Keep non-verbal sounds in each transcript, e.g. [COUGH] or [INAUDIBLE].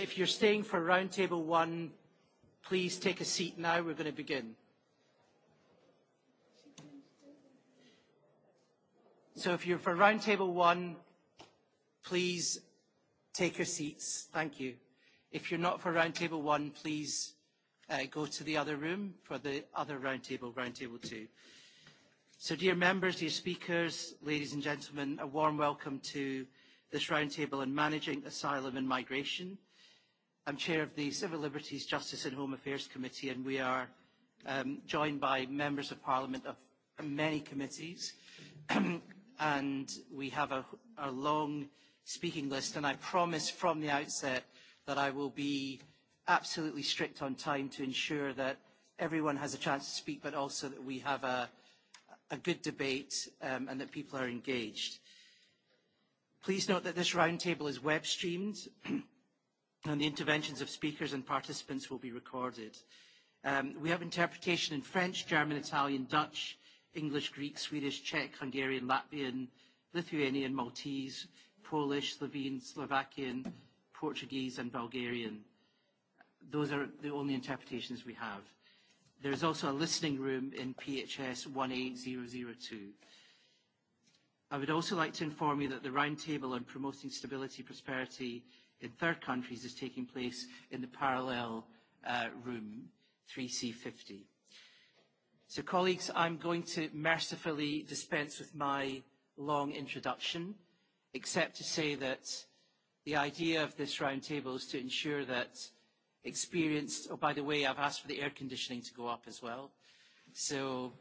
if you're staying for round table one, please take a seat now. We're going to begin. So if you're for round table one, please take your seats. Thank you. If you're not for round table one, please uh, go to the other room for the other round table, round table two. So dear members, dear speakers, ladies and gentlemen, a warm welcome to this roundtable on managing asylum and migration I'm chair of the Civil Liberties, Justice and Home Affairs Committee, and we are um, joined by members of Parliament of many committees. [CLEARS THROAT] and we have a, a long speaking list, and I promise from the outset that I will be absolutely strict on time to ensure that everyone has a chance to speak, but also that we have a, a good debate um, and that people are engaged. Please note that this roundtable is web streamed [CLEARS THROAT] and the interventions of speakers and participants will be recorded. Um, we have interpretation in French, German, Italian, Dutch, English, Greek, Swedish, Czech, Hungarian, Latvian, Lithuanian, Maltese, Polish, Slovene, Slovakian, Portuguese and Bulgarian. Those are the only interpretations we have. There is also a listening room in PHS 18002. I would also like to inform you that the roundtable on promoting stability, prosperity in third countries is taking place in the parallel uh, room 3C50. So colleagues, I'm going to mercifully dispense with my long introduction, except to say that the idea of this roundtable is to ensure that experienced, oh, by the way, I've asked for the air conditioning to go up as well. So,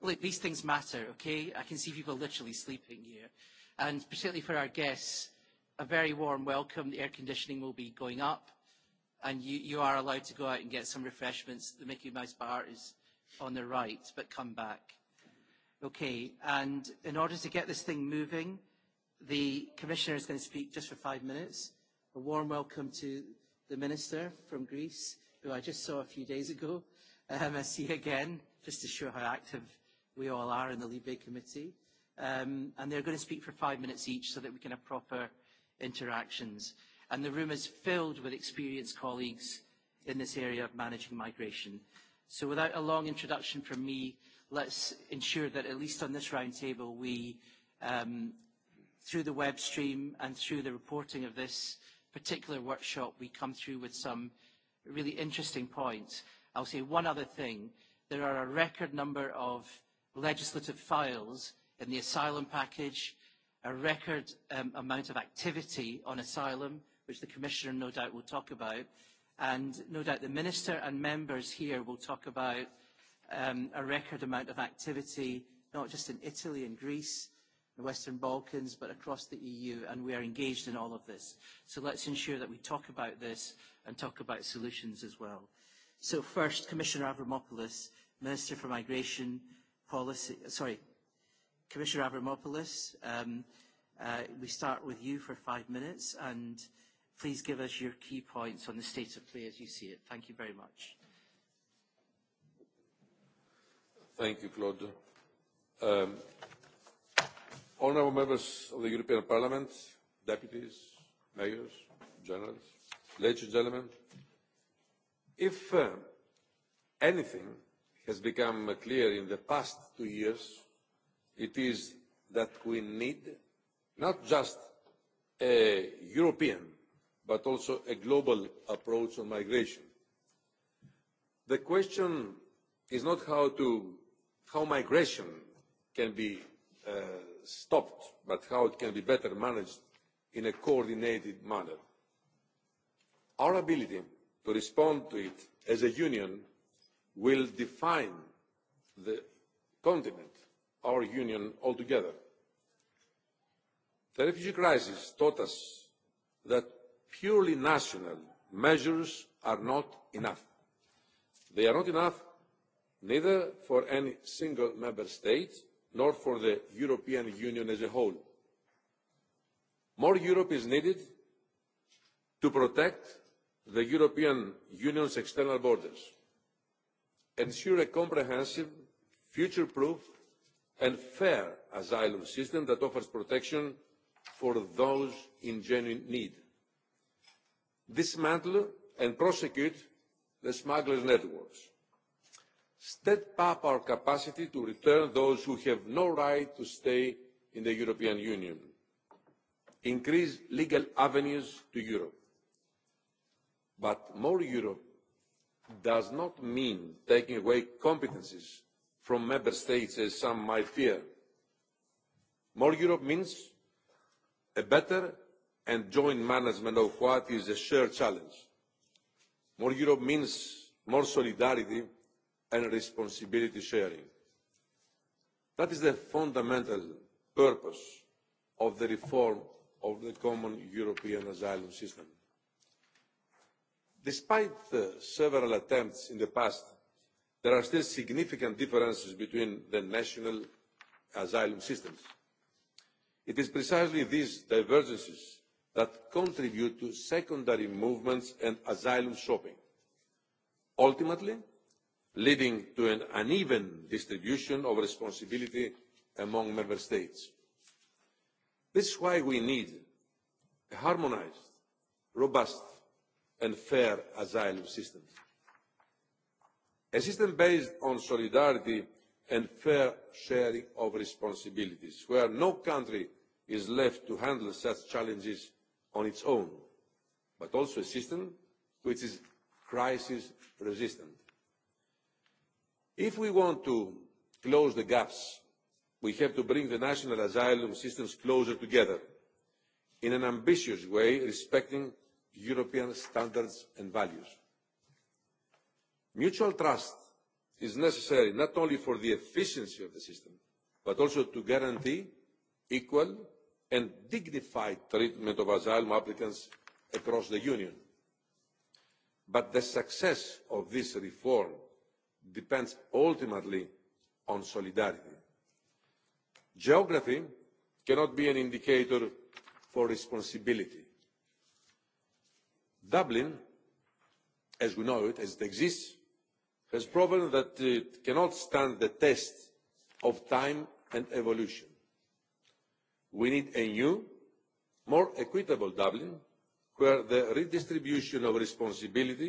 look, these things matter, okay? I can see people literally sleeping here. And particularly for our guests, a very warm welcome. The air conditioning will be going up, and you, you are allowed to go out and get some refreshments. The Mickey Mouse bar is on the right, but come back. Okay, and in order to get this thing moving, the Commissioner is going to speak just for five minutes. A warm welcome to the Minister from Greece, who I just saw a few days ago. Um, I see again, just to show how active we all are in the Libe Committee. Um, and they're going to speak for five minutes each so that we can have proper interactions. And the room is filled with experienced colleagues in this area of managing migration. So without a long introduction from me, let's ensure that at least on this roundtable we, um, through the web stream and through the reporting of this particular workshop, we come through with some really interesting points. I'll say one other thing. There are a record number of legislative files in the asylum package, a record um, amount of activity on asylum, which the Commissioner no doubt will talk about, and no doubt the Minister and members here will talk about um, a record amount of activity, not just in Italy and Greece, the Western Balkans, but across the EU, and we are engaged in all of this. So let's ensure that we talk about this and talk about solutions as well. So first, Commissioner Avramopoulos, Minister for Migration Policy, sorry, Commissioner Avramopoulos, um, uh, we start with you for five minutes, and please give us your key points on the state of play as you see it. Thank you very much. Thank you, Claude. Um, honourable members of the European Parliament, deputies, mayors, generals, ladies and gentlemen, if uh, anything has become clear in the past two years, it is that we need not just a European, but also a global approach on migration. The question is not how, to, how migration can be uh, stopped, but how it can be better managed in a coordinated manner. Our ability to respond to it as a union will define the continent our union altogether. The refugee crisis taught us that purely national measures are not enough. They are not enough neither for any single member state nor for the European Union as a whole. More Europe is needed to protect the European Union's external borders, ensure a comprehensive, future-proof and fair asylum system that offers protection for those in genuine need. Dismantle and prosecute the smugglers' networks. Step up our capacity to return those who have no right to stay in the European Union. Increase legal avenues to Europe. But more Europe does not mean taking away competences from member states as some might fear. More Europe means a better and joint management of what is a shared challenge. More Europe means more solidarity and responsibility sharing. That is the fundamental purpose of the reform of the common European asylum system. Despite uh, several attempts in the past there are still significant differences between the national asylum systems. It is precisely these divergences that contribute to secondary movements and asylum shopping, ultimately leading to an uneven distribution of responsibility among member states. This is why we need a harmonised, robust and fair asylum system a system based on solidarity and fair sharing of responsibilities where no country is left to handle such challenges on its own but also a system which is crisis resistant. if we want to close the gaps we have to bring the national asylum systems closer together in an ambitious way respecting european standards and values. Mutual trust is necessary not only for the efficiency of the system, but also to guarantee equal and dignified treatment of asylum applicants across the Union. But the success of this reform depends ultimately on solidarity. Geography cannot be an indicator for responsibility. Dublin, as we know it, as it exists, has proven that it cannot stand the test of time and evolution. we need a new more equitable dublin where the redistribution of responsibility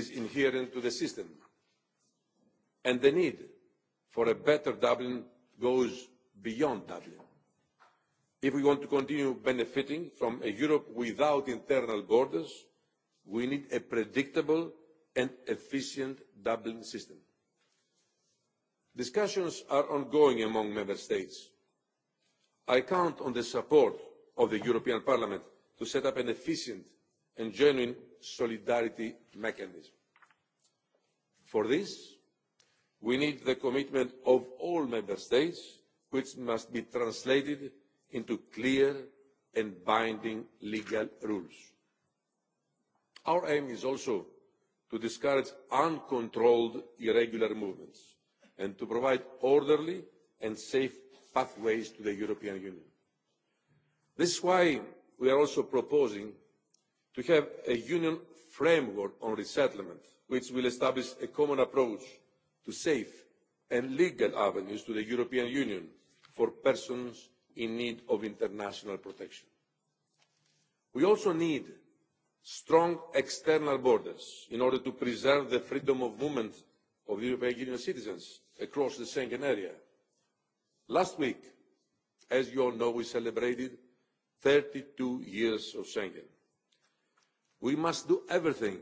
is inherent to the system and the need for a better dublin goes beyond dublin. if we want to continue benefiting from a europe without internal borders we need a predictable and efficient Dublin system. Discussions are ongoing among Member States. I count on the support of the European Parliament to set up an efficient and genuine solidarity mechanism. For this, we need the commitment of all Member States, which must be translated into clear and binding legal rules. Our aim is also to discourage uncontrolled irregular movements and to provide orderly and safe pathways to the European Union. This is why we are also proposing to have a union framework on resettlement, which will establish a common approach to safe and legal avenues to the European Union for persons in need of international protection. We also need strong external borders in order to preserve the freedom of movement of European Union citizens across the Schengen area. Last week, as you all know, we celebrated 32 years of Schengen. We must do everything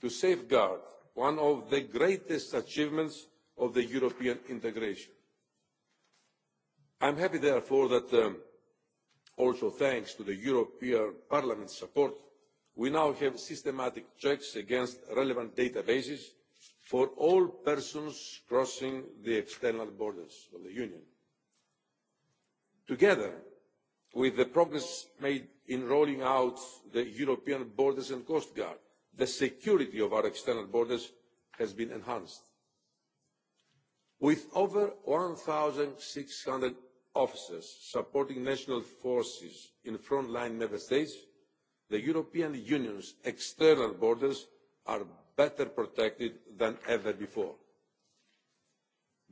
to safeguard one of the greatest achievements of the European integration. I'm happy, therefore, that um, also thanks to the European Parliament's support, we now have systematic checks against relevant databases for all persons crossing the external borders of the union. together with the progress made in rolling out the european borders and coast guard the security of our external borders has been enhanced. with over 1,600 officers supporting national forces in frontline member states the European Union's external borders are better protected than ever before.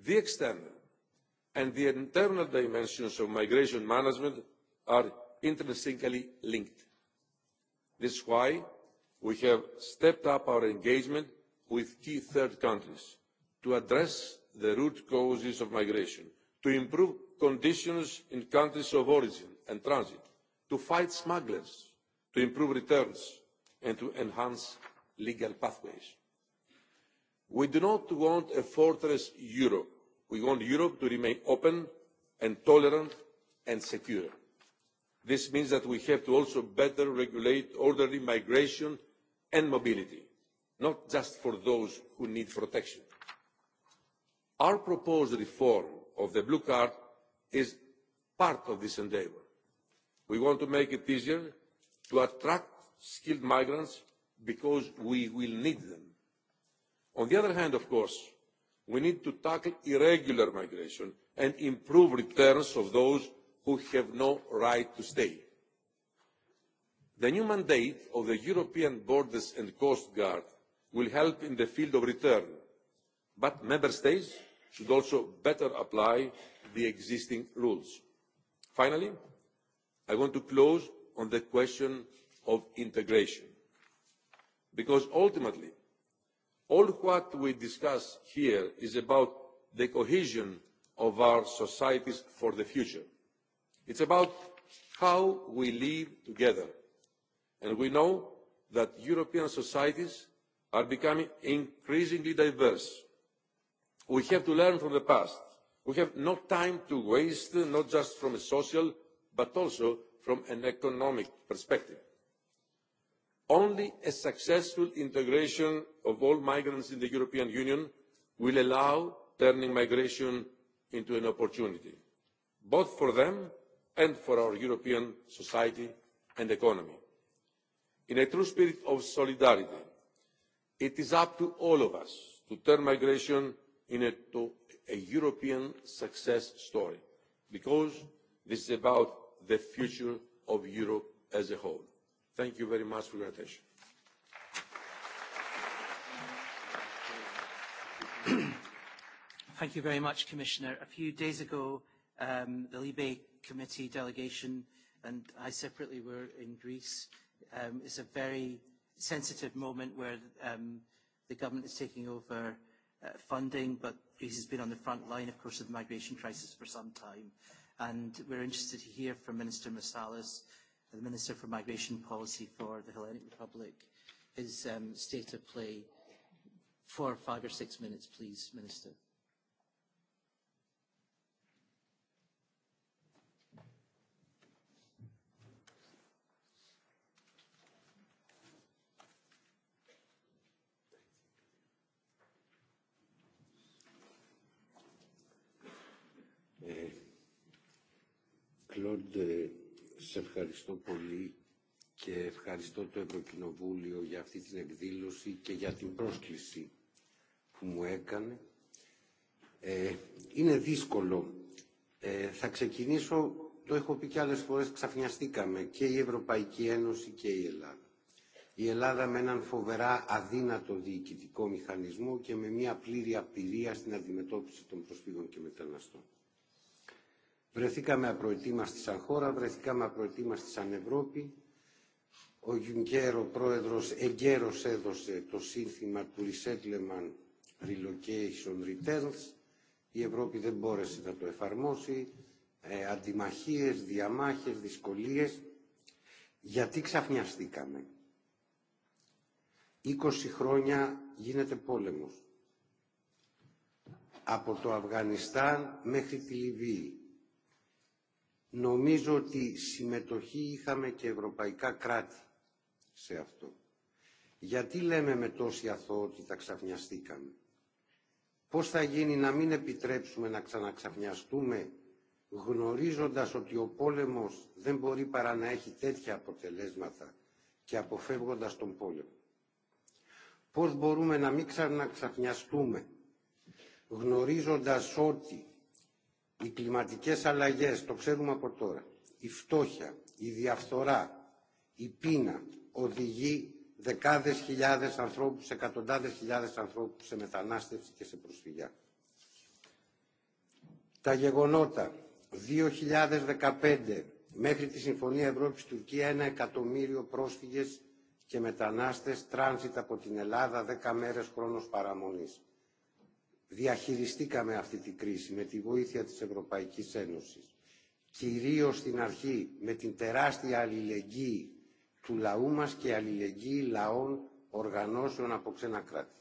The external and the internal dimensions of migration management are intrinsically linked. This is why we have stepped up our engagement with key third countries to address the root causes of migration, to improve conditions in countries of origin and transit, to fight smugglers, to improve returns and to enhance legal pathways. We do not want a fortress Europe. We want Europe to remain open and tolerant and secure. This means that we have to also better regulate orderly migration and mobility, not just for those who need protection. Our proposed reform of the Blue Card is part of this endeavour. We want to make it easier to attract skilled migrants because we will need them. On the other hand, of course, we need to tackle irregular migration and improve returns of those who have no right to stay. The new mandate of the European Borders and Coast Guard will help in the field of return, but Member States should also better apply the existing rules. Finally, I want to close on the question of integration. Because ultimately, all what we discuss here is about the cohesion of our societies for the future. It's about how we live together. And we know that European societies are becoming increasingly diverse. We have to learn from the past. We have no time to waste, not just from a social, but also from an economic perspective. Only a successful integration of all migrants in the European Union will allow turning migration into an opportunity, both for them and for our European society and economy. In a true spirit of solidarity, it is up to all of us to turn migration into a European success story, because this is about the future of Europe as a whole. Thank you very much for your attention. Thank you very much, Commissioner. A few days ago, um, the Libe Committee delegation and I separately were in Greece. Um, it's a very sensitive moment where um, the government is taking over uh, funding, but Greece has been on the front line, of course, of the migration crisis for some time. And we're interested to hear from Minister Masalas, the Minister for Migration Policy for the Hellenic Republic, his um, state of play for five or six minutes, please, Minister. Λόντρε, σε ευχαριστώ πολύ και ευχαριστώ το Ευρωκοινοβούλιο για αυτή την εκδήλωση και για την πρόσκληση που μου έκανε. Ε, είναι δύσκολο. Ε, θα ξεκινήσω, το έχω πει και άλλες φορές, ξαφνιαστήκαμε και η Ευρωπαϊκή Ένωση και η Ελλάδα. Η Ελλάδα με έναν φοβερά αδύνατο διοικητικό μηχανισμό και με μια πλήρη απειρία στην αντιμετώπιση των προσφύγων και μεταναστών. Βρεθήκαμε απροετοίμαστοι σαν χώρα, βρεθήκαμε απροετοίμαστοι σαν Ευρώπη. Ο Γιουνκέρο, πρόεδρος, εγκαίρος έδωσε το σύνθημα του resettlement relocation returns. Η Ευρώπη δεν μπόρεσε να το εφαρμόσει. Ε, αντιμαχίες, διαμάχες, δυσκολίες. Γιατί ξαφνιαστήκαμε. 20 χρόνια γίνεται πόλεμος. Από το Αφγανιστάν μέχρι τη Λιβύη, Νομίζω ότι συμμετοχή είχαμε και ευρωπαϊκά κράτη σε αυτό. Γιατί λέμε με τόση αθωότητα ξαφνιαστήκαμε. Πώς θα γίνει να μην επιτρέψουμε να ξαναξαφνιαστούμε γνωρίζοντας ότι ο πόλεμος δεν μπορεί παρά να έχει τέτοια αποτελέσματα και αποφεύγοντας τον πόλεμο. Πώς μπορούμε να μην ξαναξαφνιαστούμε γνωρίζοντας ότι Οι κλιματικές αλλαγές, το ξέρουμε από τώρα, η φτώχεια, η διαφθορά, η πείνα οδηγεί δεκάδες χιλιάδες ανθρώπους, εκατοντάδες χιλιάδες ανθρώπους σε μετανάστευση και σε προσφυγιά. Τα γεγονότα 2015 μέχρι τη Συμφωνία Ευρώπης-Τουρκία ένα εκατομμύριο πρόσφυγες και μετανάστες τράνζιτ από την Ελλάδα 10 μέρες χρόνος παραμονής διαχειριστήκαμε αυτή την κρίση με τη βοήθεια της Ευρωπαϊκής Ένωσης. Κυρίως στην αρχή με την τεράστια αλληλεγγύη του λαού μας και αλληλεγγύη λαών οργανώσεων από ξένα κράτη.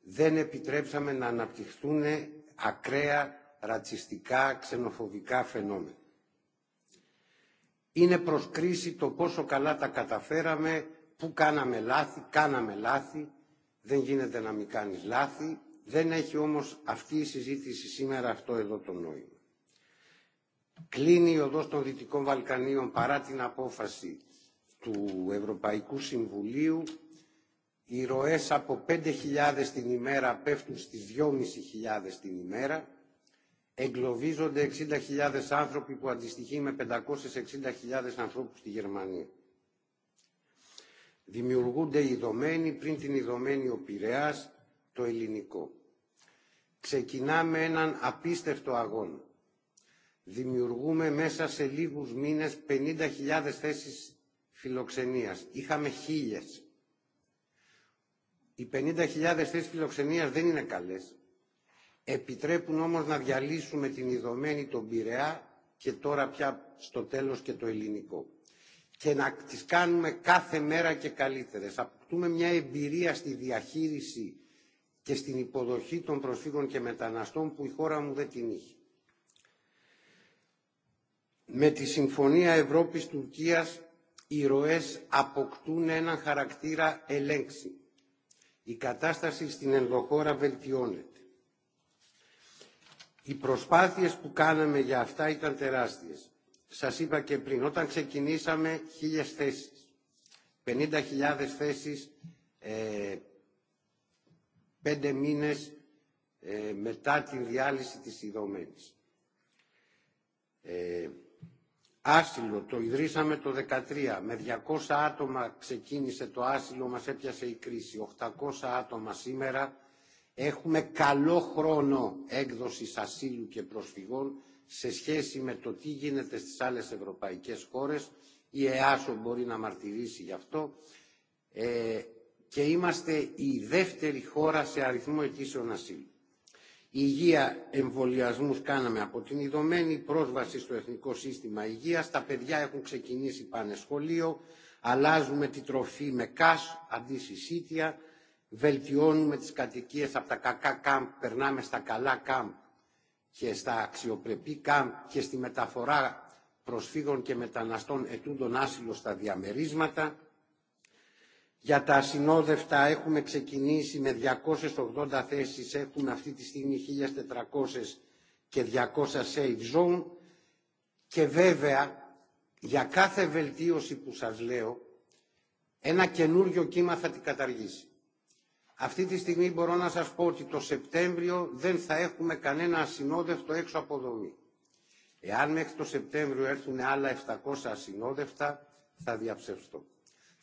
Δεν επιτρέψαμε να αναπτυχθούν ακραία ρατσιστικά, ξενοφοβικά φαινόμενα. Είναι προς κρίση το πόσο καλά τα καταφέραμε, που κάναμε λάθη, κάναμε λάθη, δεν γίνεται να μην κάνεις λάθη, Δεν έχει όμως αυτή η συζήτηση σήμερα αυτό εδώ το νόημα. Κλείνει η οδός των Δυτικών Βαλκανίων παρά την απόφαση του Ευρωπαϊκού Συμβουλίου. Οι ροές από 5.000 την ημέρα πέφτουν στις 2.500 την ημέρα. Εγκλωβίζονται 60.000 άνθρωποι που αντιστοιχεί με 560.000 ανθρώπους στη Γερμανία. Δημιουργούνται ειδωμένοι, πριν την ιδωμένη ο Πειραιάς, το ελληνικό. Ξεκινάμε έναν απίστευτο αγώνα. Δημιουργούμε μέσα σε λίγους μήνες 50.000 θέσεις φιλοξενίας. Είχαμε χίλιες. Οι 50.000 θέσεις φιλοξενίας δεν είναι καλές. Επιτρέπουν όμως να διαλύσουμε την ειδωμένη τον Πειραιά και τώρα πια στο τέλος και το ελληνικό. Και να τις κάνουμε κάθε μέρα και καλύτερες. Αποκτούμε μια εμπειρία στη διαχείριση και στην υποδοχή των προσφύγων και μεταναστών που η χώρα μου δεν την είχε. Με τη Συμφωνία Ευρώπης-Τουρκίας οι ροές αποκτούν έναν χαρακτήρα ελέγξη. Η κατάσταση στην ενδοχώρα βελτιώνεται. Οι προσπάθειες που κάναμε για αυτά ήταν τεράστιες. Σας είπα και πριν, όταν ξεκινήσαμε χίλιες θέσεις, 50.000 θέσεις ε, πέντε μήνες ε, μετά την διάλυση της ιδωμένης. Ε, άσυλο το ιδρύσαμε το 2013. Με 200 άτομα ξεκίνησε το άσυλο, μας έπιασε η κρίση. 800 άτομα σήμερα. Έχουμε καλό χρόνο έκδοσης ασύλου και προσφυγών σε σχέση με το τι γίνεται στις άλλες ευρωπαϊκές χώρες. Η ΕΑΣΟ μπορεί να μαρτυρήσει γι' αυτό. Ε, και είμαστε η δεύτερη χώρα σε αριθμό αιτήσεων ασύλου. Υγεία εμβολιασμού κάναμε από την ειδωμένη πρόσβαση στο Εθνικό Σύστημα Υγεία. Τα παιδιά έχουν ξεκινήσει πάνε σχολείο, αλλάζουμε τη τροφή με κάσ αντί συσίτια, βελτιώνουμε τις κατοικίες από τα κακά κάμπ, περνάμε στα καλά κάμπ και στα αξιοπρεπή κάμπ και στη μεταφορά προσφύγων και μεταναστών ετούντων άσυλο στα διαμερίσματα. Για τα ασυνόδευτα έχουμε ξεκινήσει με 280 θέσεις, έχουμε αυτή τη στιγμή 1.400 και 200 safe zone και βέβαια για κάθε βελτίωση που σας λέω ένα καινούριο κύμα θα την καταργήσει. Αυτή τη στιγμή μπορώ να σας πω ότι το Σεπτέμβριο δεν θα έχουμε κανένα ασυνόδευτο έξω από δομή. Εάν μέχρι το Σεπτέμβριο έρθουν άλλα 700 ασυνόδευτα θα διαψευστώ.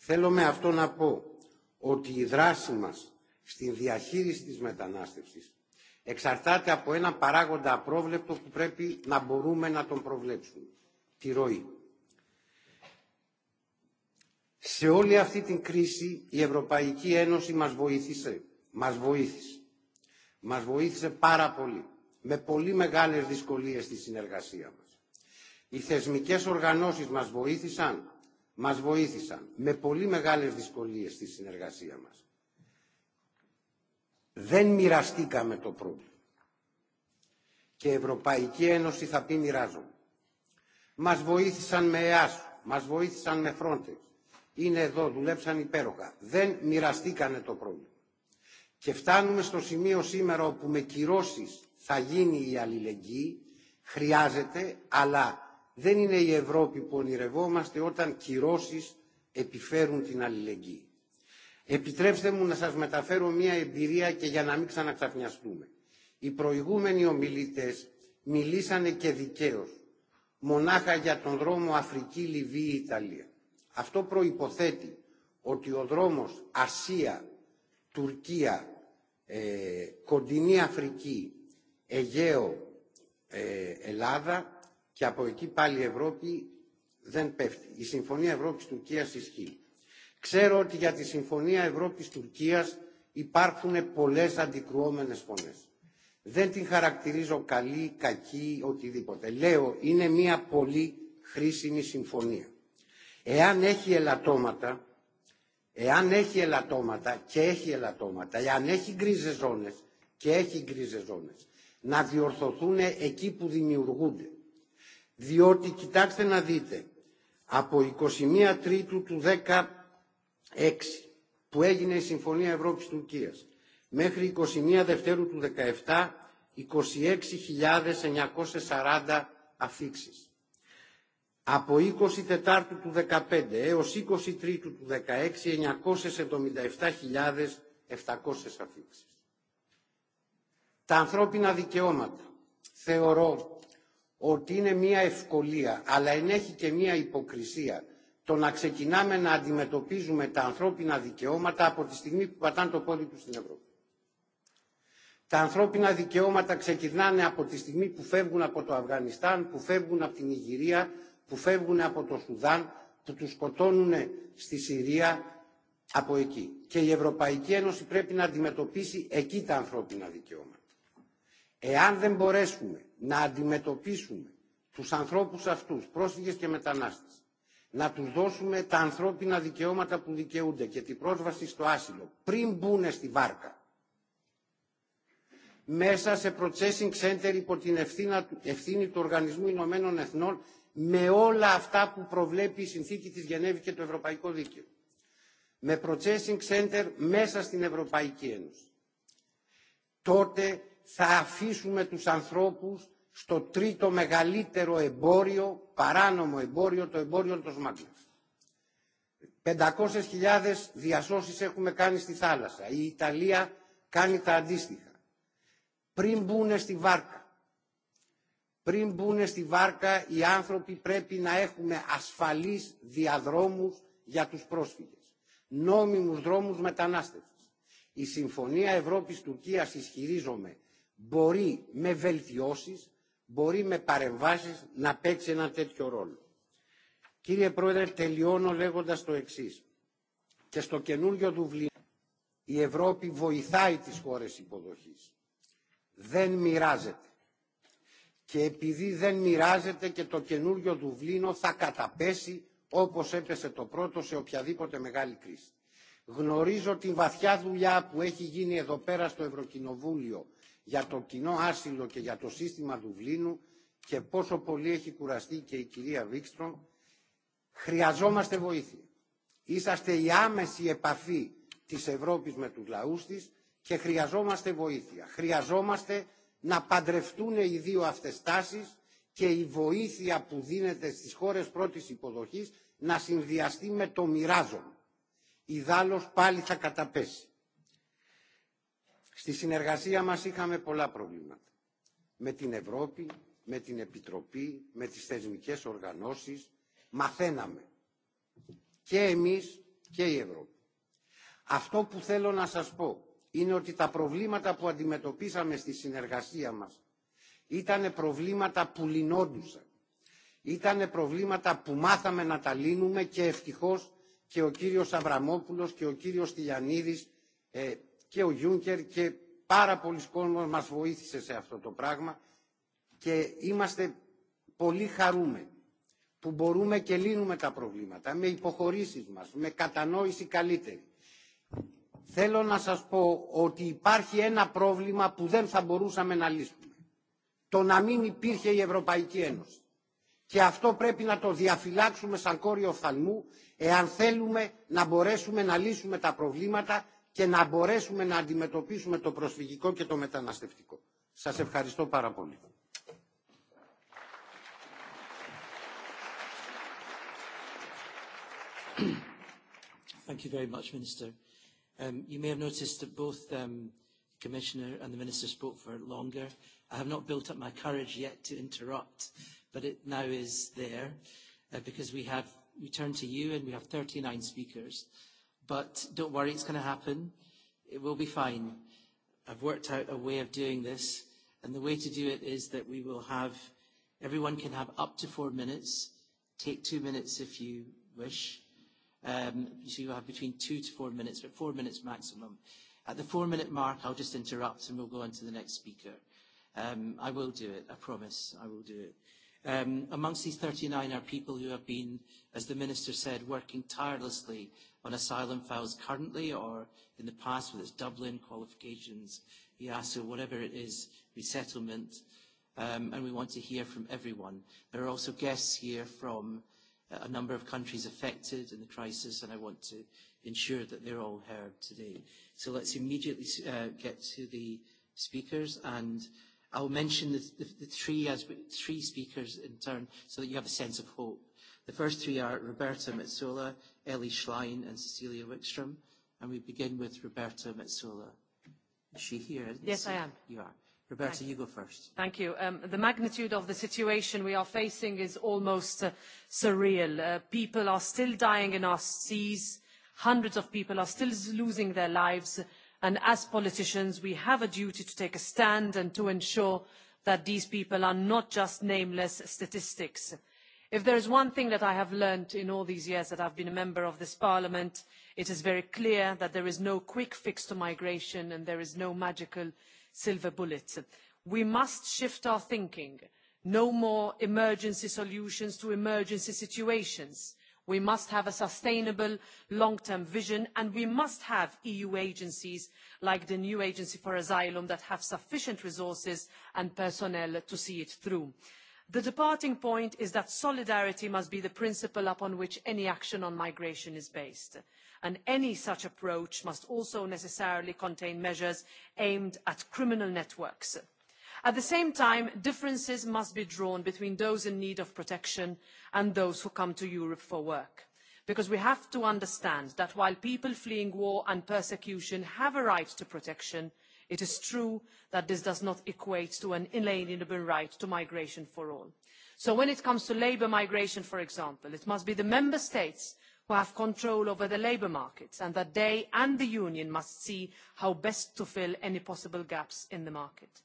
Θέλω με αυτό να πω ότι η δράση μας στη διαχείριση της μετανάστευσης εξαρτάται από ένα παράγοντα απρόβλεπτο που πρέπει να μπορούμε να τον προβλέψουμε. Τη ροή. Σε όλη αυτή την κρίση η Ευρωπαϊκή Ένωση μας βοήθησε. Μας βοήθησε. Μας βοήθησε πάρα πολύ. Με πολύ μεγάλες δυσκολίες στη συνεργασία μας. Οι θεσμικές οργανώσεις μας βοήθησαν μας βοήθησαν με πολύ μεγάλες δυσκολίες στη συνεργασία μας. Δεν μοιραστήκαμε το πρόβλημα. Και η Ευρωπαϊκή Ένωση θα πει μοιράζομαι. Μας βοήθησαν με ΕΑΣΟ, μας βοήθησαν με Frontex. Είναι εδώ, δουλέψαν υπέροχα. Δεν μοιραστήκανε το πρόβλημα. Και φτάνουμε στο σημείο σήμερα όπου με κυρώσεις θα γίνει η αλληλεγγύη, χρειάζεται, αλλά δεν είναι η Ευρώπη που ονειρευόμαστε όταν κυρώσεις επιφέρουν την αλληλεγγύη. Επιτρέψτε μου να σας μεταφέρω μια εμπειρία και για να μην ξαναξαφνιαστούμε. Οι προηγούμενοι ομιλητές μιλήσανε και δικαίως μονάχα για τον δρόμο Αφρική-Λιβύη-Ιταλία. Αυτό προϋποθέτει ότι ο δρόμος Ασία-Τουρκία, ε, κοντινή Αφρική, Αιγαίο, ε, Ελλάδα και από εκεί πάλι η Ευρώπη δεν πέφτει. Η Συμφωνία Ευρώπης-Τουρκίας ισχύει. Ξέρω ότι για τη Συμφωνία Ευρώπης-Τουρκίας υπάρχουν πολλές αντικρουόμενες φωνές. Δεν την χαρακτηρίζω καλή, κακή, οτιδήποτε. Λέω, είναι μια πολύ χρήσιμη συμφωνία. Εάν έχει ελαττώματα, εάν έχει ελαττώματα και έχει ελαττώματα, εάν έχει γκρίζες ζώνες και έχει γκρίζες ζώνες, να διορθωθούν εκεί που δημιουργούνται. Διότι κοιτάξτε να δείτε, από 21 Τρίτου του 16 που έγινε η Συμφωνία Ευρώπης Τουρκίας μέχρι 21 Δευτέρου του 17 26.940 αφήξεις. Από 20 Τετάρτου του 15 έως 20 Τρίτου του 16 977.700 αφήξεις. Τα ανθρώπινα δικαιώματα θεωρώ ότι είναι μια ευκολία, αλλά ενέχει και μια υποκρισία το να ξεκινάμε να αντιμετωπίζουμε τα ανθρώπινα δικαιώματα από τη στιγμή που πατάνε το πόδι του στην Ευρώπη. Τα ανθρώπινα δικαιώματα ξεκινάνε από τη στιγμή που φεύγουν από το Αφγανιστάν, που φεύγουν από την Ιγυρία, που φεύγουν από το Σουδάν, που τους σκοτώνουν στη Συρία από εκεί. Και η Ευρωπαϊκή Ένωση πρέπει να αντιμετωπίσει εκεί τα ανθρώπινα δικαιώματα. Εάν δεν μπορέσουμε να αντιμετωπίσουμε τους ανθρώπους αυτούς, πρόσφυγες και μετανάστες, να τους δώσουμε τα ανθρώπινα δικαιώματα που δικαιούνται και την πρόσβαση στο άσυλο πριν μπουν στη βάρκα. Μέσα σε processing center υπό την ευθύνα, ευθύνη του Οργανισμού Ηνωμένων Εθνών με όλα αυτά που προβλέπει η συνθήκη της Γενέβη και το Ευρωπαϊκό Δίκαιο. Με processing center μέσα στην Ευρωπαϊκή Ένωση. Τότε θα αφήσουμε τους ανθρώπους στο τρίτο μεγαλύτερο εμπόριο, παράνομο εμπόριο, το εμπόριο των σμάγκλων. 500.000 διασώσεις έχουμε κάνει στη θάλασσα. Η Ιταλία κάνει τα αντίστοιχα. Πριν μπουν στη βάρκα, πριν μπουν στη βάρκα οι άνθρωποι πρέπει να έχουμε ασφαλείς διαδρόμους για τους πρόσφυγες. Νόμιμους δρόμους μετανάστευσης. Η Συμφωνία Ευρώπης-Τουρκίας ισχυρίζομαι μπορεί με βελτιώσεις, μπορεί με παρεμβάσεις να παίξει ένα τέτοιο ρόλο. Κύριε Πρόεδρε, τελειώνω λέγοντας το εξής. Και στο καινούργιο Δουβλίνο η Ευρώπη βοηθάει τις χώρες υποδοχής. Δεν μοιράζεται. Και επειδή δεν μοιράζεται και το καινούργιο Δουβλίνο θα καταπέσει όπως έπεσε το πρώτο σε οποιαδήποτε μεγάλη κρίση. Γνωρίζω την βαθιά δουλειά που έχει γίνει εδώ πέρα στο Ευρωκοινοβούλιο για το κοινό άσυλο και για το σύστημα Δουβλίνου και πόσο πολύ έχει κουραστεί και η κυρία Βίξτρομ, χρειαζόμαστε βοήθεια. Είσαστε η άμεση επαφή της Ευρώπης με τους λαούς της και χρειαζόμαστε βοήθεια. Χρειαζόμαστε να παντρευτούν οι δύο αυτές τάσεις και η βοήθεια που δίνεται στις χώρες πρώτης υποδοχής να συνδυαστεί με το μοιράζον. Ιδάλλως πάλι θα καταπέσει. Στη συνεργασία μας είχαμε πολλά προβλήματα. Με την Ευρώπη, με την Επιτροπή, με τις θεσμικές οργανώσεις, μαθαίναμε. Και εμείς και η Ευρώπη. Αυτό που θέλω να σας πω είναι ότι τα προβλήματα που αντιμετωπίσαμε στη συνεργασία μας ήταν προβλήματα που λυνόντουσαν. Ήταν προβλήματα που μάθαμε να τα λύνουμε και ευτυχώς και ο κύριος Αβραμόπουλος και ο κύριος Τηλιανίδης ε, και ο Γιούνκερ και πάρα πολλοί κόσμος μας βοήθησε σε αυτό το πράγμα και είμαστε πολύ χαρούμενοι που μπορούμε και λύνουμε τα προβλήματα με υποχωρήσεις μας, με κατανόηση καλύτερη. Θέλω να σας πω ότι υπάρχει ένα πρόβλημα που δεν θα μπορούσαμε να λύσουμε. Το να μην υπήρχε η Ευρωπαϊκή Ένωση. Και αυτό πρέπει να το διαφυλάξουμε σαν κόριο οφθαλμού εάν θέλουμε να μπορέσουμε να λύσουμε τα προβλήματα και να μπορέσουμε να αντιμετωπίσουμε το προσφυγικό και το μεταναστευτικό. Σας ευχαριστώ πάρα πολύ. Thank you very much, Minister. Um, you may have noticed that both um, the Commissioner and the Minister spoke for longer. I have not built up my courage yet to interrupt, but it now is there uh, because we have, we turn to you and we have 39 speakers. But don't worry, it's going to happen. It will be fine. I've worked out a way of doing this, and the way to do it is that we will have everyone can have up to four minutes. Take two minutes if you wish. Um, so you'll have between two to four minutes, but four minutes maximum. At the four-minute mark, I'll just interrupt and we'll go on to the next speaker. Um, I will do it, I promise, I will do it. Um, amongst these 39 are people who have been, as the Minister said, working tirelessly on asylum files currently or in the past, whether it's Dublin, qualifications, EASO, whatever it is, resettlement, um, and we want to hear from everyone. There are also guests here from uh, a number of countries affected in the crisis, and I want to ensure that they're all heard today. So let's immediately uh, get to the speakers, and I'll mention the, the, the three, as we, three speakers in turn so that you have a sense of hope. The first three are Roberta Metsola, Ellie Schlein and Cecilia Wickstrom. And we begin with Roberta Metsola. Is she here? yes, she? I am. You are. Roberta, you go first. Thank you. Um, the magnitude of the situation we are facing is almost uh, surreal. Uh, people are still dying in our seas. Hundreds of people are still losing their lives and as politicians we have a duty to take a stand and to ensure that these people are not just nameless statistics. if there is one thing that i have learned in all these years that i have been a member of this parliament it is very clear that there is no quick fix to migration and there is no magical silver bullet. we must shift our thinking no more emergency solutions to emergency situations we must have a sustainable long term vision and we must have eu agencies like the new agency for asylum that have sufficient resources and personnel to see it through. the departing point is that solidarity must be the principle upon which any action on migration is based and any such approach must also necessarily contain measures aimed at criminal networks At the same time, differences must be drawn between those in need of protection and those who come to Europe for work. Because we have to understand that while people fleeing war and persecution have a right to protection, it is true that this does not equate to an inalienable right to migration for all. so when it comes to labour migration for example it must be the member states who have control over the labour markets and that they and the union must see how best to fill any possible gaps in the market.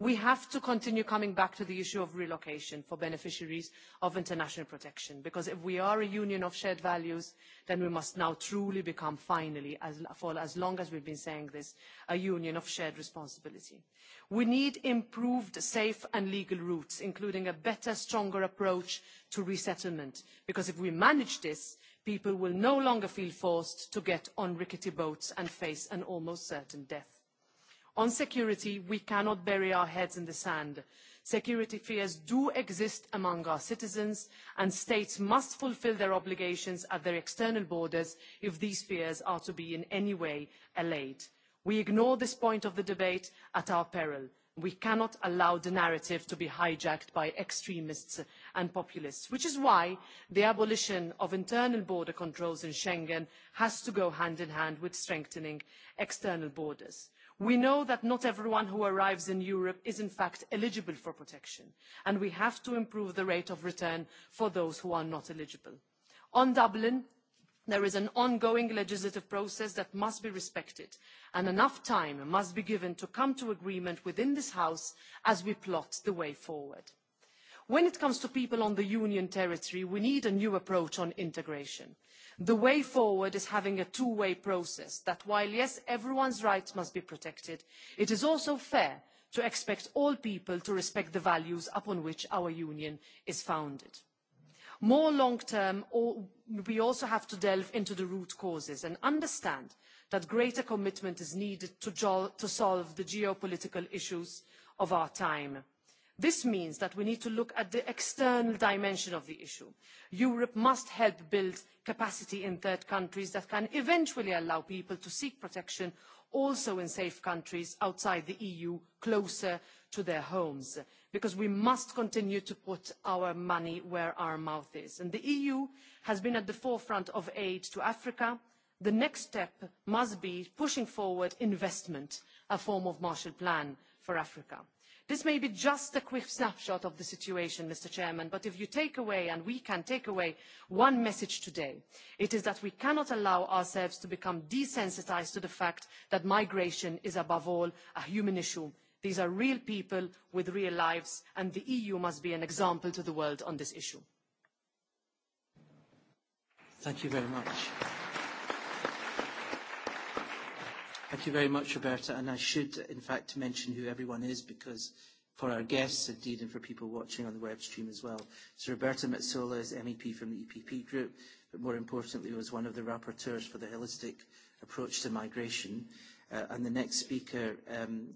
We have to continue coming back to the issue of relocation for beneficiaries of international protection, because if we are a union of shared values, then we must now truly become finally, as, for as long as we've been saying this, a union of shared responsibility. We need improved safe and legal routes, including a better, stronger approach to resettlement, because if we manage this, people will no longer feel forced to get on rickety boats and face an almost certain death on security, we cannot bury our heads in the sand. Security fears do exist among our citizens, and states must fulfil their obligations at their external borders if these fears are to be in any way allayed. We ignore this point of the debate at our peril. We cannot allow the narrative to be hijacked by extremists and populists, which is why the abolition of internal border controls in Schengen has to go hand in hand with strengthening external borders We know that not everyone who arrives in Europe is in fact eligible for protection, and we have to improve the rate of return for those who are not eligible. On Dublin, there is an ongoing legislative process that must be respected and enough time must be given to come to agreement within this house as we plot the way forward when it comes to people on the union territory we need a new approach on integration. the way forward is having a two way process that while yes everyone's rights must be protected it is also fair to expect all people to respect the values upon which our union is founded. more long term we also have to delve into the root causes and understand that greater commitment is needed to, solve the geopolitical issues of our time This means that we need to look at the external dimension of the issue. Europe must help build capacity in third countries that can eventually allow people to seek protection also in safe countries outside the EU, closer to their homes, because we must continue to put our money where our mouth is. the EU has been at the forefront of aid to Africa. The next step must be pushing forward investment, a form of Marshall Plan for Africa This may be just a quick snapshot of the situation, Mr. Chairman, but if you take away, and we can take away, one message today, it is that we cannot allow ourselves to become desensitised to the fact that migration is above all a human issue. These are real people with real lives, and the EU must be an example to the world on this issue. Thank you very much. Thank you very much, Roberta. And I should, in fact, mention who everyone is because for our guests, indeed, and for people watching on the web stream as well. So Roberta Metsola is MEP from the EPP group, but more importantly was one of the rapporteurs for the holistic approach to migration. Uh, and the next speaker um,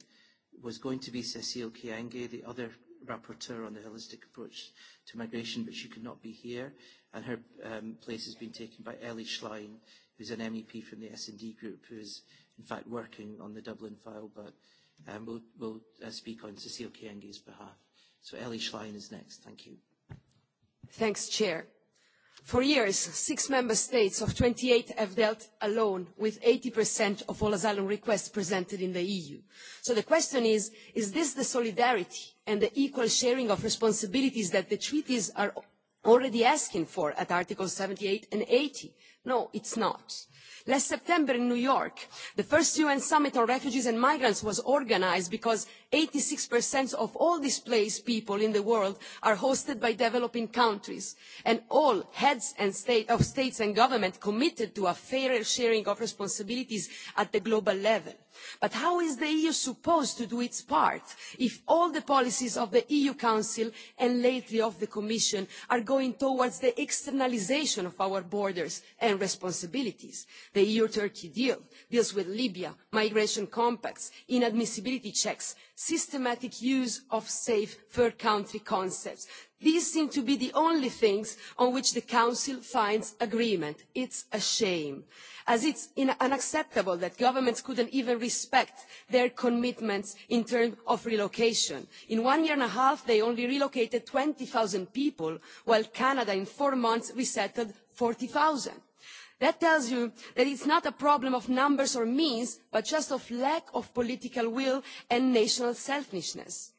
was going to be Cecile Kiange, the other rapporteur on the holistic approach to migration, but she could not be here, and her um, place has been taken by Ellie Schlein, who's an MEP from the S&D group, who is in fact, working on the Dublin file, but um, we'll, we'll uh, speak on Cecile Kienge's behalf. So Ellie Schlein is next. Thank you. Thanks, Chair. For years, six member states of 28 have dealt alone with 80% of all asylum requests presented in the EU. So the question is, is this the solidarity and the equal sharing of responsibilities that the treaties are already asking for at Article 78 and 80? No, it's not. Last September in New York, the first UN summit on refugees and migrants was organized because 86% of all displaced people in the world are hosted by developing countries, and all heads and state, of states and government committed to a fairer sharing of responsibilities at the global level But how is the EU supposed to do its part if all the policies of the EU Council and lately of the Commission are going towards the externalisation of our borders and responsibilities? The EU-Turkey deal deals with Libya, migration compacts, inadmissibility checks, systematic use of safe third country concepts, these seem to be the only things on which the council finds agreement. it's a shame as it's unacceptable that governments couldn't even respect their commitments in terms of relocation. in one year and a half they only relocated twenty zero people while canada in four months resettled forty zero. that tells you that it's not a problem of numbers or means but just of lack of political will and national selfishness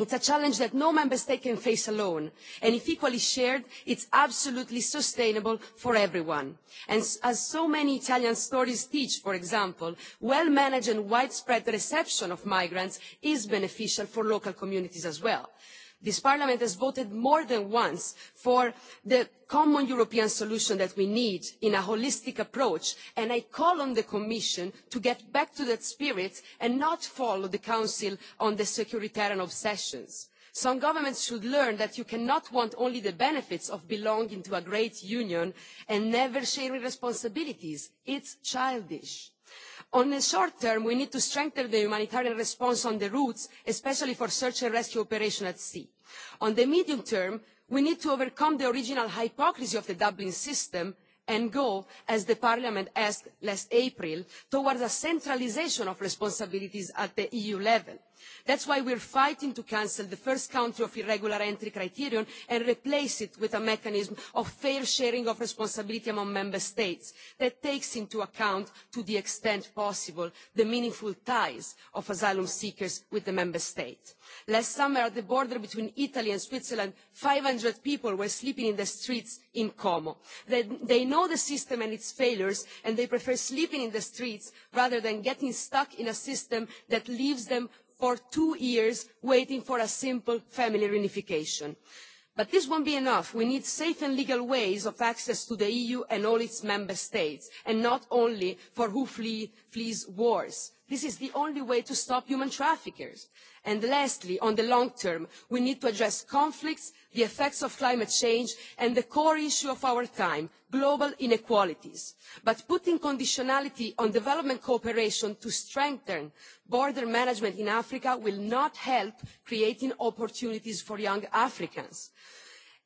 It's a challenge that no member state can face alone, and if equally shared, it's absolutely sustainable for everyone. And as so many Italian stories teach, for example, well-managed and widespread reception of migrants is beneficial for local communities as well This Parliament has voted more than once for the common European solution that we need in a holistic approach, and I call on the Commission to get back to that spirit and not follow the Council on the securitarian obsessions. Some governments should learn that you cannot want only the benefits of belonging to a great union and never sharing responsibilities. It's childish on the short term, we need to strengthen the humanitarian response on the routes, especially for search and rescue operations at sea. On the medium term, we need to overcome the original hypocrisy of the Dublin system and go, as the Parliament asked last April, towards a centralisation of responsibilities at the EU level That's why we're fighting to cancel the first country of irregular entry criterion and replace it with a mechanism of fair sharing of responsibility among member states that takes into account, to the extent possible, the meaningful ties of asylum seekers with the member state. Last summer, at the border between Italy and Switzerland, 500 people were sleeping in the streets in Como. They, they know the system and its failures, and they prefer sleeping in the streets rather than getting stuck in a system that leaves them for two years waiting for a simple family reunification. But this won't be enough. We need safe and legal ways of access to the EU and all its member states, and not only for who flee, flees wars This is the only way to stop human traffickers. And lastly, on the long term, we need to address conflicts, the effects of climate change, and the core issue of our time, global inequalities. But putting conditionality on development cooperation to strengthen border management in Africa will not help creating opportunities for young Africans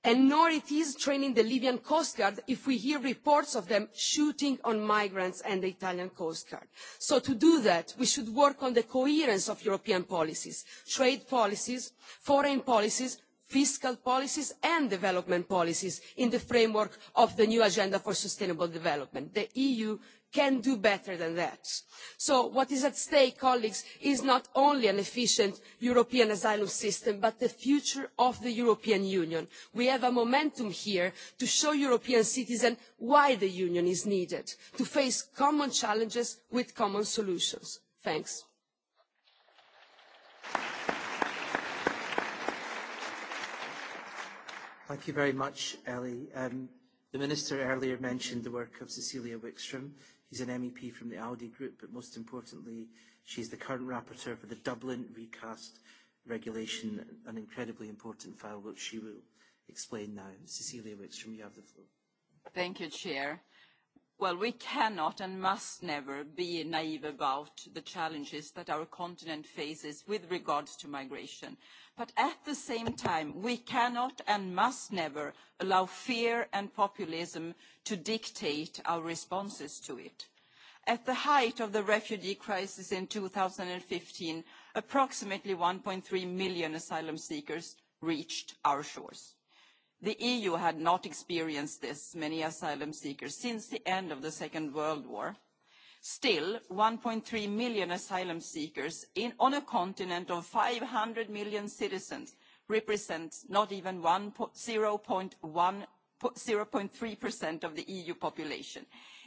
and nor is it training the libyan coast guard if we hear reports of them shooting on migrants and the italian coast guard. so to do that we should work on the coherence of european policies trade policies foreign policies fiscal policies and development policies in the framework of the new agenda for sustainable development the eu can do better than that. So what is at stake, colleagues, is not only an efficient European asylum system, but the future of the European Union. We have a momentum here to show European citizens why the Union is needed, to face common challenges with common solutions. Thanks. Thank you very much, Ellie. Um, the Minister earlier mentioned the work of Cecilia Wickstrom She's an MEP from the ALDE group, but most importantly, she's the current rapporteur for the Dublin recast regulation, an incredibly important file which she will explain now. Cecilia Wickstrom, you have the floor. Thank you, Chair well, we cannot and must never be naive about the challenges that our continent faces with regards to migration. But at the same time, we cannot and must never allow fear and populism to dictate our responses to it. At the height of the refugee crisis in 2015, approximately 1.3 million asylum seekers reached our shores The EU had not experienced this many asylum seekers since the end of the Second World War. Still, 1.3 million asylum seekers in, on a continent of 500 million citizens represents not even 0.3% of the EU population.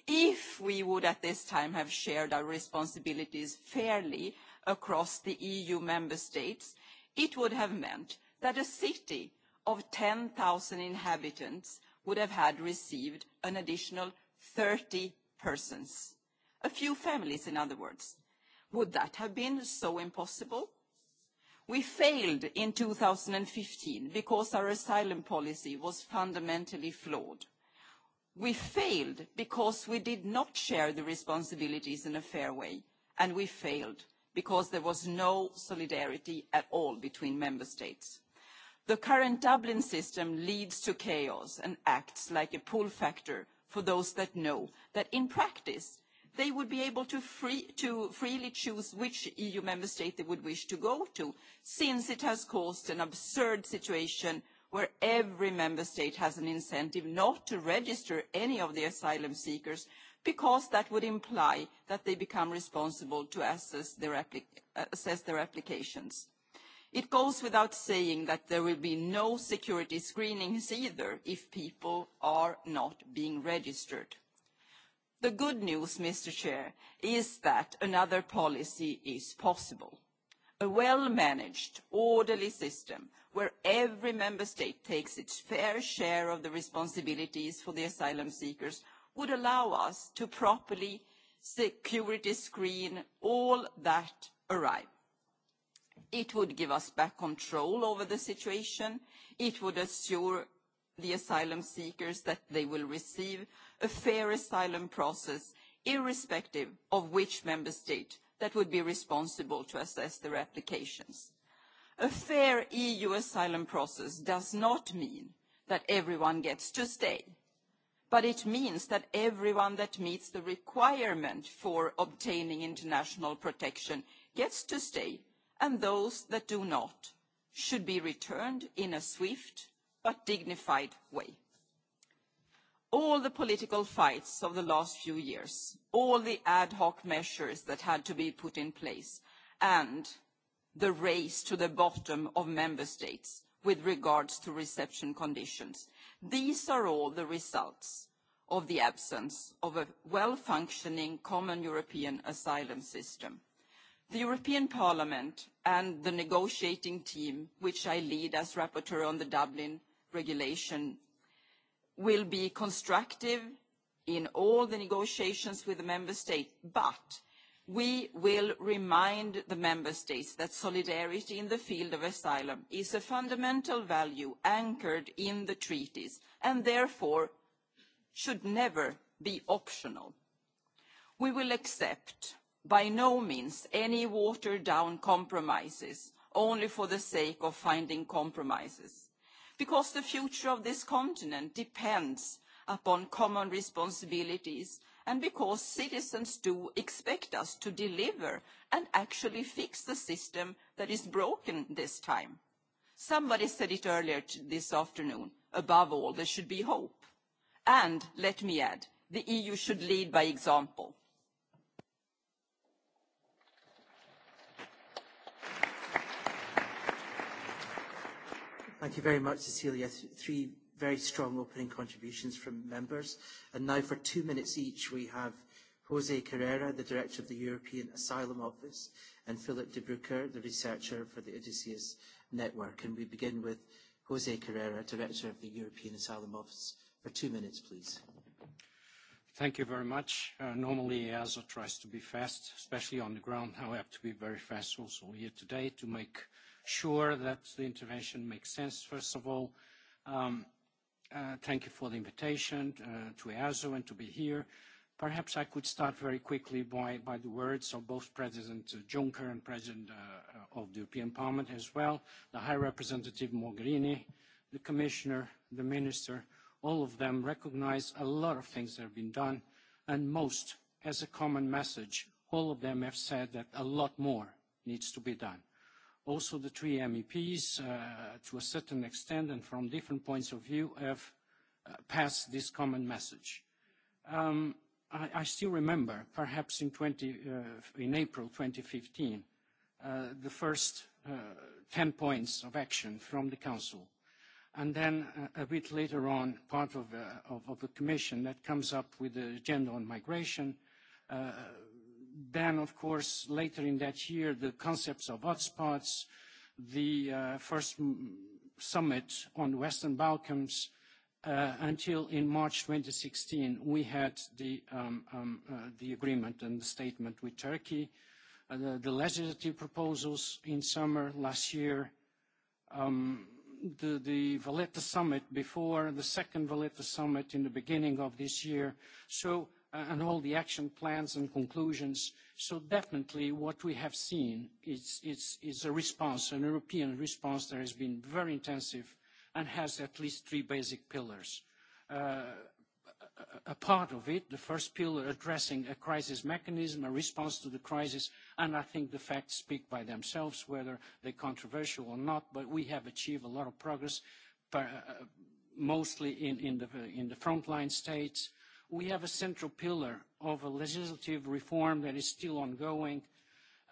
If we would at this time have shared our responsibilities fairly across the EU member states, it would have meant that a city of 10,000 inhabitants would have had received an additional 30 persons. A few families, in other words. Would that have been so impossible? We failed in 2015 because our asylum policy was fundamentally flawed. We failed because we did not share the responsibilities in a fair way, and we failed because there was no solidarity at all between member states. The current Dublin system leads to chaos and acts like a pull factor for those that know that in practice they would be able to, free, to freely choose which EU member state they would wish to go to, since it has caused an absurd situation where every member state has an incentive not to register any of the asylum seekers because that would imply that they become responsible to assess their, applic uh, assess their applications. It goes without saying that there will be no security screenings either if people are not being registered. The good news, Mr. Chair, is that another policy is possible. A well-managed, orderly system where every member state takes its fair share of the responsibilities for the asylum seekers would allow us to properly security screen all that arrive. It would give us back control over the situation. It would assure the asylum seekers that they will receive a fair asylum process, irrespective of which member state that would be responsible to assess their applications. A fair EU asylum process does not mean that everyone gets to stay, but it means that everyone that meets the requirement for obtaining international protection gets to stay and those that do not should be returned in a swift but dignified way. All the political fights of the last few years, all the ad hoc measures that had to be put in place, and the race to the bottom of member states with regards to reception conditions. These are all the results of the absence of a well-functioning common European asylum system The European Parliament and the negotiating team, which I lead as rapporteur on the Dublin regulation, will be constructive in all the negotiations with the member states, but we will remind the member states that solidarity in the field of asylum is a fundamental value anchored in the treaties and therefore should never be optional. We will accept by no means any watered down compromises only for the sake of finding compromises because the future of this continent depends upon common responsibilities and because citizens do expect us to deliver and actually fix the system that is broken this time. Somebody said it earlier this afternoon. Above all, there should be hope. And let me add, the EU should lead by example Thank you very much, Cecilia. Three very strong opening contributions from members. And now for two minutes each, we have Jose Carrera, the Director of the European Asylum Office, and Philip de Brucker, the researcher for the Odysseus Network. And we begin with Jose Carrera, Director of the European Asylum Office, for two minutes, please. Thank you very much. Uh, normally, EASO tries to be fast, especially on the ground. Now I have to be very fast also here today to make sure that the intervention makes sense, first of all. Um, uh, thank you for the invitation uh, to EASO and to be here. Perhaps I could start very quickly by, by the words of both President Juncker and President uh, of the European Parliament as well, the High Representative Mogherini, the Commissioner, the Minister, all of them recognize a lot of things that have been done, and most, as a common message, all of them have said that a lot more needs to be done also the three MEPs, uh, to a certain extent and from different points of view, have uh, passed this common message. Um, I, still remember, perhaps in, uh, April 2015, the first 10 points of action from the Council, and then a bit later on, part of, uh, the Commission that comes up with the agenda on migration, Then, of course, later in that year, the concepts of hotspots, the uh, first summit on Western Balkans, uh, until in March 2016, we had the, um, um, uh, the agreement and the statement with Turkey, uh, the, the legislative proposals in summer last year, um, the, the Valletta summit before, the second Valletta summit in the beginning of this year. So Uh, and all the action plans and conclusions. So definitely what we have seen is, is, is a response, an European response that has been very intensive and has at least three basic pillars. Uh, a part of it, the first pillar addressing a crisis mechanism, a response to the crisis, and I think the facts speak by themselves, whether they're controversial or not, but we have achieved a lot of progress, uh, mostly in, in, the, in the frontline states, We have a central pillar of a legislative reform that is still ongoing.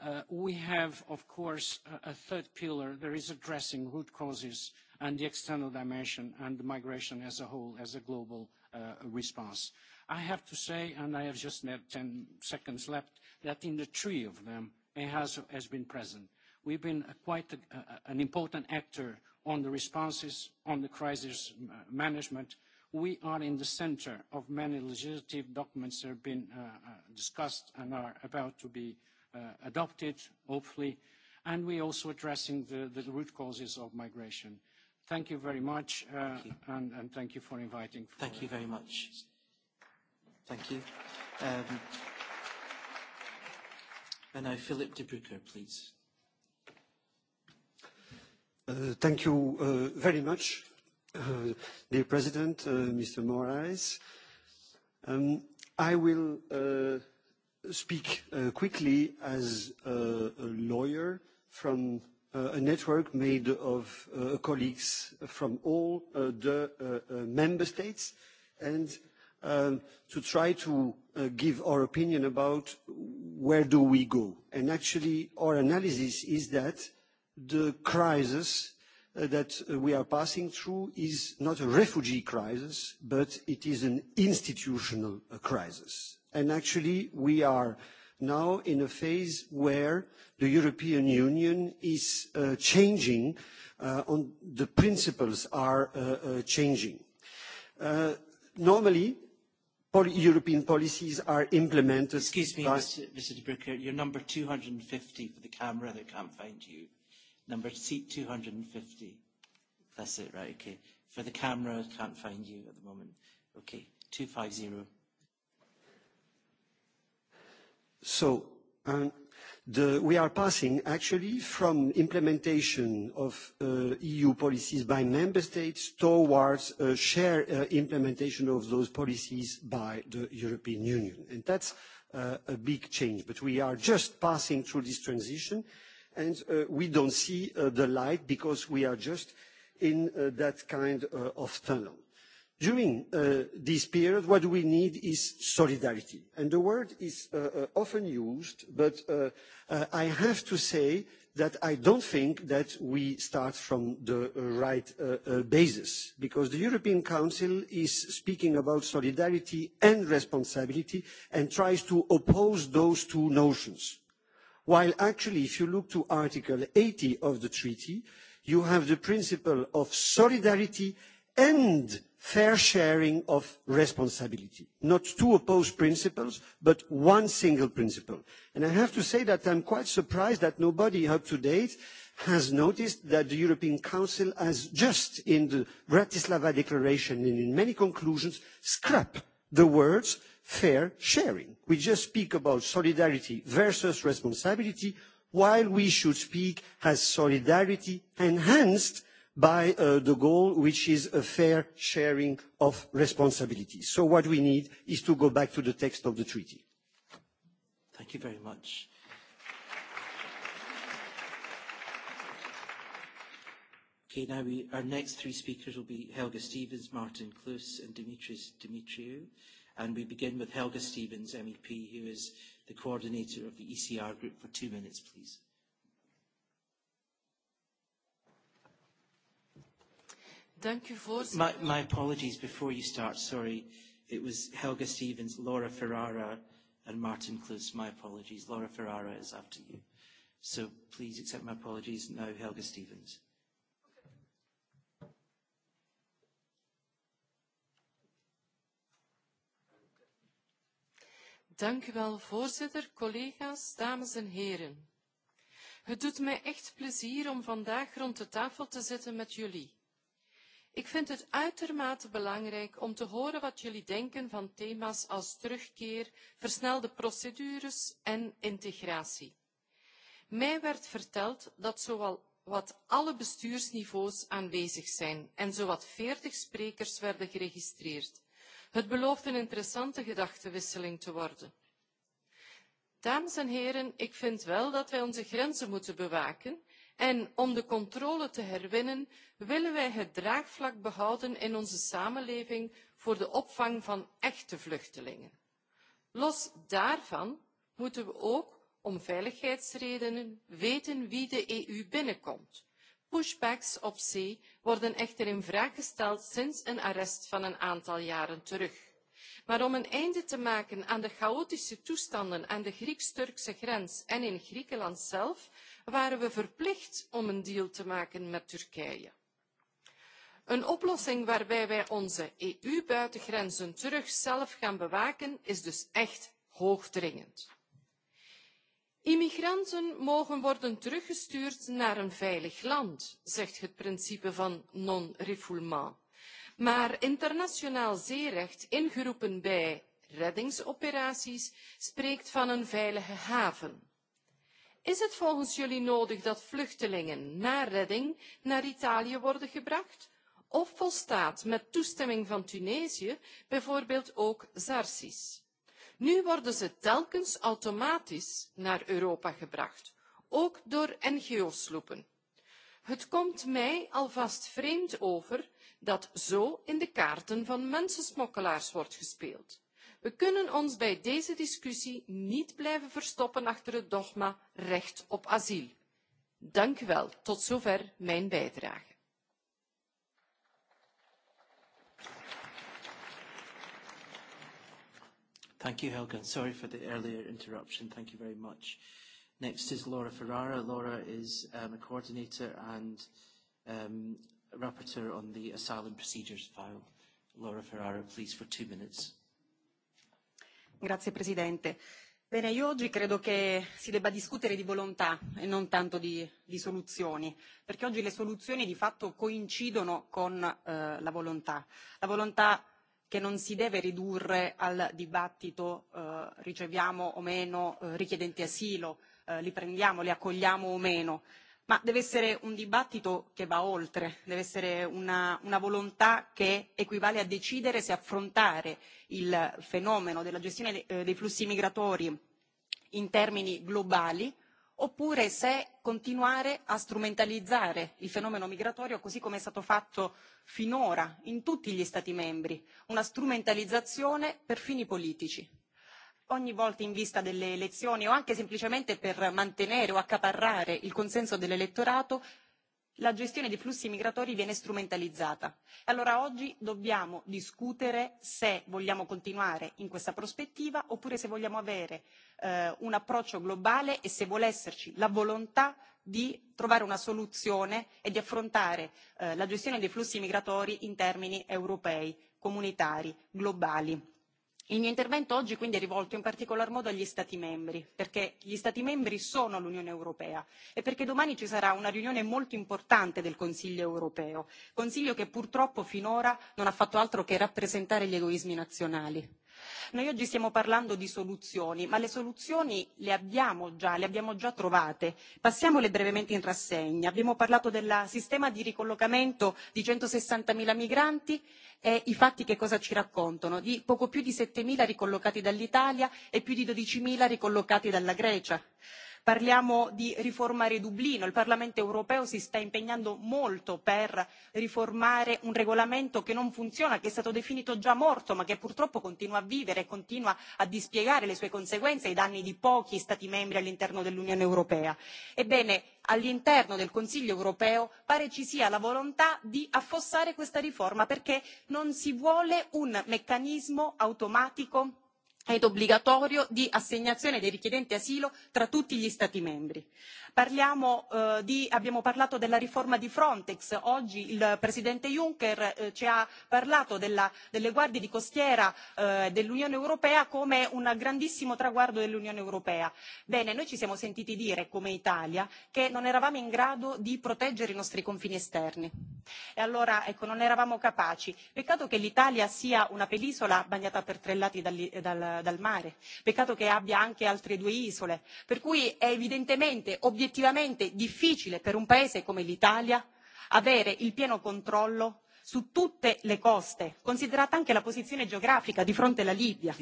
Uh, we have, of course, a, a third pillar. There is addressing root causes and the external dimension and the migration as a whole, as a global uh, response. I have to say, and I have just met 10 seconds left, that in the three of them, it has, has been present. We've been a, quite a, an important actor on the responses, on the crisis uh, management, we are in the center of many legislative documents that have been uh, uh, discussed and are about to be uh, adopted, hopefully, and we also addressing the, the root causes of migration. Thank you very much, uh, thank you. And, and thank you for inviting. For thank you very much. Thank you. Um, and now Philip de Brucker, please. Uh, thank you uh, very much. [COUGHS] dear President, uh, Mr. Moraes, um, I will uh, speak uh, quickly as uh, a lawyer from uh, a network made of uh, colleagues from all uh, the uh, uh, member states and um, to try to uh, give our opinion about where do we go. And actually, our analysis is that the crisis Uh, that we are passing through is not a refugee crisis, but it is an institutional uh, crisis. And actually, we are now in a phase where the European Union is uh, changing, uh, on the principles are uh, uh changing. Normally, European policies are implemented- Excuse me, by... Mr. Mr. De Broecker, you're number 250 for the camera. They can't find you number seat 250. That's it, right, okay. For the camera, I can't find you at the moment. Okay, 250. So um, the, we are passing actually from implementation of uh, EU policies by member states towards a shared uh, implementation of those policies by the European Union. And that's uh, a big change. But we are just passing through this transition and uh, we don't see uh, the light because we are just in uh, that kind of tunnel. During this period, what we need is solidarity, and the word is often used, but I have to say that I don't think that we start from the right basis, because the European Council is speaking about solidarity and responsibility and tries to oppose those two notions. While actually, if you look to Article 80 of the treaty, you have the principle of solidarity and fair sharing of responsibility. Not two opposed principles, but one single principle. And I have to say that I'm quite surprised that nobody up to date has noticed that the European Council has just in the Bratislava Declaration and in many conclusions scrapped the words fair sharing. We just speak about solidarity versus responsibility, while we should speak as solidarity enhanced by uh, the goal, which is a fair sharing of responsibilities. So what we need is to go back to the text of the treaty. Thank you very much. Okay, now we, our next three speakers will be Helga Stevens, Martin Kloos, and Dimitris Dimitriou. And we begin with Helga Stevens, MEP, who is the coordinator of the ECR group for two minutes, please. Thank you, for... My, my apologies before you start, sorry. It was Helga Stevens, Laura Ferrara and Martin Close. My apologies. Laura Ferrara is after you. So please accept my apologies. Now Helga Stevens. Dank u wel, voorzitter, collega's, dames en heren. Het doet mij echt plezier om vandaag rond de tafel te zitten met jullie. Ik vind het uitermate belangrijk om te horen wat jullie denken van thema's als terugkeer, versnelde procedures en integratie. Mij werd verteld dat zowel wat alle bestuursniveaus aanwezig zijn en zowat veertig sprekers werden geregistreerd. Het belooft een interessante gedachtenwisseling te worden. Dames en heren, ik vind wel dat wij onze grenzen moeten bewaken en om de controle te herwinnen willen wij het draagvlak behouden in onze samenleving voor de opvang van echte vluchtelingen. Los daarvan moeten we ook om veiligheidsredenen weten wie de EU binnenkomt Pushbacks op zee worden echter in vraag gesteld sinds een arrest van een aantal jaren terug. Maar om een einde te maken aan de chaotische toestanden aan de Grieks-Turkse grens en in Griekenland zelf, waren we verplicht om een deal te maken met Turkije. Een oplossing waarbij wij onze EU-buitengrenzen terug zelf gaan bewaken is dus echt hoogdringend. Immigranten mogen worden teruggestuurd naar een veilig land, zegt het principe van non-refoulement. Maar internationaal zeerecht, ingeroepen bij reddingsoperaties, spreekt van een veilige haven. Is het volgens jullie nodig dat vluchtelingen na redding naar Italië worden gebracht? Of volstaat met toestemming van Tunesië bijvoorbeeld ook Zarsis? Nu worden ze telkens automatisch naar Europa gebracht, ook door NGO-sloepen. Het komt mij alvast vreemd over dat zo in de kaarten van mensensmokkelaars wordt gespeeld. We kunnen ons bij deze discussie niet blijven verstoppen achter het dogma recht op asiel. Dank u wel. Tot zover mijn bijdrage. Thank you, Helga. And sorry for the earlier interruption. Thank you very much. Next is Laura Ferrara. Laura is um, a coordinator and um, rapporteur on the asylum procedures file. Laura Ferrara, please, for two minutes. Grazie Presidente. Bene, io oggi credo che si debba discutere di volontà e non tanto di, di soluzioni, perché oggi le soluzioni di fatto coincidono con eh, la volontà. La volontà che non si deve ridurre al dibattito eh, riceviamo o meno eh, richiedenti asilo, eh, li prendiamo, li accogliamo o meno, ma deve essere un dibattito che va oltre, deve essere una, una volontà che equivale a decidere se affrontare il fenomeno della gestione de, eh, dei flussi migratori in termini globali oppure se continuare a strumentalizzare il fenomeno migratorio così come è stato fatto finora in tutti gli Stati membri, una strumentalizzazione per fini politici. Ogni volta in vista delle elezioni o anche semplicemente per mantenere o accaparrare il consenso dell'elettorato la gestione dei flussi migratori viene strumentalizzata. E allora oggi dobbiamo discutere se vogliamo continuare in questa prospettiva oppure se vogliamo avere eh, un approccio globale e se vuole esserci la volontà di trovare una soluzione e di affrontare eh, la gestione dei flussi migratori in termini europei, comunitari, globali Il mio intervento oggi quindi è rivolto in particolar modo agli Stati membri, perché gli Stati membri sono l'Unione Europea e perché domani ci sarà una riunione molto importante del Consiglio Europeo, Consiglio che purtroppo finora non ha fatto altro che rappresentare gli egoismi nazionali Noi oggi stiamo parlando di soluzioni, ma le soluzioni le abbiamo già, le abbiamo già trovate. Passiamole brevemente in rassegna. Abbiamo parlato del sistema di ricollocamento di 160.000 migranti e i fatti che cosa ci raccontano? Di poco più di 7.000 ricollocati dall'Italia e più di 12.000 ricollocati dalla Grecia Parliamo di riformare Dublino, il Parlamento europeo si sta impegnando molto per riformare un regolamento che non funziona, che è stato definito già morto, ma che purtroppo continua a vivere e continua a dispiegare le sue conseguenze ai e danni di pochi Stati membri all'interno dell'Unione europea. Ebbene, all'interno del Consiglio europeo pare ci sia la volontà di affossare questa riforma perché non si vuole un meccanismo automatico ed obbligatorio di assegnazione dei richiedenti asilo tra tutti gli stati membri. Parliamo, eh, di, abbiamo parlato della riforma di Frontex, oggi il Presidente Juncker eh, ci ha parlato della, delle guardie di costiera eh, dell'Unione Europea come un grandissimo traguardo dell'Unione Europea. Bene, noi ci siamo sentiti dire come Italia che non eravamo in grado di proteggere i nostri confini esterni. E allora ecco, non eravamo capaci. Peccato che l'Italia sia una penisola bagnata per tre lati dal, dal Eh, dal, mare. Peccato che abbia anche altre due isole, per cui è evidentemente, obiettivamente difficile per un paese come l'Italia avere il pieno controllo su tutte le coste, considerata anche la posizione geografica di fronte alla Libia.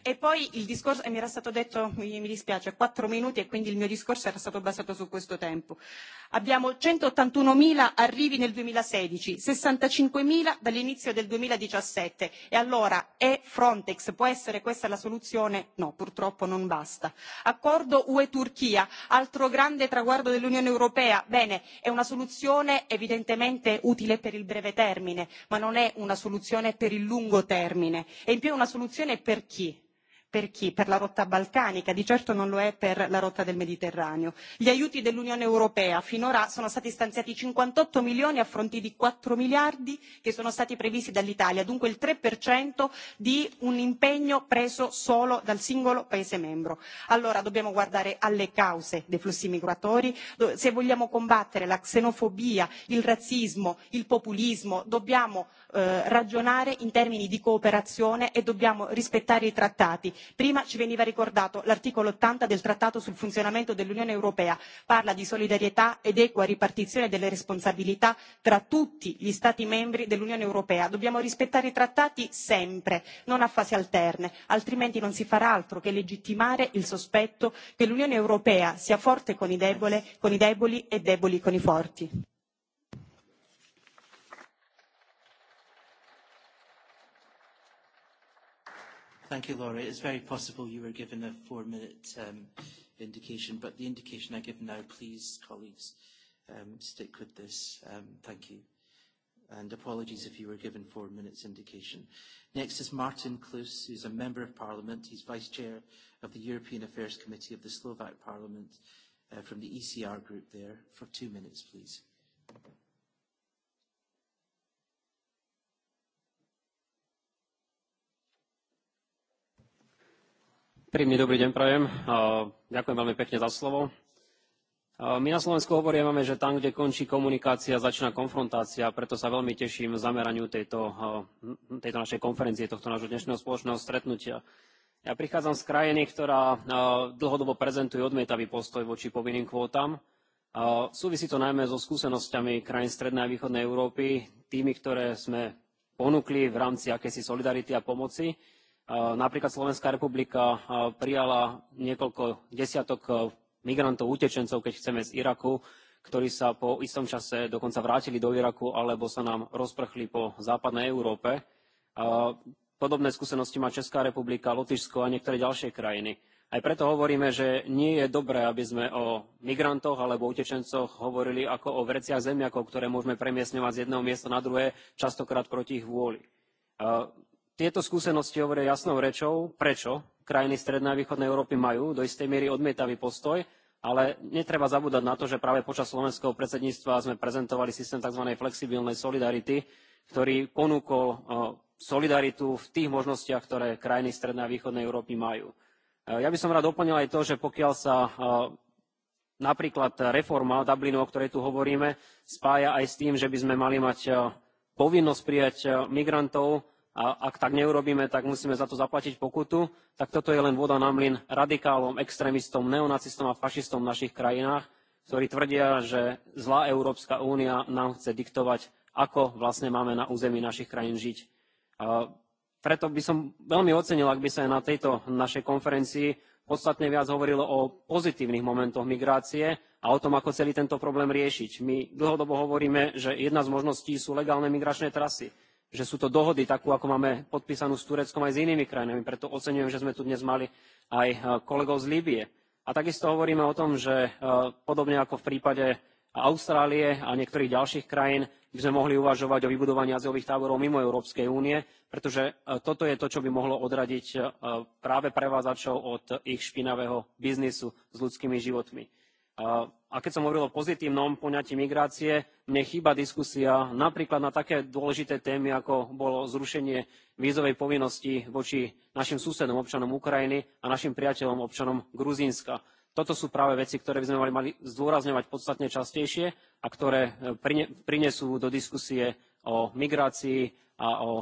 E poi il discorso, e mi era stato detto, mi, dispiace, quattro minuti e quindi il mio discorso era stato basato su questo tempo. Abbiamo 181.000 arrivi nel 2016, 65.000 dall'inizio del 2017 e allora è Frontex, può essere questa la soluzione? No, purtroppo non basta. Accordo UE-Turchia, altro grande traguardo dell'Unione Europea, bene, è una soluzione evidentemente utile per il breve termine ma non è una soluzione per il lungo termine e in più è una soluzione per chi? per chi? Per la rotta balcanica, di certo non lo è per la rotta del Mediterraneo. Gli aiuti dell'Unione Europea finora sono stati stanziati 58 milioni a fronte di 4 miliardi che sono stati previsti dall'Italia, dunque il 3% di un impegno preso solo dal singolo Paese membro. Allora dobbiamo guardare alle cause dei flussi migratori, se vogliamo combattere la xenofobia, il razzismo, il populismo, dobbiamo eh, ragionare in termini di cooperazione e dobbiamo rispettare i trattati. Prima ci veniva ricordato l'articolo 80 del trattato sul funzionamento dell'Unione Europea, parla di solidarietà ed equa ripartizione delle responsabilità tra tutti gli Stati membri dell'Unione Europea. Dobbiamo rispettare i trattati sempre, non a fasi alterne, altrimenti non si farà altro che legittimare il sospetto che l'Unione Europea sia forte con i, deboli con i deboli e deboli con i forti. Thank you, Laura. It's very possible you were given a four-minute um, indication, but the indication I give now, please, colleagues, um, stick with this. Um, thank you. And apologies if you were given four minutes indication. Next is Martin Klus, who's a Member of Parliament. He's Vice Chair of the European Affairs Committee of the Slovak Parliament uh, from the ECR group there. For two minutes, please. Thank you. Príjemný dobrý deň prajem. Ďakujem veľmi pekne za slovo. My na Slovensku hovoríme, že tam, kde končí komunikácia, začína konfrontácia, preto sa veľmi teším zameraniu tejto, tejto našej konferencie, tohto nášho dnešného spoločného stretnutia. Ja prichádzam z krajiny, ktorá dlhodobo prezentuje odmietavý postoj voči povinným kvótam. Súvisí to najmä so skúsenosťami krajín Strednej a Východnej Európy, tými, ktoré sme ponúkli v rámci akési solidarity a pomoci, Napríklad Slovenská republika prijala niekoľko desiatok migrantov, utečencov, keď chceme, z Iraku, ktorí sa po istom čase dokonca vrátili do Iraku alebo sa nám rozprchli po západnej Európe. Podobné skúsenosti má Česká republika, Lotyšsko a niektoré ďalšie krajiny. Aj preto hovoríme, že nie je dobré, aby sme o migrantoch alebo utečencoch hovorili ako o vreciach zemiakov, ktoré môžeme premiesňovať z jedného miesta na druhé, častokrát proti ich vôli Tieto skúsenosti hovoria jasnou rečou, prečo krajiny Strednej a Východnej Európy majú do istej miery odmietavý postoj, ale netreba zabúdať na to, že práve počas slovenského predsedníctva sme prezentovali systém tzv. flexibilnej solidarity, ktorý ponúkol e, solidaritu v tých možnostiach, ktoré krajiny Strednej a Východnej Európy majú. E, ja by som rád doplnil aj to, že pokiaľ sa e, napríklad reforma Dublinu, o ktorej tu hovoríme, spája aj s tým, že by sme mali mať povinnosť prijať migrantov, A ak tak neurobíme, tak musíme za to zaplatiť pokutu. Tak toto je len voda na mlyn radikálom, extrémistom, neonacistom a fašistom v našich krajinách, ktorí tvrdia, že zlá Európska únia nám chce diktovať, ako vlastne máme na území našich krajín žiť. A preto by som veľmi ocenil, ak by sa na tejto našej konferencii podstatne viac hovorilo o pozitívnych momentoch migrácie a o tom, ako celý tento problém riešiť. My dlhodobo hovoríme, že jedna z možností sú legálne migračné trasy že sú to dohody, takú ako máme podpísanú s Tureckom aj s inými krajinami. Preto oceňujem, že sme tu dnes mali aj e, kolegov z Líbie. A takisto hovoríme o tom, že e, podobne ako v prípade Austrálie a niektorých ďalších krajín by sme mohli uvažovať o vybudovaní azylových táborov mimo Európskej únie, pretože e, toto je to, čo by mohlo odradiť práve prevádzačov od ich špinavého biznisu s ľudskými životmi. A keď som hovoril o pozitívnom poňatí migrácie, mne chýba diskusia napríklad na také dôležité témy, ako bolo zrušenie vízovej povinnosti voči našim susedom, občanom Ukrajiny a našim priateľom, občanom Gruzínska. Toto sú práve veci, ktoré by sme mali, mali zdôrazňovať podstatne častejšie a ktoré eh, prinesú do diskusie o migrácii a o, o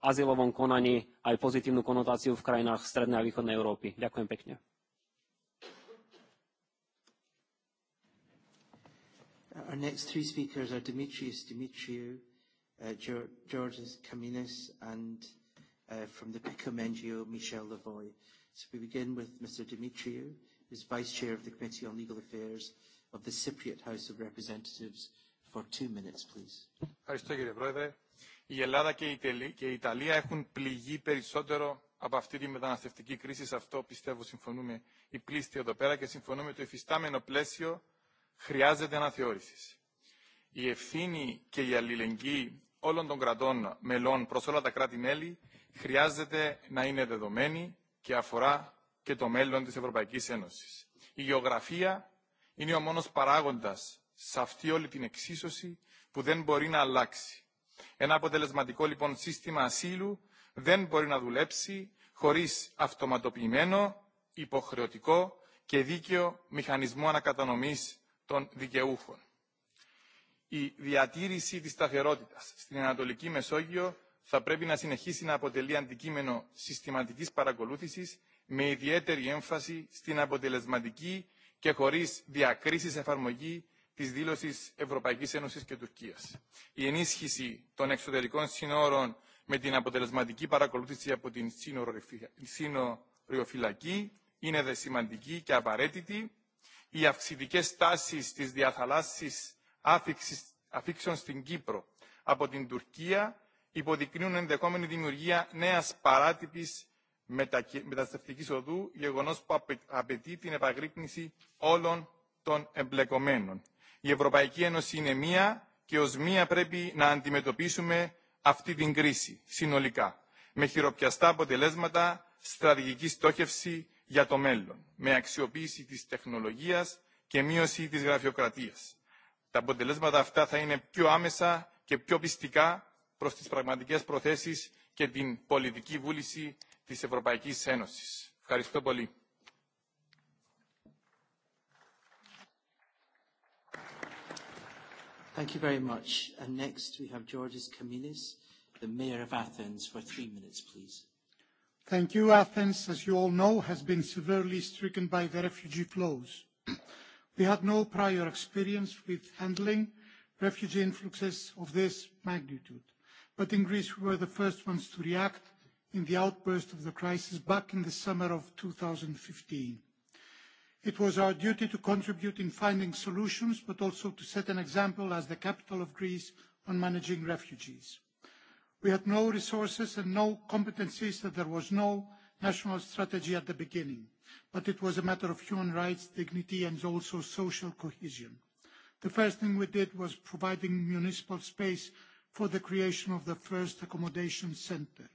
azylovom konaní aj pozitívnu konotáciu v krajinách Strednej a Východnej Európy. Ďakujem pekne. Our next three speakers are Dimitrios Dimitriou, uh, Georges Kaminis, and uh, from the PICOM NGO, Michel Lavoy. So we begin with Mr. Dimitriou, who's Vice Chair of the Committee on Legal Affairs of the Cypriot House of Representatives, for two minutes, please. Ευχαριστώ, κύριε Πρόεδρε. Η Ελλάδα και η, Ιταλία, και η Ιταλία έχουν πληγεί περισσότερο από αυτή τη μεταναστευτική κρίση. Σε αυτό πιστεύω συμφωνούμε οι πλήστοι εδώ πέρα και συμφωνούμε το υφιστάμενο πλαίσιο χρειάζεται αναθεώρηση. Η ευθύνη και η αλληλεγγύη όλων των κρατών μελών προς όλα τα κράτη-μέλη χρειάζεται να είναι δεδομένη και αφορά και το μέλλον της Ευρωπαϊκής Ένωσης. Η γεωγραφία είναι ο μόνος παράγοντας σε αυτή όλη την εξίσωση που δεν μπορεί να αλλάξει. Ένα αποτελεσματικό λοιπόν σύστημα ασύλου δεν μπορεί να δουλέψει χωρίς αυτοματοποιημένο, υποχρεωτικό και δίκαιο μηχανισμό ανακατανομής των δικαιούχων. Η διατήρηση της σταθερότητας στην Ανατολική Μεσόγειο θα πρέπει να συνεχίσει να αποτελεί αντικείμενο συστηματικής παρακολούθησης με ιδιαίτερη έμφαση στην αποτελεσματική και χωρίς διακρίσεις εφαρμογή της δήλωσης Ευρωπαϊκής Ένωσης και Τουρκίας. Η ενίσχυση των εξωτερικών σύνορων με την αποτελεσματική παρακολούθηση από την σύνοριοφυλακή είναι δε σημαντική και απαραίτητη οι αυξητικές τάσεις της διαθαλάσσης αφήξεων στην Κύπρο από την Τουρκία υποδεικνύουν ενδεχόμενη δημιουργία νέας παράτυπης μεταστευτικής οδού, γεγονός που απαιτεί την επαγρύπνηση όλων των εμπλεκομένων. Η Ευρωπαϊκή Ένωση είναι μία και ως μία πρέπει να αντιμετωπίσουμε αυτή την κρίση συνολικά, με χειροπιαστά αποτελέσματα, στρατηγική στόχευση, για το μέλλον, με αξιοποίηση της τεχνολογίας και μείωση της γραφειοκρατίας. Τα αποτελέσματα αυτά θα είναι πιο άμεσα και πιο πιστικά προς τις πραγματικές προθέσεις και την πολιτική βούληση της Ευρωπαϊκής Ένωσης. Ευχαριστώ πολύ. Thank you very much. And next we have Georges Kaminis, the Mayor of Athens, for three minutes, please. Thank you. Athens, as you all know, has been severely stricken by the refugee flows. [CLEARS THROAT] We had no prior experience with handling refugee influxes of this magnitude, but in Greece we were the first ones to react in the outburst of the crisis back in the summer of 2015. It was our duty to contribute in finding solutions, but also to set an example as the capital of Greece on managing refugees. We had no resources and no competencies, so there was no national strategy at the beginning. But it was a matter of human rights, dignity, and also social cohesion. The first thing we did was providing municipal space for the creation of the first accommodation center.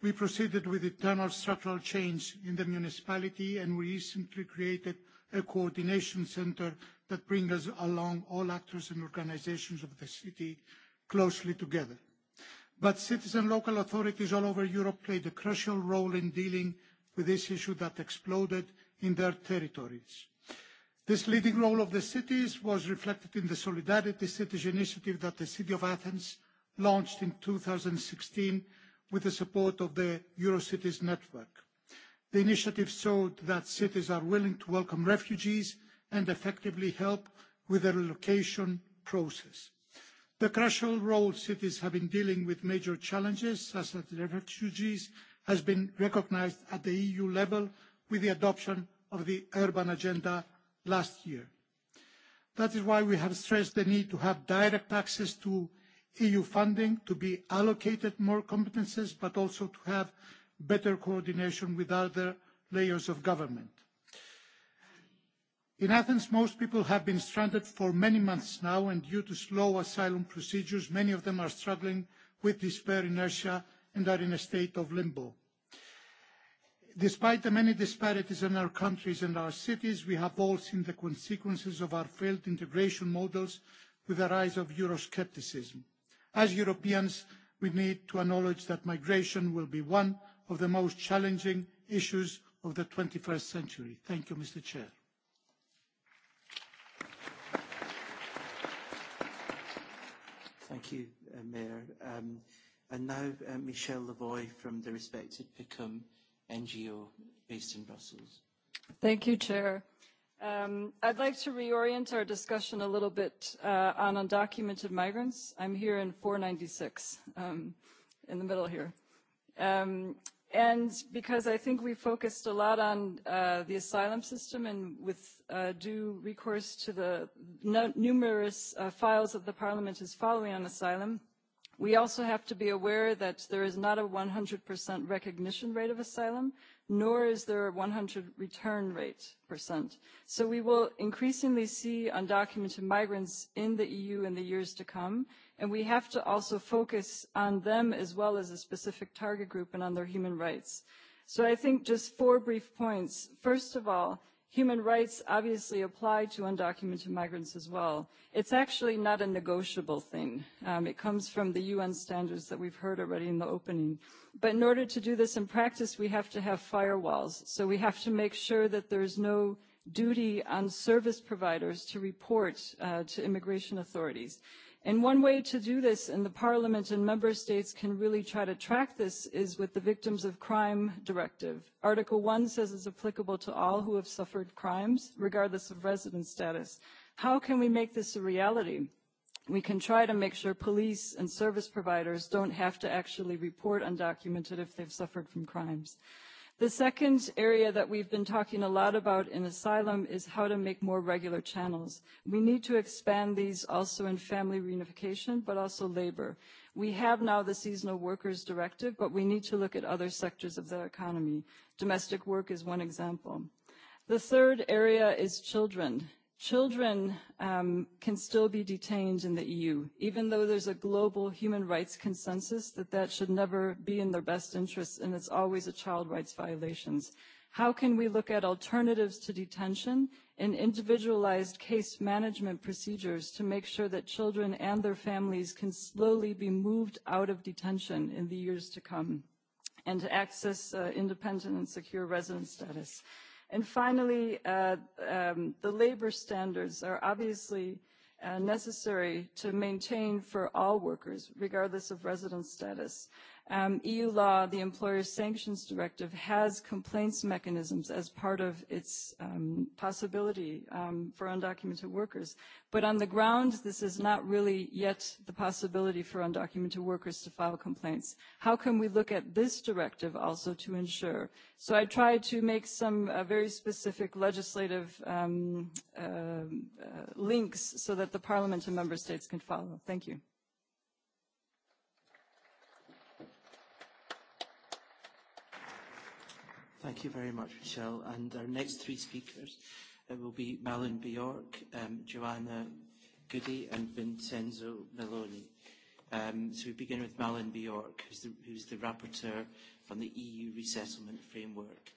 We proceeded with internal structural change in the municipality and we recently created a coordination center that brings along all actors and organizations of the city closely together. But citizen local authorities all over Europe played a crucial role in dealing with this issue that exploded in their territories. This leading role of the cities was reflected in the Solidarity Cities initiative that the City of Athens launched in two thousand and sixteen with the support of the Eurocities network. The initiative showed that cities are willing to welcome refugees and effectively help with the relocation process. The crucial role cities have been dealing with major challenges, such as refugees, has been recognised at the EU level with the adoption of the Urban Agenda last year. That is why we have stressed the need to have direct access to EU funding, to be allocated more competences, but also to have better coordination with other layers of government. In Athens, most people have been stranded for many months now, and due to slow asylum procedures, many of them are struggling with despair, inertia, and are in a state of limbo. Despite the many disparities in our countries and our cities, we have all seen the consequences of our failed integration models with the rise of Euroscepticism. As Europeans, we need to acknowledge that migration will be one of the most challenging issues of the 21st century. Thank you, Mr. Chair. Thank you, uh, Mayor. Um, and now uh, Michelle Lavoy from the respected PICUM NGO based in Brussels. Thank you, Chair. Um, I'd like to reorient our discussion a little bit uh, on undocumented migrants. I'm here in 496 um, in the middle here. Um, And because I think we focused a lot on uh, the asylum system and with uh, due recourse to the no numerous uh, files that the Parliament is following on asylum, We also have to be aware that there is not a 100% recognition rate of asylum, nor is there a 100 return rate percent. So we will increasingly see undocumented migrants in the EU in the years to come, and we have to also focus on them as well as a specific target group and on their human rights. So I think just four brief points. First of all, human rights obviously apply to undocumented migrants as well. It's actually not a negotiable thing. Um, it comes from the UN standards that we've heard already in the opening. But in order to do this in practice, we have to have firewalls. So we have to make sure that there's no duty on service providers to report uh, to immigration authorities. And one way to do this, in the Parliament and Member States can really try to track this, is with the Victims of Crime Directive. Article 1 says it's applicable to all who have suffered crimes, regardless of resident status. How can we make this a reality? We can try to make sure police and service providers don't have to actually report undocumented if they've suffered from crimes. The second area that we've been talking a lot about in asylum is how to make more regular channels. We need to expand these also in family reunification, but also labor. We have now the Seasonal Workers Directive, but we need to look at other sectors of the economy. Domestic work is one example. The third area is children children um, can still be detained in the EU, even though there's a global human rights consensus that that should never be in their best interests and it's always a child rights violations. How can we look at alternatives to detention and individualized case management procedures to make sure that children and their families can slowly be moved out of detention in the years to come and to access uh, independent and secure residence status? And finally, uh, um, the labor standards are obviously uh, necessary to maintain for all workers, regardless of residence status. Um, EU law, the Employer Sanctions Directive, has complaints mechanisms as part of its um, possibility um, for undocumented workers. But on the ground, this is not really yet the possibility for undocumented workers to file complaints. How can we look at this directive also to ensure? So I tried to make some uh, very specific legislative um, uh, uh, links so that the Parliament and Member States can follow. Thank you. Thank you very much, Michelle. And our next three speakers uh, will be Malin Bjork, um, Joanna Goody, and Vincenzo Meloni. Um, so we begin with Malin Bjork, who's the, who's the rapporteur on the EU resettlement framework.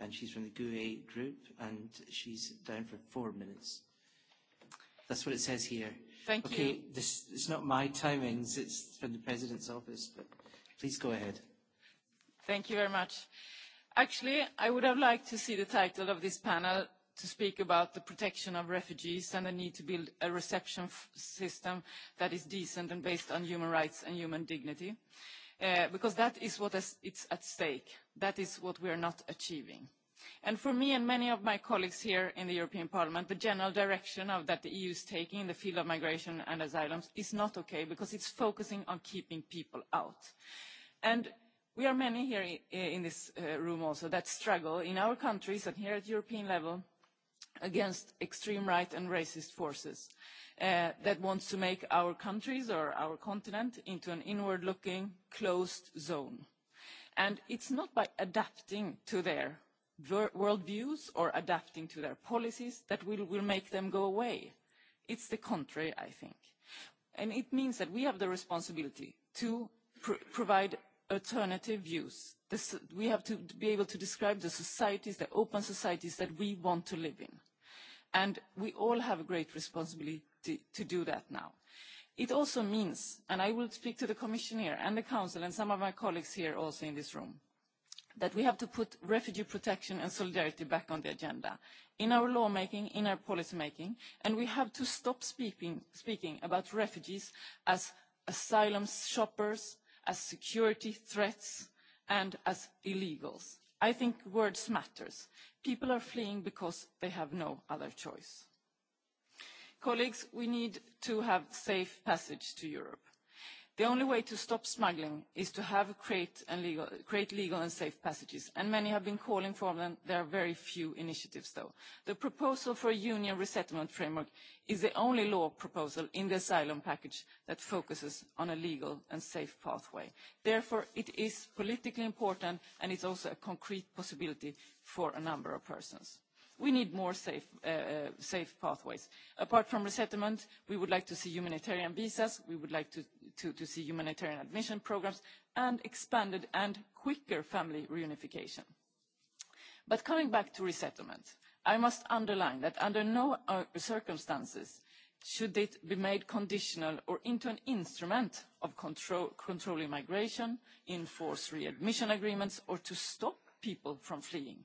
And she's from the GUE group, and she's down for four minutes. That's what it says here. Thank okay, you. Okay, this it's not my timings, it's from the President's office, but please go ahead. Thank you very much. Actually, I would have liked to see the title of this panel to speak about the protection of refugees and the need to build a reception system that is decent and based on human rights and human dignity, uh, because that is what is it's at stake. That is what we are not achieving. And for me and many of my colleagues here in the European Parliament, the general direction of that the EU is taking in the field of migration and asylum is not okay because it's focusing on keeping people out. And We are many here in this uh, room also that struggle in our countries and here at European level against extreme right and racist forces uh, that wants to make our countries or our continent into an inward-looking, closed zone. And it's not by adapting to their worldviews or adapting to their policies that will, will make them go away. It's the contrary, I think. And it means that we have the responsibility to pr provide alternative views. This, we have to be able to describe the societies, the open societies that we want to live in. And we all have a great responsibility to, to do that now. It also means, and I will speak to the Commission here and the Council and some of my colleagues here also in this room, that we have to put refugee protection and solidarity back on the agenda in our lawmaking, in our policymaking, and we have to stop speaking, speaking about refugees as asylum shoppers, as security threats and as illegals. I think words matter. People are fleeing because they have no other choice. Colleagues, we need to have safe passage to Europe The only way to stop smuggling is to have create, and legal, create legal and safe passages, and many have been calling for them. There are very few initiatives, though. The proposal for a union resettlement framework is the only law proposal in the asylum package that focuses on a legal and safe pathway. Therefore, it is politically important, and it's also a concrete possibility for a number of persons we need more safe, uh, uh safe pathways. Apart from resettlement, we would like to see humanitarian visas. We would like to to, see humanitarian admission programmes and expanded and quicker family reunification. But coming back to resettlement, I must underline that under no uh, circumstances should it be made conditional or into an instrument of control, controlling migration, enforce readmission agreements, or to stop people from fleeing.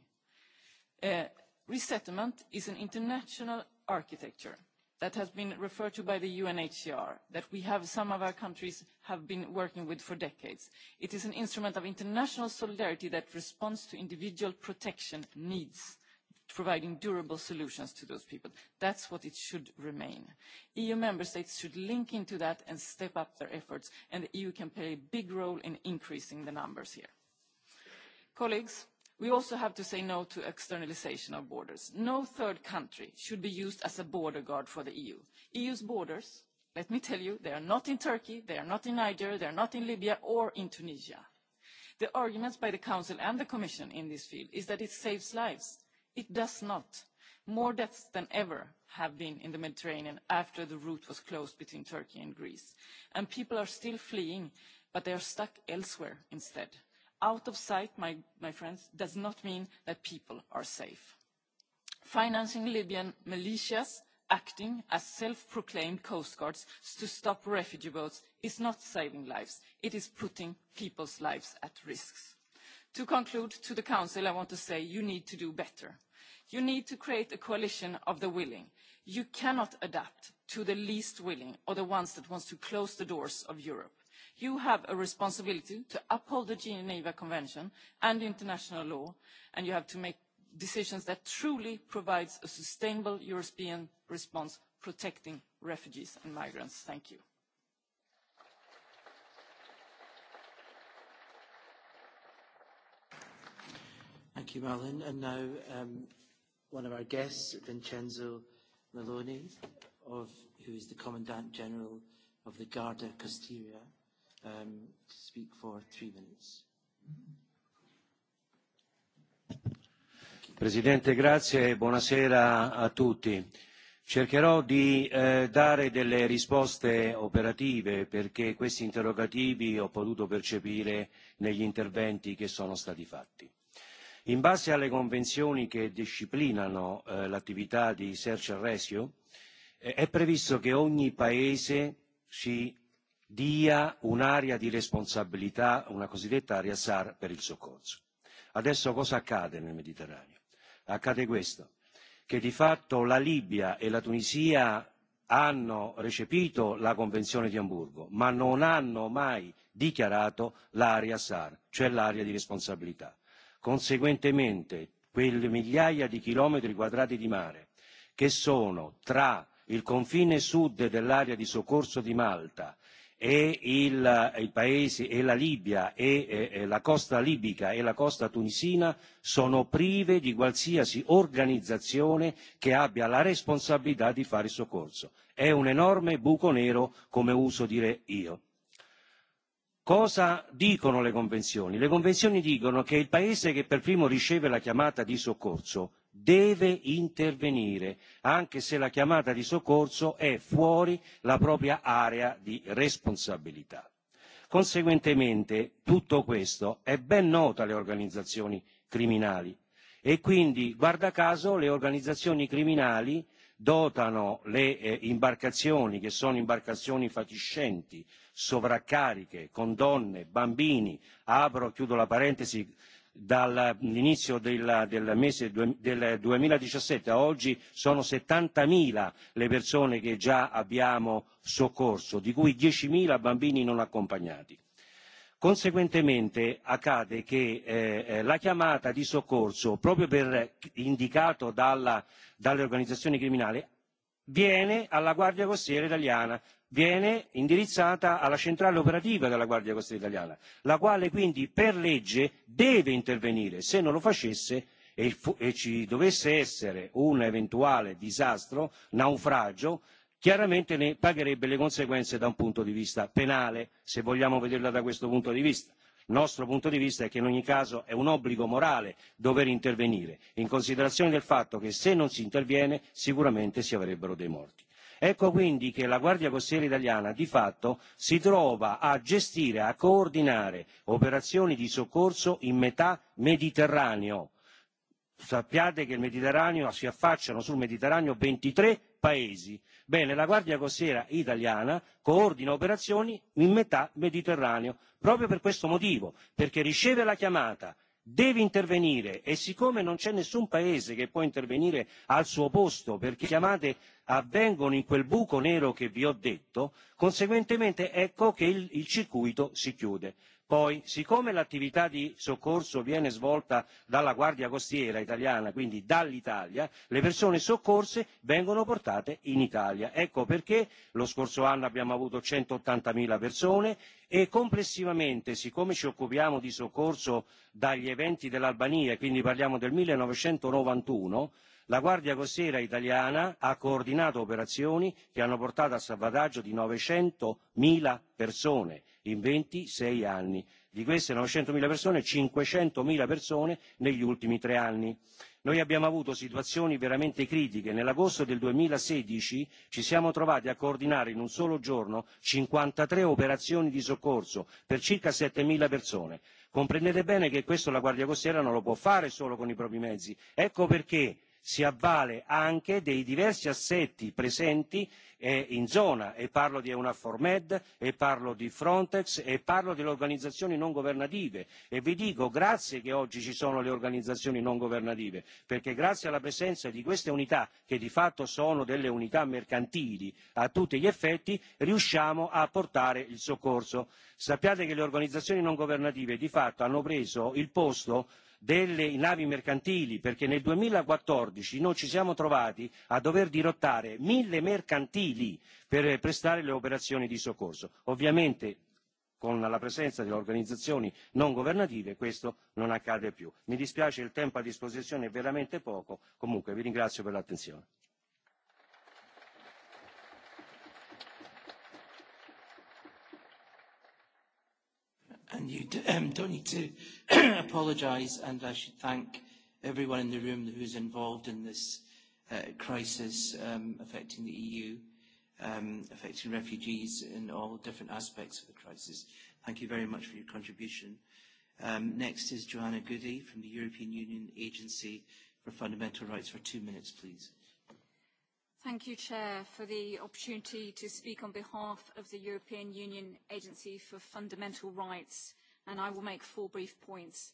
Uh, resettlement is an international architecture that has been referred to by the UNHCR, that we have some of our countries have been working with for decades. It is an instrument of international solidarity that responds to individual protection needs providing durable solutions to those people. That's what it should remain. EU member states should link into that and step up their efforts, and the EU can play a big role in increasing the numbers here. Colleagues, We also have to say no to externalisation of borders. No third country should be used as a border guard for the EU. the EU's borders, let me tell you, they are not in Turkey, they are not in Niger, they are not in Libya or in Tunisia. The arguments by the Council and the Commission in this field is that it saves lives. It does not. More deaths than ever have been in the Mediterranean after the route was closed between Turkey and Greece. And people are still fleeing, but they are stuck elsewhere instead out of sight, my, friends, does not mean that people are safe. Financing Libyan militias acting as self-proclaimed coastguards to stop refugee boats is not saving lives. It is putting people's lives at risk. To conclude, to the Council, I want to say you need to do better. You need to create a coalition of the willing. You cannot adapt to the least willing or the ones that want to close the doors of Europe You have a responsibility to uphold the Geneva Convention and international law, and you have to make decisions that truly provide a sustainable European response protecting refugees and migrants. Thank you. Thank you, marlene And now um, one of our guests, Vincenzo Maloney, of, who is the Commandant General of the Garda Costiera um, to speak for three minutes. Presidente, grazie e buonasera a tutti. Cercherò di eh, dare delle risposte operative perché questi interrogativi ho potuto percepire negli interventi che sono stati fatti. In base alle convenzioni che disciplinano eh, l'attività di search and rescue, eh, è previsto che ogni Paese si dia un'area di responsabilità, una cosiddetta area SAR per il soccorso. Adesso cosa accade nel Mediterraneo? Accade questo, che di fatto la Libia e la Tunisia hanno recepito la Convenzione di Amburgo, ma non hanno mai dichiarato l'area SAR, cioè l'area di responsabilità. Conseguentemente, quelle migliaia di chilometri quadrati di mare che sono tra il confine sud dell'area di soccorso di Malta e il, i paesi e la Libia e, e, e, la costa libica e la costa tunisina sono prive di qualsiasi organizzazione che abbia la responsabilità di fare soccorso. È un enorme buco nero, come uso dire io. Cosa dicono le convenzioni? Le convenzioni dicono che il paese che per primo riceve la chiamata di soccorso deve intervenire, anche se la chiamata di soccorso è fuori la propria area di responsabilità. Conseguentemente tutto questo è ben noto alle organizzazioni criminali e quindi, guarda caso, le organizzazioni criminali dotano le eh, imbarcazioni, che sono imbarcazioni fatiscenti, sovraccariche, con donne, bambini, apro, chiudo la parentesi, dall'inizio del, del mese del 2017 a oggi sono 70.000 le persone che già abbiamo soccorso, di cui 10.000 bambini non accompagnati. Conseguentemente accade che eh, eh, la chiamata di soccorso, proprio per indicato dalla, dalle organizzazioni criminali, viene alla Guardia Costiera italiana, viene indirizzata alla centrale operativa della Guardia Costiera Italiana, la quale quindi per legge deve intervenire. Se non lo facesse e, e ci dovesse essere un eventuale disastro, naufragio, chiaramente ne pagherebbe le conseguenze da un punto di vista penale, se vogliamo vederla da questo punto di vista. Il nostro punto di vista è che in ogni caso è un obbligo morale dover intervenire, in considerazione del fatto che se non si interviene sicuramente si avrebbero dei morti. Ecco quindi che la Guardia Costiera italiana di fatto si trova a gestire, a coordinare operazioni di soccorso in metà Mediterraneo. Sappiate che il Mediterraneo si affacciano sul Mediterraneo 23 paesi. Bene, la Guardia Costiera italiana coordina operazioni in metà Mediterraneo proprio per questo motivo, perché riceve la chiamata deve intervenire e siccome non c'è nessun paese che può intervenire al suo posto perché le chiamate avvengono in quel buco nero che vi ho detto conseguentemente ecco che il, circuito si chiude. Poi, siccome l'attività di soccorso viene svolta dalla Guardia Costiera italiana, quindi dall'Italia, le persone soccorse vengono portate in Italia. Ecco perché lo scorso anno abbiamo avuto centottanta zero persone e complessivamente, siccome ci occupiamo di soccorso dagli eventi dell'Albania, quindi parliamo del millenovecentonovantuno la Guardia Costiera italiana ha coordinato operazioni che hanno portato al salvataggio di novecento zero persone in 26 anni. Di queste 900.000 persone, 500.000 persone negli ultimi tre anni. Noi abbiamo avuto situazioni veramente critiche. Nell'agosto del 2016 ci siamo trovati a coordinare in un solo giorno 53 operazioni di soccorso per circa 7.000 persone. Comprendete bene che questo la Guardia Costiera non lo può fare solo con i propri mezzi. Ecco perché si avvale anche dei diversi assetti presenti eh, in zona e parlo di EUNAVFOR Med e parlo di Frontex e parlo delle organizzazioni non governative e vi dico grazie che oggi ci sono le organizzazioni non governative perché grazie alla presenza di queste unità che di fatto sono delle unità mercantili a tutti gli effetti riusciamo a portare il soccorso. Sappiate che le organizzazioni non governative di fatto hanno preso il posto delle navi mercantili perché nel duemilaquattordici noi ci siamo trovati a dover dirottare mille mercantili per prestare le operazioni di soccorso. ovviamente con la presenza delle organizzazioni non governative questo non accade più. mi dispiace il tempo a disposizione è veramente poco comunque vi ringrazio per l'attenzione. and you d- um, don't need to [CLEARS THROAT] apologise. And I should thank everyone in the room who is involved in this uh, crisis um, affecting the EU, um, affecting refugees in all different aspects of the crisis. Thank you very much for your contribution. Um, next is Joanna Goody from the European Union Agency for Fundamental Rights for two minutes, please. Thank you, Chair, for the opportunity to speak on behalf of the European Union Agency for Fundamental Rights, and I will make four brief points.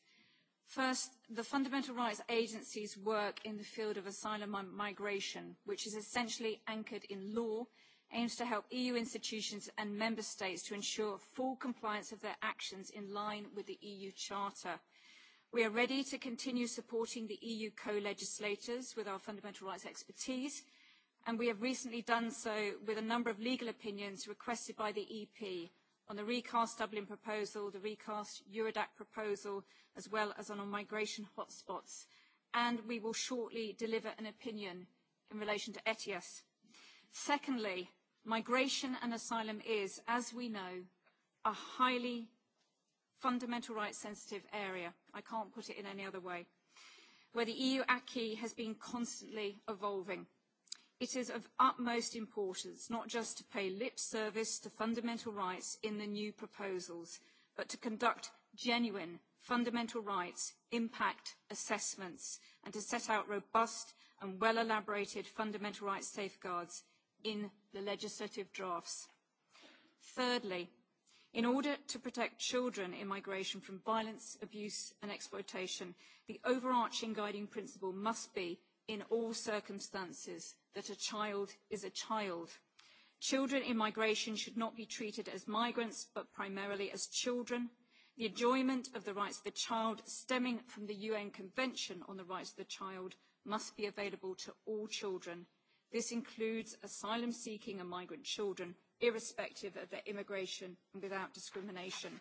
First, the Fundamental Rights Agency's work in the field of asylum and migration, which is essentially anchored in law, aims to help EU institutions and member states to ensure full compliance of their actions in line with the EU Charter. We are ready to continue supporting the EU co-legislators with our fundamental rights expertise and we have recently done so with a number of legal opinions requested by the EP on the recast Dublin proposal, the recast Eurodac proposal, as well as on migration hotspots. And we will shortly deliver an opinion in relation to ETIAS. Secondly, migration and asylum is, as we know, a highly fundamental rights sensitive area. I can't put it in any other way, where the EU acquis has been constantly evolving. It is of utmost importance not just to pay lip service to fundamental rights in the new proposals, but to conduct genuine fundamental rights impact assessments and to set out robust and well elaborated fundamental rights safeguards in the legislative drafts. Thirdly, in order to protect children in migration from violence, abuse and exploitation, the overarching guiding principle must be, in all circumstances, that a child is a child. Children in migration should not be treated as migrants, but primarily as children. The enjoyment of the rights of the child stemming from the UN Convention on the Rights of the Child must be available to all children. This includes asylum seeking and migrant children, irrespective of their immigration and without discrimination.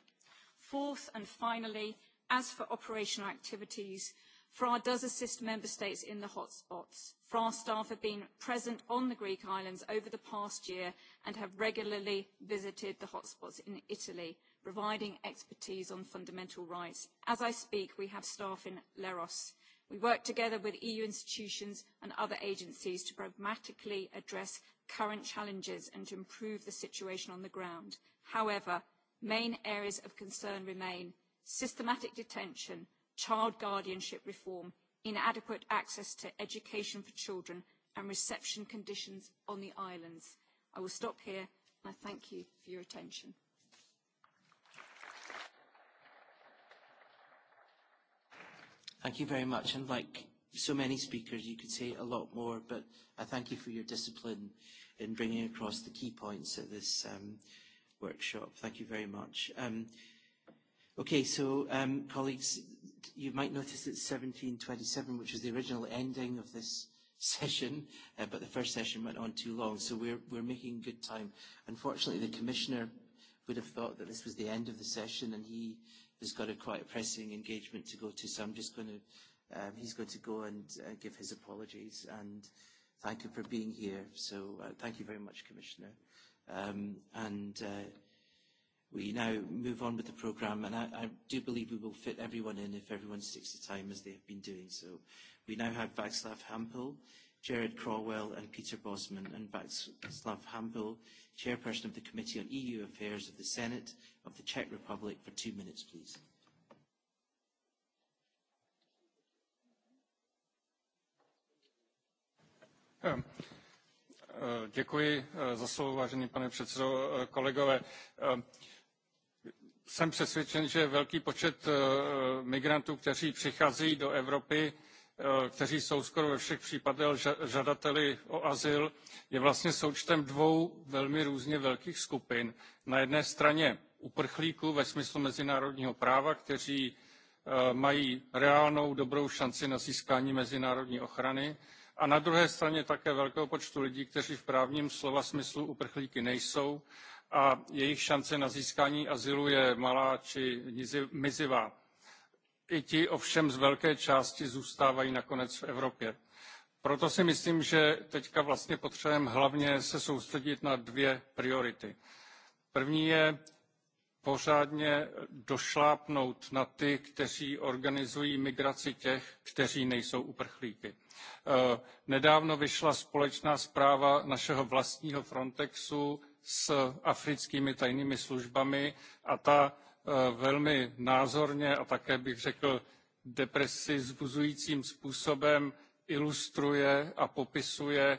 Fourth and finally, as for operational activities, Fra does assist member states in the hotspots. Fra staff have been present on the Greek islands over the past year and have regularly visited the hotspots in Italy, providing expertise on fundamental rights. As I speak, we have staff in Leros. We work together with EU institutions and other agencies to pragmatically address current challenges and to improve the situation on the ground. However, main areas of concern remain systematic detention, child guardianship reform, inadequate access to education for children and reception conditions on the islands. I will stop here and I thank you for your attention. Thank you very much. And like so many speakers, you could say a lot more, but I thank you for your discipline in bringing across the key points at this um, workshop. Thank you very much. Um, okay, so um, colleagues, you might notice it's 1727, which was the original ending of this [LAUGHS] session, uh, but the first session went on too long, so we're, we're making good time. Unfortunately, the Commissioner would have thought that this was the end of the session, and he has got a quite a pressing engagement to go to, so I'm just going to, um, he's going to go and uh, give his apologies, and thank you for being here. So uh, thank you very much, Commissioner. Um, and... Uh, we now move on with the programme, and I, I do believe we will fit everyone in if everyone sticks to time as they have been doing. So we now have Václav Hampel, Jared Crawwell, and Peter Bosman. And Václav Hampel, Chairperson of the Committee on EU Affairs of the Senate of the Czech Republic, for two minutes, please. Um. Děkuji eh, za slovo, vážený pane předsedo, eh, kolegové ehm, jsem přesvědčen, že velký počet eh, migrantů, kteří přicházejí do Evropy, eh, kteří jsou skoro ve všech případech žadateli o azyl, je vlastně součtem dvou velmi různě velkých skupin. Na jedné straně uprchlíků ve smyslu mezinárodního práva, kteří eh, mají reálnou dobrou šanci na získání mezinárodní ochrany a na druhé straně také velkého počtu lidí, kteří v právním slova smyslu uprchlíky nejsou a jejich šance na získání azylu je malá či mizivá. I ti ovšem z velké části zůstávají nakonec v Evropě. Proto si myslím, že teďka vlastně potřebujeme hlavně se soustředit na dvě priority. První je pořádně došlápnout na ty, kteří organizují migraci těch, kteří nejsou uprchlíky. E, nedávno vyšla společná zpráva našeho vlastního Frontexu s africkými tajnými službami a ta e, velmi názorně a také bych řekl depresi vzbuzujícím způsobem ilustruje a popisuje e,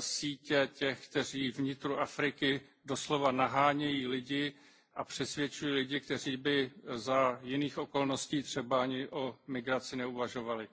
sítě těch, kteří vnitru Afriky doslova nahánějí lidi a přesvědčují lidi, kteří by za jiných okolností třeba ani o migraci neuvažovali. E,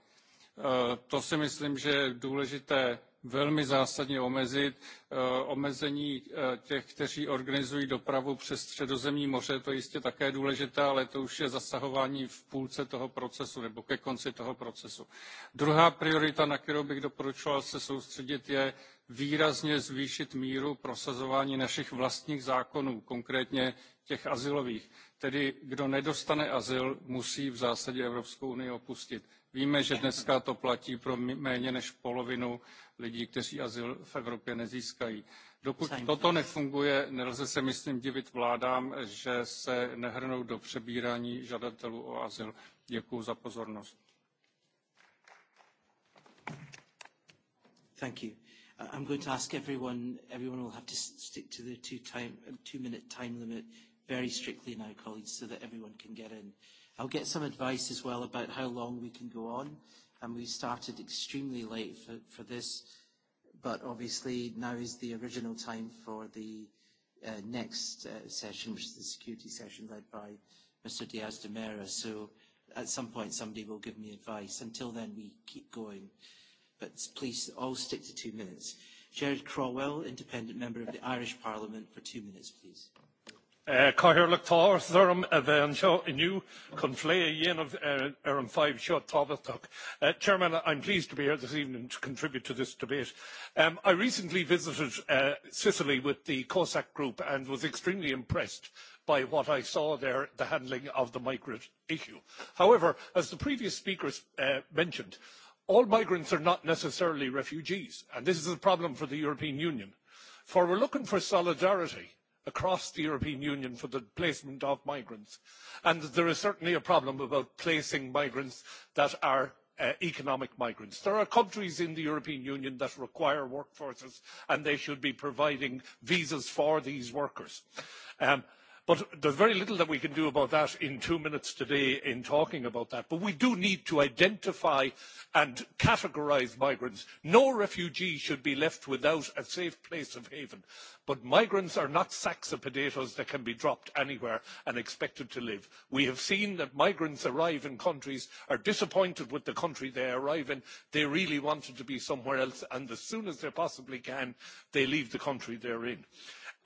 to si myslím, že je důležité velmi zásadně omezit. Eh, omezení eh, těch, kteří organizují dopravu přes středozemní moře, to je jistě také důležité, ale to už je zasahování v půlce toho procesu nebo ke konci toho procesu. Druhá priorita, na kterou bych doporučoval se soustředit, je výrazně zvýšit míru prosazování našich vlastních zákonů, konkrétně těch azylových. Tedy kdo nedostane azyl, musí v zásadě Evropskou unii opustit Víme, že dneska to platí pro méně než polovinu lidí, kteří azyl v Evropě nezískají. Dokud toto nefunguje, nelze se, myslím, divit vládám, že se nehrnou do přebírání žadatelů o azyl. Děkuji za pozornost. Thank you. Uh, I'm going to ask everyone, everyone will have to stick to their two-minute time, uh, two time limit very strictly now, colleagues, so that everyone can get in. I'll get some advice as well about how long we can go on. And we started extremely late for, for this, but obviously now is the original time for the uh, next uh, session, which is the security session led by Mr. Diaz de Mera. So at some point somebody will give me advice. Until then, we keep going. But please all stick to two minutes. Gerard Crowell, independent member of the Irish Parliament, for two minutes, please. Eh, Caithfirleach táras orm a eh, bheith anseo inniu chun phlé a dhéanamh eh, ar an fhadhb seo tábhachtach. Chairman, I'm pleased to be here this evening to contribute to this debate. Um, I recently visited uh, Sicily with the COSAC group and was extremely impressed by what I saw there, the handling of the migrant issue. However, as the previous speakers uh, mentioned, all migrants are not necessarily refugees, and this is a problem for the European Union. For we're looking for solidarity across the European Union for the placement of migrants. And there is certainly a problem about placing migrants that are uh, economic migrants. There are countries in the European Union that require workforces and they should be providing visas for these workers. Um, But there's very little that we can do about that in two minutes today in talking about that. But we do need to identify and categorise migrants. No refugee should be left without a safe place of haven. But migrants are not sacks of potatoes that can be dropped anywhere and expected to live. We have seen that migrants arrive in countries, are disappointed with the country they arrive in. They really wanted to be somewhere else, and as soon as they possibly can, they leave the country they are in.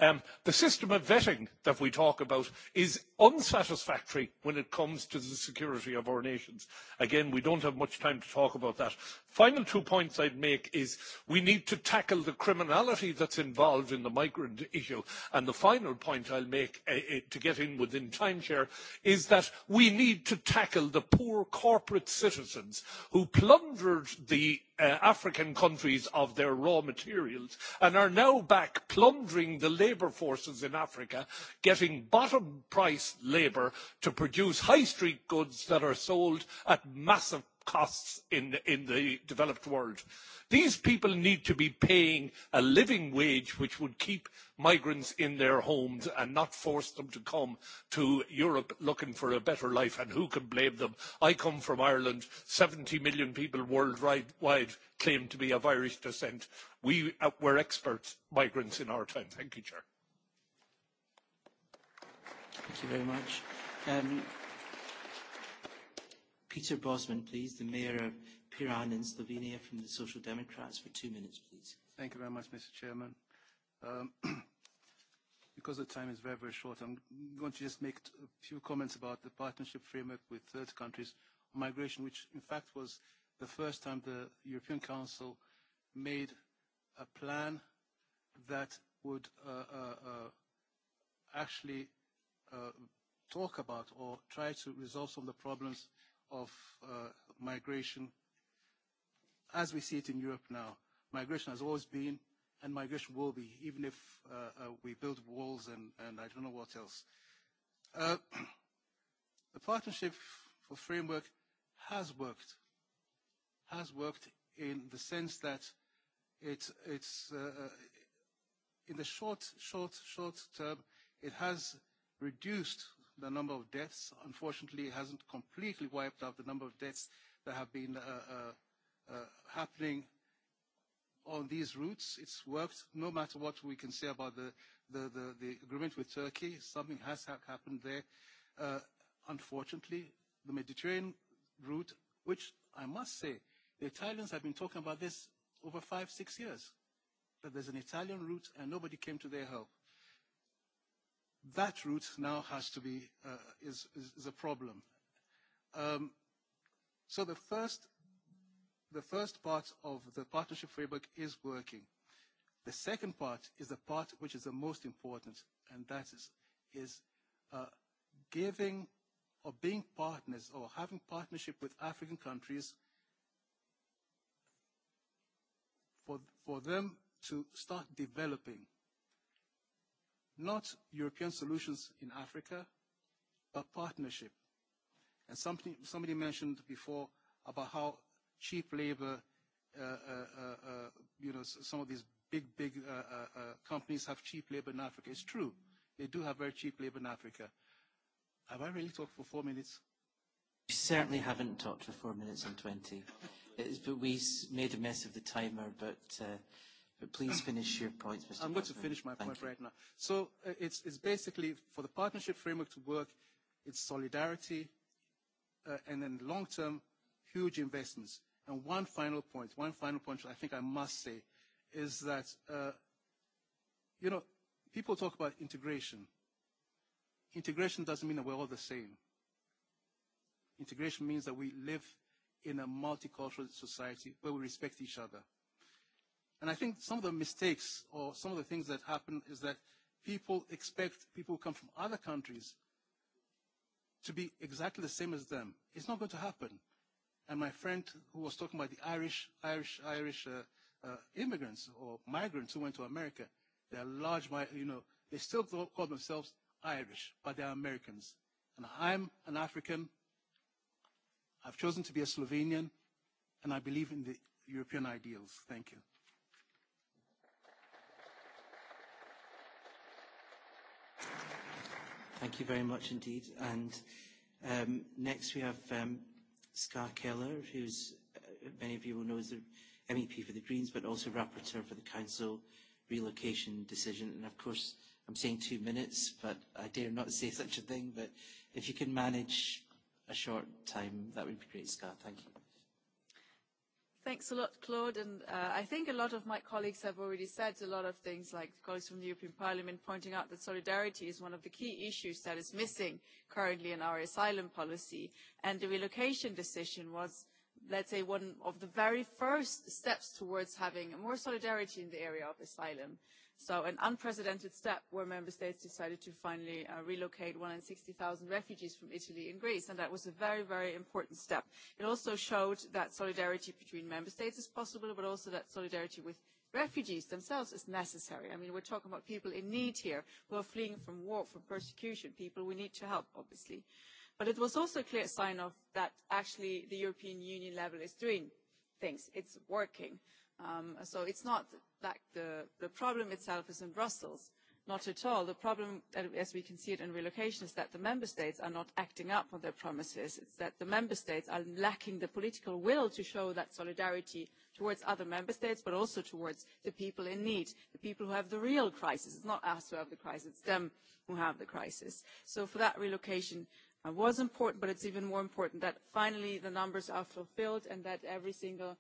Um, the system of vetting that we talk about is unsatisfactory when it comes to the security of our nations. Again, we don't have much time to talk about that. Final two points I'd make is we need to tackle the criminality that's involved in the migrant issue. And the final point I'll make uh, uh, to get in within timeshare is that we need to tackle the poor corporate citizens who plundered the Uh, African countries of their raw materials and are now back plundering the labour forces in Africa, getting bottom price labour to produce high street goods that are sold at massive costs in, in the developed world. These people need to be paying a living wage which would keep migrants in their homes and not force them to come to Europe looking for a better life. And who can blame them? I come from Ireland. 70 million people worldwide claim to be of Irish descent. We uh, were expert migrants in our time. Thank you, Chair. Thank you very much. Um, Peter Bosman, please, the Mayor of Piran in Slovenia from the Social Democrats for two minutes, please. Thank you very much, Mr. Chairman. Um, [CLEARS THROAT] because the time is very, very short, I'm going to just make a few comments about the partnership framework with third countries on migration, which in fact was the first time the European Council made a plan that would uh, uh, uh, actually uh, talk about or try to resolve some of the problems of uh, migration as we see it in Europe now. Migration has always been, and migration will be, even if uh, uh, we build walls and, and I don't know what else. Uh, [CLEARS THROAT] the Partnership for Framework has worked, has worked in the sense that it's, uh, uh, in the short, short, short term, it has reduced the number of deaths. Unfortunately, it hasn't completely wiped out the number of deaths that have been uh, uh, uh, happening on these routes. It's worked, no matter what we can say about the, the, the, the agreement with Turkey. Something has ha- happened there. Uh, unfortunately, the Mediterranean route, which I must say, the Italians have been talking about this over five, six years, that there's an Italian route and nobody came to their help that route now has to be uh, is, is, is a problem. Um, so the first the first part of the partnership framework is working. The second part is the part which is the most important, and that is is uh, giving or being partners or having partnership with African countries for for them to start developing not European solutions in Africa, but partnership. And something, somebody mentioned before about how cheap labor, uh, uh, uh, uh you know, some of these big, big uh, uh, uh, companies have cheap labor in Africa. It's true. They do have very cheap labor in Africa. Have I really talked for four minutes? You certainly haven't talked for four minutes and 20. It's, but we made a mess of the timer, but uh, But please finish your points, Mr. I'm going to finish my point right now. So uh, it's, it's basically for the partnership framework to work, it's solidarity uh, and then long-term huge investments. And one final point, one final point I think I must say is that, uh, you know, people talk about integration. Integration doesn't mean that we're all the same. Integration means that we live in a multicultural society where we respect each other And I think some of the mistakes or some of the things that happen is that people expect people who come from other countries to be exactly the same as them. It's not going to happen. And my friend who was talking about the Irish, Irish, Irish uh, uh, immigrants or migrants who went to America, they're large, you know, they still call themselves Irish, but they're Americans. And I'm an African. I've chosen to be a Slovenian, and I believe in the European ideals. Thank you. Thank you very much indeed. And um, next we have um, Scar Keller, who uh, many of you will know, is the MEP for the Greens, but also rapporteur for the Council relocation decision. And of course, I'm saying two minutes, but I dare not say [LAUGHS] such a thing. But if you can manage a short time, that would be great, Scar. Thank you. Thanks a lot, Claude. And uh, I think a lot of my colleagues have already said a lot of things, like colleagues from the European Parliament pointing out that solidarity is one of the key issues that is missing currently in our asylum policy. And the relocation decision was let's say, one of the very first steps towards having more solidarity in the area of asylum. So an unprecedented step where member states decided to finally uh, relocate 160,000 refugees from Italy and Greece. And that was a very, very important step. It also showed that solidarity between member states is possible, but also that solidarity with refugees themselves is necessary. I mean, we're talking about people in need here who are fleeing from war, from persecution, people we need to help, obviously. Uh, but it was also a clear sign that actually the European Union level is doing things. It's working. Um, so it's not that the, the problem itself is in Brussels. Not at all. The problem, uh, as we can see it in relocation, is that the member states are not acting up on their promises. It's that the member states are lacking the political will to show that solidarity towards other member states, but also towards the people in need, the people who have the real crisis. It's not us who have the crisis, it's them who have the crisis. So for that relocation Uh, was important, but it's even more important that finally the numbers are fulfilled and that every single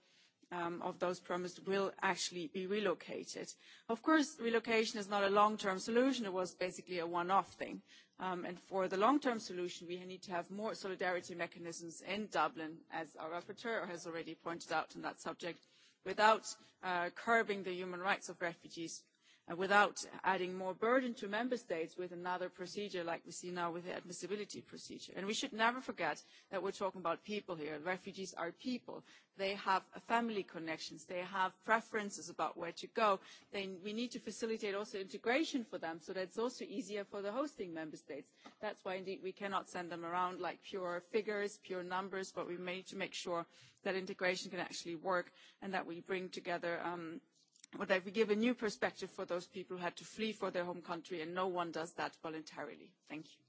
um, of those promised will actually be relocated. Of course, relocation is not a long-term solution. It was basically a one-off thing. Um, and for the long-term solution, we need to have more solidarity mechanisms in Dublin, as our rapporteur has already pointed out on that subject, without uh, curbing the human rights of refugees Uh, without adding more burden to member states with another procedure like we see now with the admissibility procedure. And we should never forget that we're talking about people here. Refugees are people. They have family connections. They have preferences about where to go. we need to facilitate also integration for them so that it's also easier for the hosting member states. That's why indeed we cannot send them around like pure figures, pure numbers, but we need to make sure that integration can actually work and that we bring together um, but that we give a new perspective for those people who had to flee for their home country and no one does that voluntarily. thank you.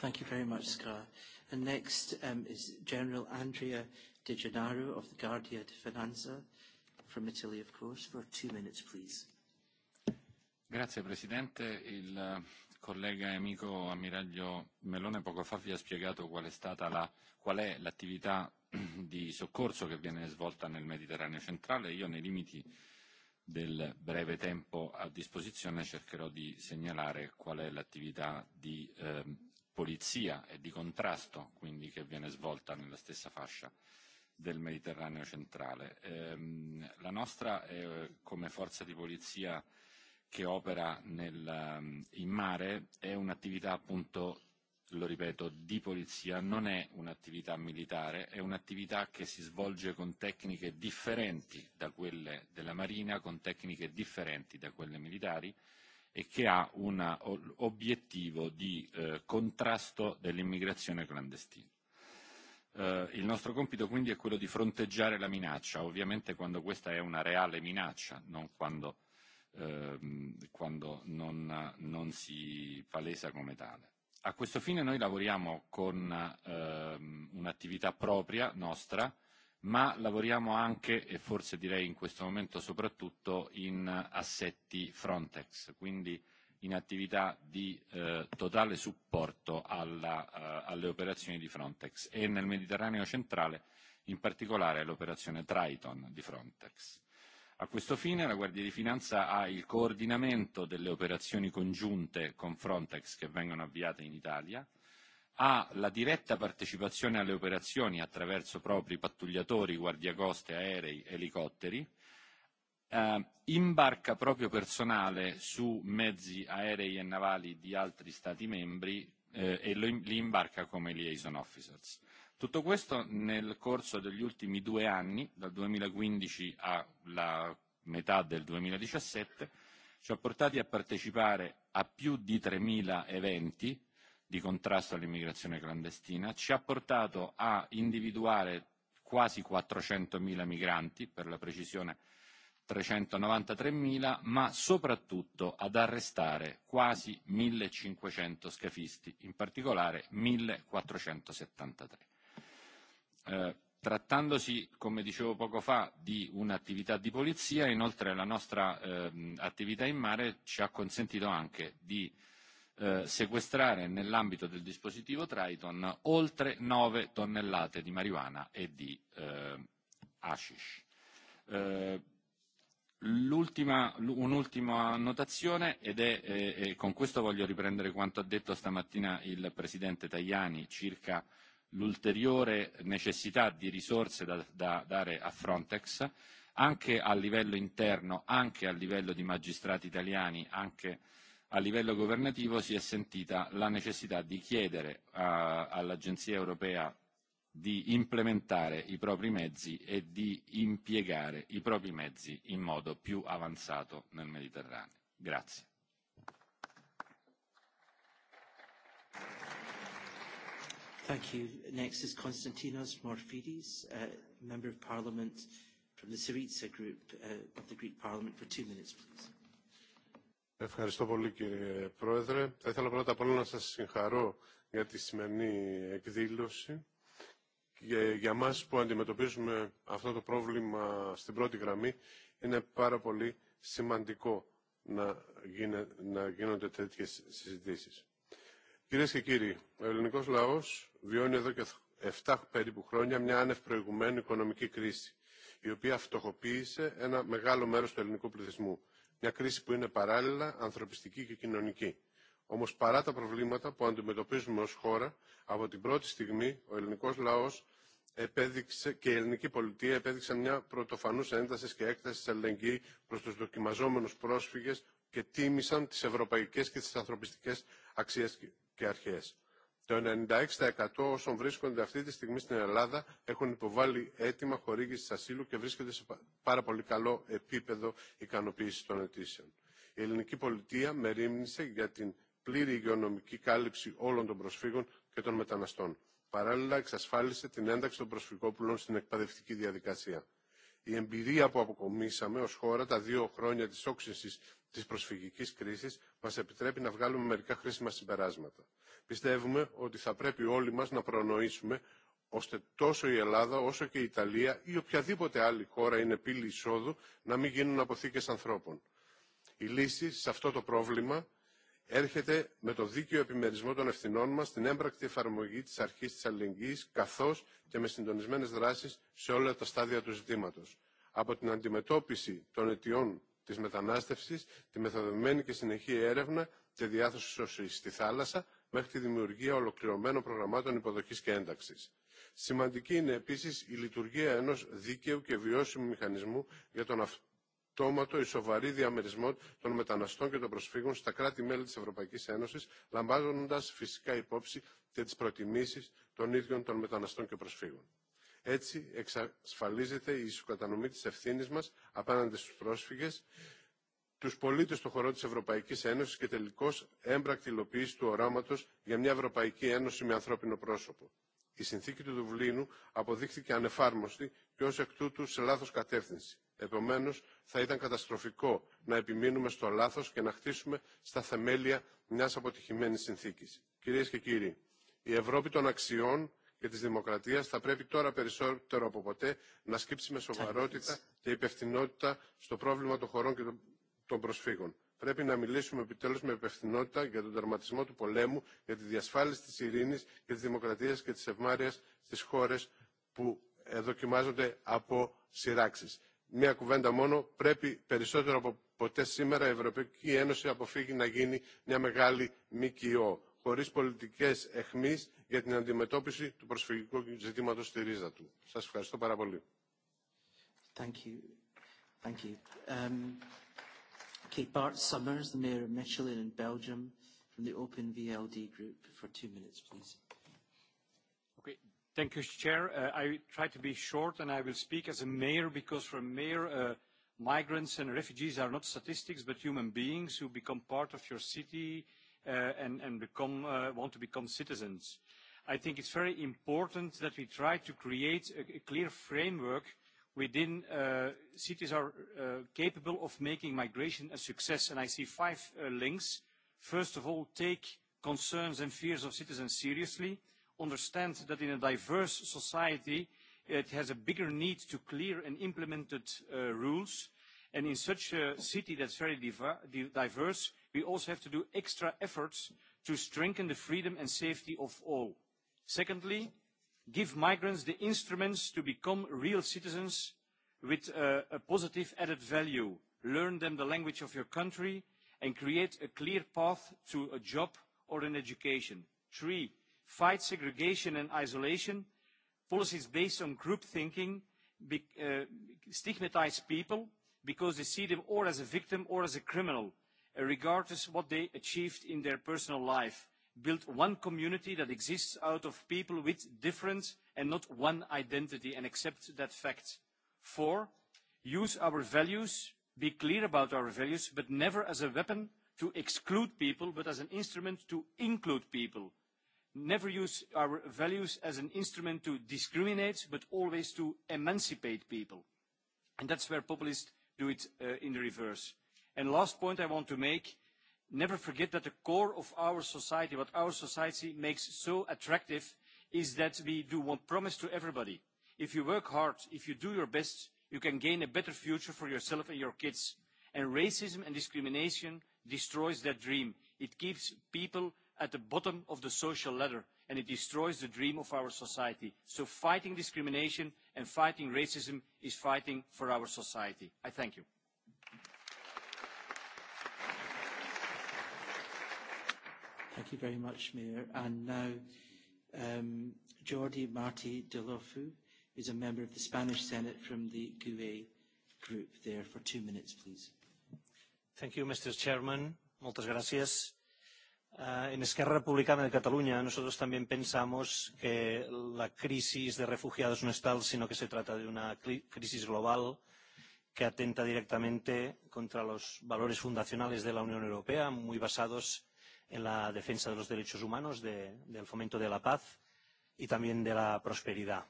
Thank you very much, Ska. And next um, is General Andrea De Gennaro of the Guardia di Finanza from Italy, of course, for two minutes, please. Grazie Presidente. Il eh, collega e amico ammiraglio Melone poco fa vi ha spiegato qual è stata la, qual è l'attività [CLEARS THROAT] di soccorso che viene svolta nel Mediterraneo centrale. Io, nei limiti del breve tempo a disposizione, cercherò di segnalare qual è l'attività di eh, polizia e di contrasto quindi, che viene svolta nella stessa fascia del Mediterraneo centrale. Ehm, la nostra è come forza di polizia che opera nel, ehm, in mare è un'attività appunto lo ripeto, di polizia non è un'attività militare, è un'attività che si svolge con tecniche differenti da quelle della Marina, con tecniche differenti da quelle militari e che ha un obiettivo di eh, contrasto dell'immigrazione clandestina. Eh, il nostro compito quindi è quello di fronteggiare la minaccia, ovviamente quando questa è una reale minaccia, non quando, ehm, quando non, non si palesa come tale A questo fine noi lavoriamo con ehm, un'attività propria nostra, ma lavoriamo anche, e forse direi in questo momento soprattutto, in assetti Frontex, quindi in attività di eh, totale supporto alla, eh, alle operazioni di Frontex e nel Mediterraneo centrale in particolare l'operazione Triton di Frontex. A questo fine la Guardia di Finanza ha il coordinamento delle operazioni congiunte con Frontex che vengono avviate in Italia, ha la diretta partecipazione alle operazioni attraverso propri pattugliatori, guardiacoste, aerei, elicotteri, eh, imbarca proprio personale su mezzi aerei e navali di altri Stati membri eh, e lo, li imbarca come liaison officers. Tutto questo nel corso degli ultimi due anni, dal 2015 alla metà del 2017, ci ha portati a partecipare a più di 3.000 eventi di contrasto all'immigrazione clandestina, ci ha portato a individuare quasi 400.000 migranti, per la precisione 393.000, ma soprattutto ad arrestare quasi 1.500 scafisti, in particolare 1.473. Eh, trattandosi, come dicevo poco fa, di un'attività di polizia, inoltre la nostra eh, attività in mare ci ha consentito anche di eh, sequestrare nell'ambito del dispositivo Triton oltre 9 tonnellate di marijuana e di eh, hashish. Eh, un'ultima notazione ed è, eh, e con questo voglio riprendere quanto ha detto stamattina il Presidente Tajani circa l'ulteriore necessità di risorse da, da dare a Frontex, anche a livello interno, anche a livello di magistrati italiani, anche a livello governativo si è sentita la necessità di chiedere eh, all'Agenzia europea di implementare i propri mezzi e di impiegare i propri mezzi in modo più avanzato nel Mediterraneo. Grazie. Thank you. Next is Konstantinos Morfidis, uh, Member of Parliament from the Syriza Group uh, of the Greek Parliament for two minutes, please. Ευχαριστώ πολύ κύριε Πρόεδρε. Θα ήθελα πρώτα απ' όλα να σας συγχαρώ για τη σημερινή εκδήλωση. Για, για μας που αντιμετωπίζουμε αυτό το πρόβλημα στην πρώτη γραμμή είναι πάρα πολύ σημαντικό να, γίνε, να γίνονται τέτοιες συζητήσεις. Κυρίες και κύριοι, ο ελληνικός λαός βιώνει εδώ και 7 περίπου χρόνια μια άνευ προηγουμένου οικονομική κρίση, η οποία φτωχοποίησε ένα μεγάλο μέρος του ελληνικού πληθυσμού. Μια κρίση που είναι παράλληλα ανθρωπιστική και κοινωνική. Όμως παρά τα προβλήματα που αντιμετωπίζουμε ως χώρα, από την πρώτη στιγμή ο ελληνικός λαός επέδειξε και η ελληνική πολιτεία επέδειξε μια πρωτοφανούς ένταση και έκτασης αλληλεγγύη προς τους δοκιμαζόμενους πρόσφυγες και τίμησαν τις ευρωπαϊκές και τις ανθρωπιστικές αξίες και αρχές. Το 96% όσων βρίσκονται αυτή τη στιγμή στην Ελλάδα έχουν υποβάλει αίτημα χορήγησης ασύλου και βρίσκονται σε πάρα πολύ καλό επίπεδο ικανοποίηση των αιτήσεων. Η ελληνική πολιτεία μερίμνησε για την πλήρη υγειονομική κάλυψη όλων των προσφύγων και των μεταναστών. Παράλληλα, εξασφάλισε την ένταξη των προσφυγόπουλων στην εκπαιδευτική διαδικασία. Η εμπειρία που αποκομίσαμε ως χώρα τα δύο χρόνια της όξυνσης της προσφυγικής κρίσης μας επιτρέπει να βγάλουμε μερικά χρήσιμα συμπεράσματα. Πιστεύουμε ότι θα πρέπει όλοι μας να προνοήσουμε ώστε τόσο η Ελλάδα όσο και η Ιταλία ή οποιαδήποτε άλλη χώρα είναι πύλη εισόδου να μην γίνουν αποθήκες ανθρώπων. Η λύση σε αυτό το πρόβλημα έρχεται με το δίκαιο επιμερισμό των ευθυνών μας, στην έμπρακτη εφαρμογή της αρχής της αλληλεγγύης, καθώς και με συντονισμένες δράσεις σε όλα τα στάδια του ζητήματος. Από την αντιμετώπιση των αιτιών τη μετανάστευση, τη μεθοδευμένη και συνεχή έρευνα και διάθεση στη θάλασσα μέχρι τη δημιουργία ολοκληρωμένων προγραμμάτων υποδοχή και ένταξη. Σημαντική είναι επίση η λειτουργία ενό δίκαιου και βιώσιμου μηχανισμού για τον αυτόματο ή σοβαρή διαμερισμό των μεταναστών και των προσφύγων στα κράτη-μέλη τη Ευρωπαϊκή Ένωση, λαμβάνοντα φυσικά υπόψη και τι προτιμήσει των ίδιων των μεταναστών και προσφύγων. Έτσι εξασφαλίζεται η ισοκατανομή της ευθύνης μας απέναντι στους πρόσφυγες, τους πολίτες στον χώρο της Ευρωπαϊκής Ένωσης και τελικώς έμπρακτη υλοποίηση του οράματος για μια Ευρωπαϊκή Ένωση με ανθρώπινο πρόσωπο. Η συνθήκη του Δουβλίνου αποδείχθηκε ανεφάρμοστη και ως εκ τούτου σε λάθος κατεύθυνση. Επομένως, θα ήταν καταστροφικό να επιμείνουμε στο λάθος και να χτίσουμε στα θεμέλια μιας αποτυχημένης συνθήκης. Κυρίες και κύριοι, η Ευρώπη των αξιών και της δημοκρατίας θα πρέπει τώρα περισσότερο από ποτέ να σκύψει με σοβαρότητα και υπευθυνότητα στο πρόβλημα των χωρών και των προσφύγων. Πρέπει να μιλήσουμε επιτέλους με υπευθυνότητα για τον τερματισμό του πολέμου, για τη διασφάλιση της ειρήνης και της δημοκρατίας και της ευμάρειας στις χώρες που δοκιμάζονται από σειράξεις. Μία κουβέντα μόνο, πρέπει περισσότερο από ποτέ σήμερα η Ευρωπαϊκή Ένωση αποφύγει να γίνει μια μεγάλη ΜΚΟ χωρίς πολιτικές εχμής για την αντιμετώπιση του προσφυγικού ζητήματος στη ρίζα του. Σας ευχαριστώ πάρα πολύ. Thank you. Thank you. Um, okay, Bart Summers, the Mayor of Michelin in Belgium, from the Open VLD Group, for two minutes, please. Okay, thank you, Chair. Uh, I try to be short, and I will speak as a mayor because for a mayor, uh, migrants and refugees are not statistics but human beings who become part of your city, Uh, and, uh, want to become citizens. I think it's very important that we try to create a, clear framework within uh, cities are uh, capable of making migration a success. And I see five uh, links. First of all, take concerns and fears of citizens seriously. Understand that in a diverse society, it has a bigger need to clear and implemented uh, rules. And in such a city that's very diverse, we also have to do extra efforts to strengthen the freedom and safety of all. Secondly, give migrants the instruments to become real citizens with a, a positive added value. Learn them the language of your country and create a clear path to a job or an education. Three, fight segregation and isolation. Policies based on group thinking be, uh, stigmatize people because they see them or as a victim or as a criminal regardless of what they achieved in their personal life. Build one community that exists out of people with different and not one identity and accept that fact. Four, use our values, be clear about our values, but never as a weapon to exclude people, but as an instrument to include people. Never use our values as an instrument to discriminate, but always to emancipate people. And that's where populists do it uh, in the reverse And last point I want to make, never forget that the core of our society, what our society makes so attractive, is that we do one promise to everybody. If you work hard, if you do your best, you can gain a better future for yourself and your kids. And racism and discrimination destroys that dream. It keeps people at the bottom of the social ladder and it destroys the dream of our society. So fighting discrimination and fighting racism is fighting for our society. I thank you. Thank you very much, Mayor. And now, um, Jordi Marti de Lofu is a member of the Spanish Senate from the GUE group there for two minutes, please. Thank you, Mr. Chairman. Muchas gracias. Uh, en Esquerra Republicana de Cataluña nosotros también pensamos que la crisis de refugiados no es tal, sino que se trata de una crisis global que atenta directamente contra los valores fundacionales de la Unión Europea, muy basados en la defensa de los derechos humanos, de, del fomento de la paz y también de la prosperidad.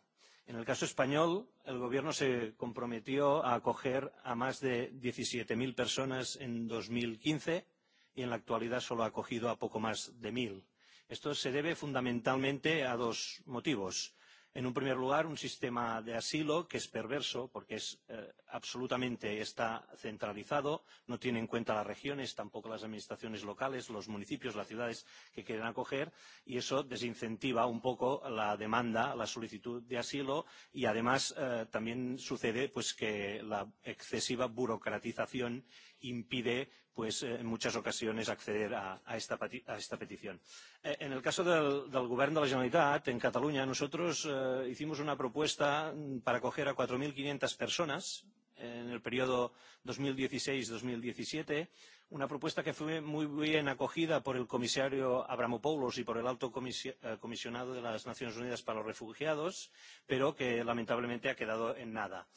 En el caso español, el Gobierno se comprometió a acoger a más de 17.000 personas en 2015 y en la actualidad solo ha acogido a poco más de 1.000. Esto se debe fundamentalmente a dos motivos en un primer lugar, un sistema de asilo que es perverso porque es eh, absolutamente está centralizado, no tiene en cuenta las regiones, tampoco las administraciones locales, los municipios, las ciudades que quieren acoger y eso desincentiva un poco la demanda, la solicitud de asilo y además eh, también sucede pues que la excesiva burocratización impide pues, eh, en muchas ocasiones acceder a, a, esta, a esta petición. Eh, en el caso del, del Gobierno de la Generalitat, en Cataluña, nosotros eh, hicimos una propuesta mm, para acoger a 4.500 personas en el periodo 2016-2017, una propuesta que fue muy bien acogida por el comisario Abramopoulos y por el alto eh, comisionado de las Naciones Unidas para los Refugiados, pero que lamentablemente ha quedado en nada.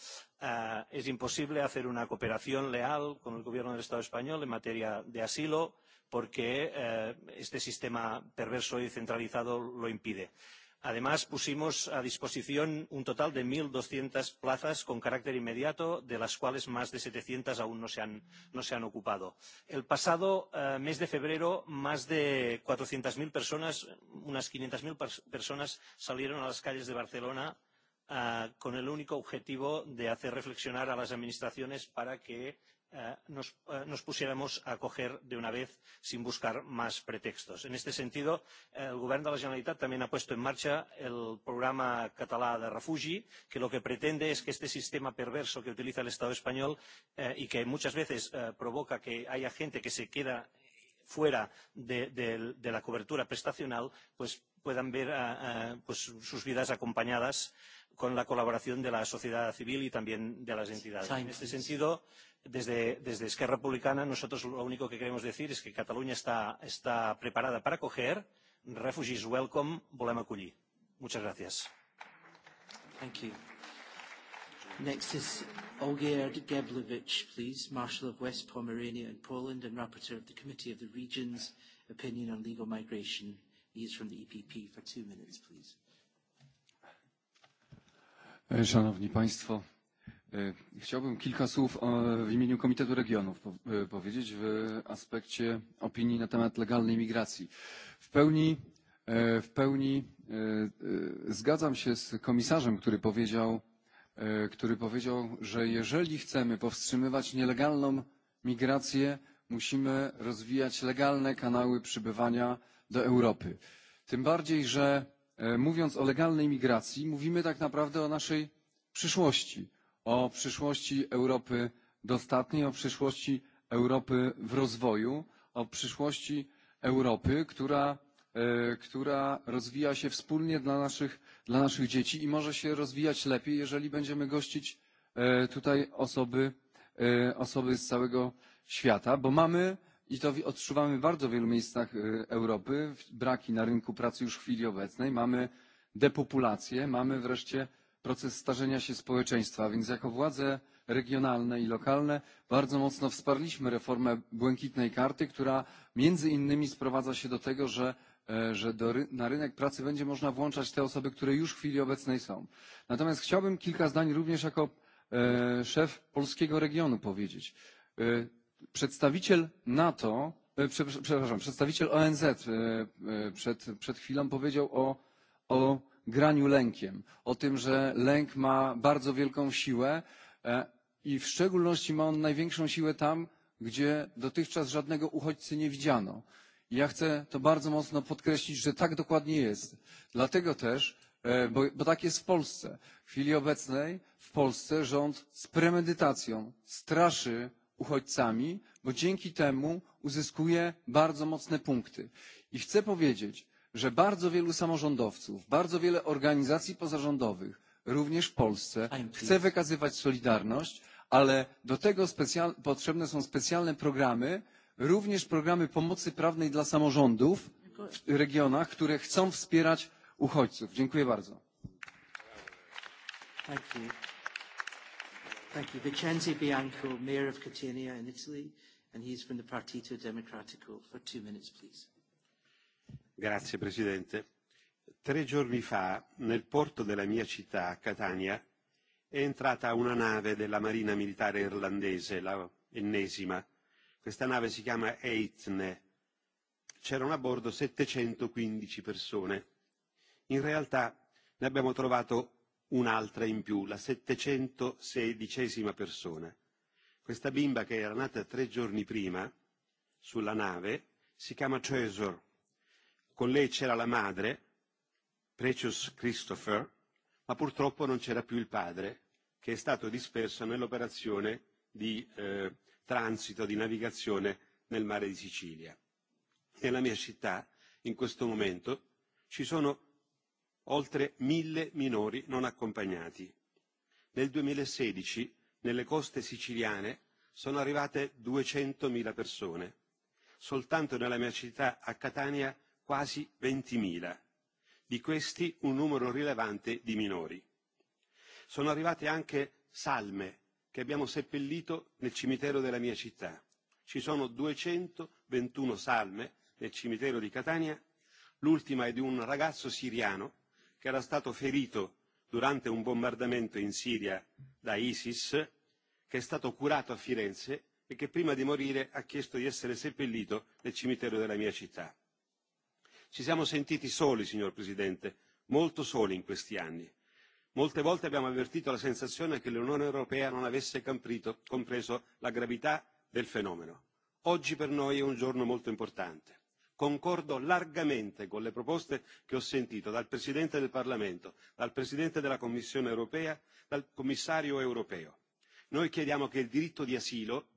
Uh, es imposible hacer una cooperación leal con el gobierno del Estado español en materia de asilo porque eh, este sistema perverso y centralizado lo impide. Además, pusimos a disposición un total de 1.200 plazas con carácter inmediato, de las cuales más de 700 aún no se han, no se han ocupado. El pasado eh, mes de febrero, más de 400.000 personas, unas 500.000 personas salieron a las calles de Barcelona eh, con el único objetivo de hacer reflexionar a las administraciones para que Eh, nos, eh, nos pusiéramos a acoger de una vez sin buscar más pretextos. En este sentido, el gobierno de la Generalitat también ha puesto en marcha el programa catalá de refugi, que lo que pretende es que este sistema perverso que utiliza el Estado español eh, y que muchas veces eh, provoca que haya gente que se queda fuera de, de, de la cobertura prestacional, pues puedan ver eh, eh, pues sus vidas acompañadas con la colaboración de la sociedad civil y también de las entidades. En este sentido, Desde, desde Esquerra Republicana nosotros lo único que queremos decir es que Cataluña está, está preparada para acoger, refugees welcome, volem acollir. Muchas gracias. Thank you. Next is Olgerd Geblevich, please, Marshal of West Pomerania and Poland and Rapporteur of the Committee of the Regions Opinion on Legal Migration. He is from the EPP for two minutes, please. Szanowni Państwo, E, chciałbym kilka słów w imieniu Komitetu Regionów e, powiedzieć w aspekcie opinii na temat legalnej migracji. W pełni, e, w pełni zgadzam się z komisarzem, który powiedział, który powiedział, że jeżeli chcemy powstrzymywać nielegalną migrację, musimy rozwijać legalne kanały przybywania do Europy. Tym bardziej, że mówiąc o legalnej migracji, mówimy tak naprawdę o naszej przyszłości o przyszłości Europy dostatniej, o przyszłości Europy w rozwoju, o przyszłości Europy, która, e, która rozwija się wspólnie dla naszych, dla naszych dzieci i może się rozwijać lepiej, jeżeli będziemy gościć e, tutaj osoby, e, osoby z całego świata, bo mamy i to odczuwamy w bardzo wielu miejscach Europy braki na rynku pracy już w chwili obecnej, mamy depopulację, mamy wreszcie proces starzenia się społeczeństwa, więc jako władze regionalne i lokalne bardzo mocno wsparliśmy reformę błękitnej karty, która między innymi sprowadza się do tego, że e, że do, na rynek pracy będzie można włączać te osoby, które już w chwili obecnej są. Natomiast chciałbym kilka zdań również jako e, szef polskiego regionu powiedzieć. E, przedstawiciel NATO, e, przepraszam, przedstawiciel ONZ e, e, przed, przed chwilą powiedział o, o graniu lękiem, o tym, że lęk ma bardzo wielką siłę e, i w szczególności ma on największą siłę tam, gdzie dotychczas żadnego uchodźcy nie widziano. I ja chcę to bardzo mocno podkreślić, że tak dokładnie jest. Dlatego też, e, bo, bo tak jest w Polsce. W chwili obecnej w Polsce rząd z premedytacją straszy uchodźcami, bo dzięki temu uzyskuje bardzo mocne punkty. I chcę powiedzieć, że bardzo wielu samorządowców, bardzo wiele organizacji pozarządowych, również w Polsce, chce wykazywać solidarność, ale do tego potrzebne są specjalne programy, również programy pomocy prawnej dla samorządów w regionach, które chcą wspierać uchodźców. Dziękuję bardzo. Thank you. Thank you. Vincenzo Bianco, Mayor of Catania in Italy, and he's from the Partito Democratico. For two minutes, please. Grazie Presidente. Tre giorni fa, nel porto della mia città, Catania, è entrata una nave della Marina Militare Irlandese, la ennesima. Questa nave si chiama Eitne. C'erano a bordo 715 persone. In realtà ne abbiamo trovato un'altra in più, la 716 persona. Questa bimba che era nata tre giorni prima sulla nave si chiama Cesor Con lei c'era la madre, Precious Christopher, ma purtroppo non c'era più il padre, che è stato disperso nell'operazione di eh, transito, di navigazione nel mare di Sicilia. Nella mia città, in questo momento, ci sono oltre mille minori non accompagnati. Nel 2016, nelle coste siciliane, sono arrivate 200.000 persone. Soltanto nella mia città, a Catania, quasi 20.000. Di questi un numero rilevante di minori. Sono arrivate anche salme che abbiamo seppellito nel cimitero della mia città. Ci sono 221 salme nel cimitero di Catania, l'ultima è di un ragazzo siriano che era stato ferito durante un bombardamento in Siria da ISIS, che è stato curato a Firenze e che prima di morire ha chiesto di essere seppellito nel cimitero della mia città. Ci siamo sentiti soli, signor Presidente, molto soli in questi anni. Molte volte abbiamo avvertito la sensazione che l'Unione Europea non avesse comprito, compreso la gravità del fenomeno. Oggi per noi è un giorno molto importante. Concordo largamente con le proposte che ho sentito dal Presidente del Parlamento, dal Presidente della Commissione Europea, dal Commissario Europeo. Noi chiediamo che il diritto di asilo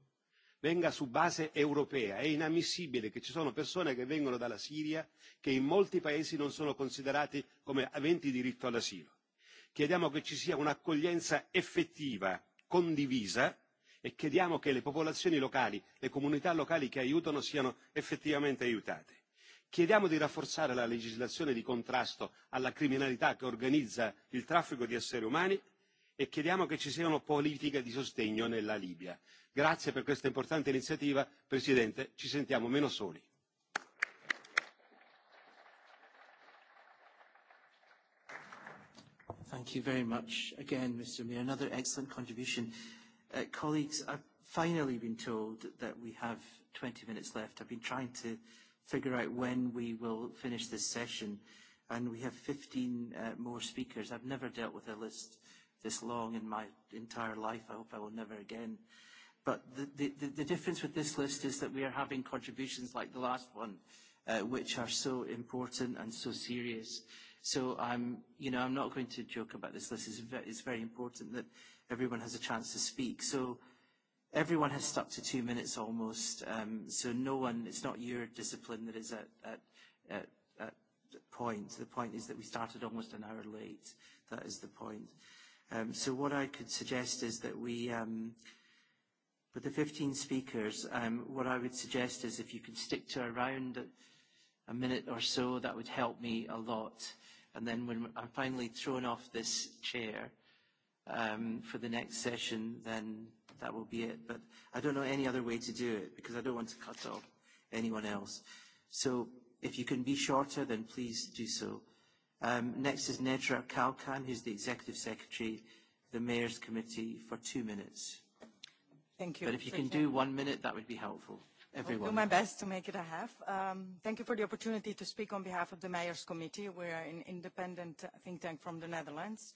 venga su base europea. È inammissibile che ci sono persone che vengono dalla Siria che in molti paesi non sono considerati come aventi diritto all'asilo. Chiediamo che ci sia un'accoglienza effettiva, condivisa e chiediamo che le popolazioni locali, le comunità locali che aiutano siano effettivamente aiutate. Chiediamo di rafforzare la legislazione di contrasto alla criminalità che organizza il traffico di esseri umani e chiediamo che ci siano politiche di sostegno nella Libia. Grazie per questa importante iniziativa. Presidente, ci sentiamo meno soli. Thank you very much again, Mr. Mayor. Another excellent contribution. Uh, colleagues, I've finally been told that we have 20 minutes left. I've been trying to figure out when we will finish this session, and we have 15 uh, more speakers. I've never dealt with a list this long in my entire life. I hope I will never again the, difference with this list is that we are having contributions like the last one, uh, which are so important and so serious. I'm, you know, I'm not going to joke about this list. It's, very important that everyone has a chance to speak. everyone has stuck to two minutes almost. Um, no one, it's not your discipline that is at, point. The point is that we started almost an hour late. That is the point. Um, what I could suggest is that we, um, with the 15 speakers, um, what I would suggest is if you could stick to around a minute or so, that would help me a lot. And then when I'm finally thrown off this chair um, for the next session, then that will be it. But I don't know any other way to do it because I don't want to cut off anyone else. So if you can be shorter, then please do so. Um, next is Nedra Kalkan, who's the Executive Secretary, of the Mayor's Committee, for two minutes. Thank you. But if you can do one minute, that would be helpful. Everyone. I'll do my best to make it a half. Um, thank you for the opportunity to speak on behalf of the Mayors Committee. We are an independent think tank from the Netherlands.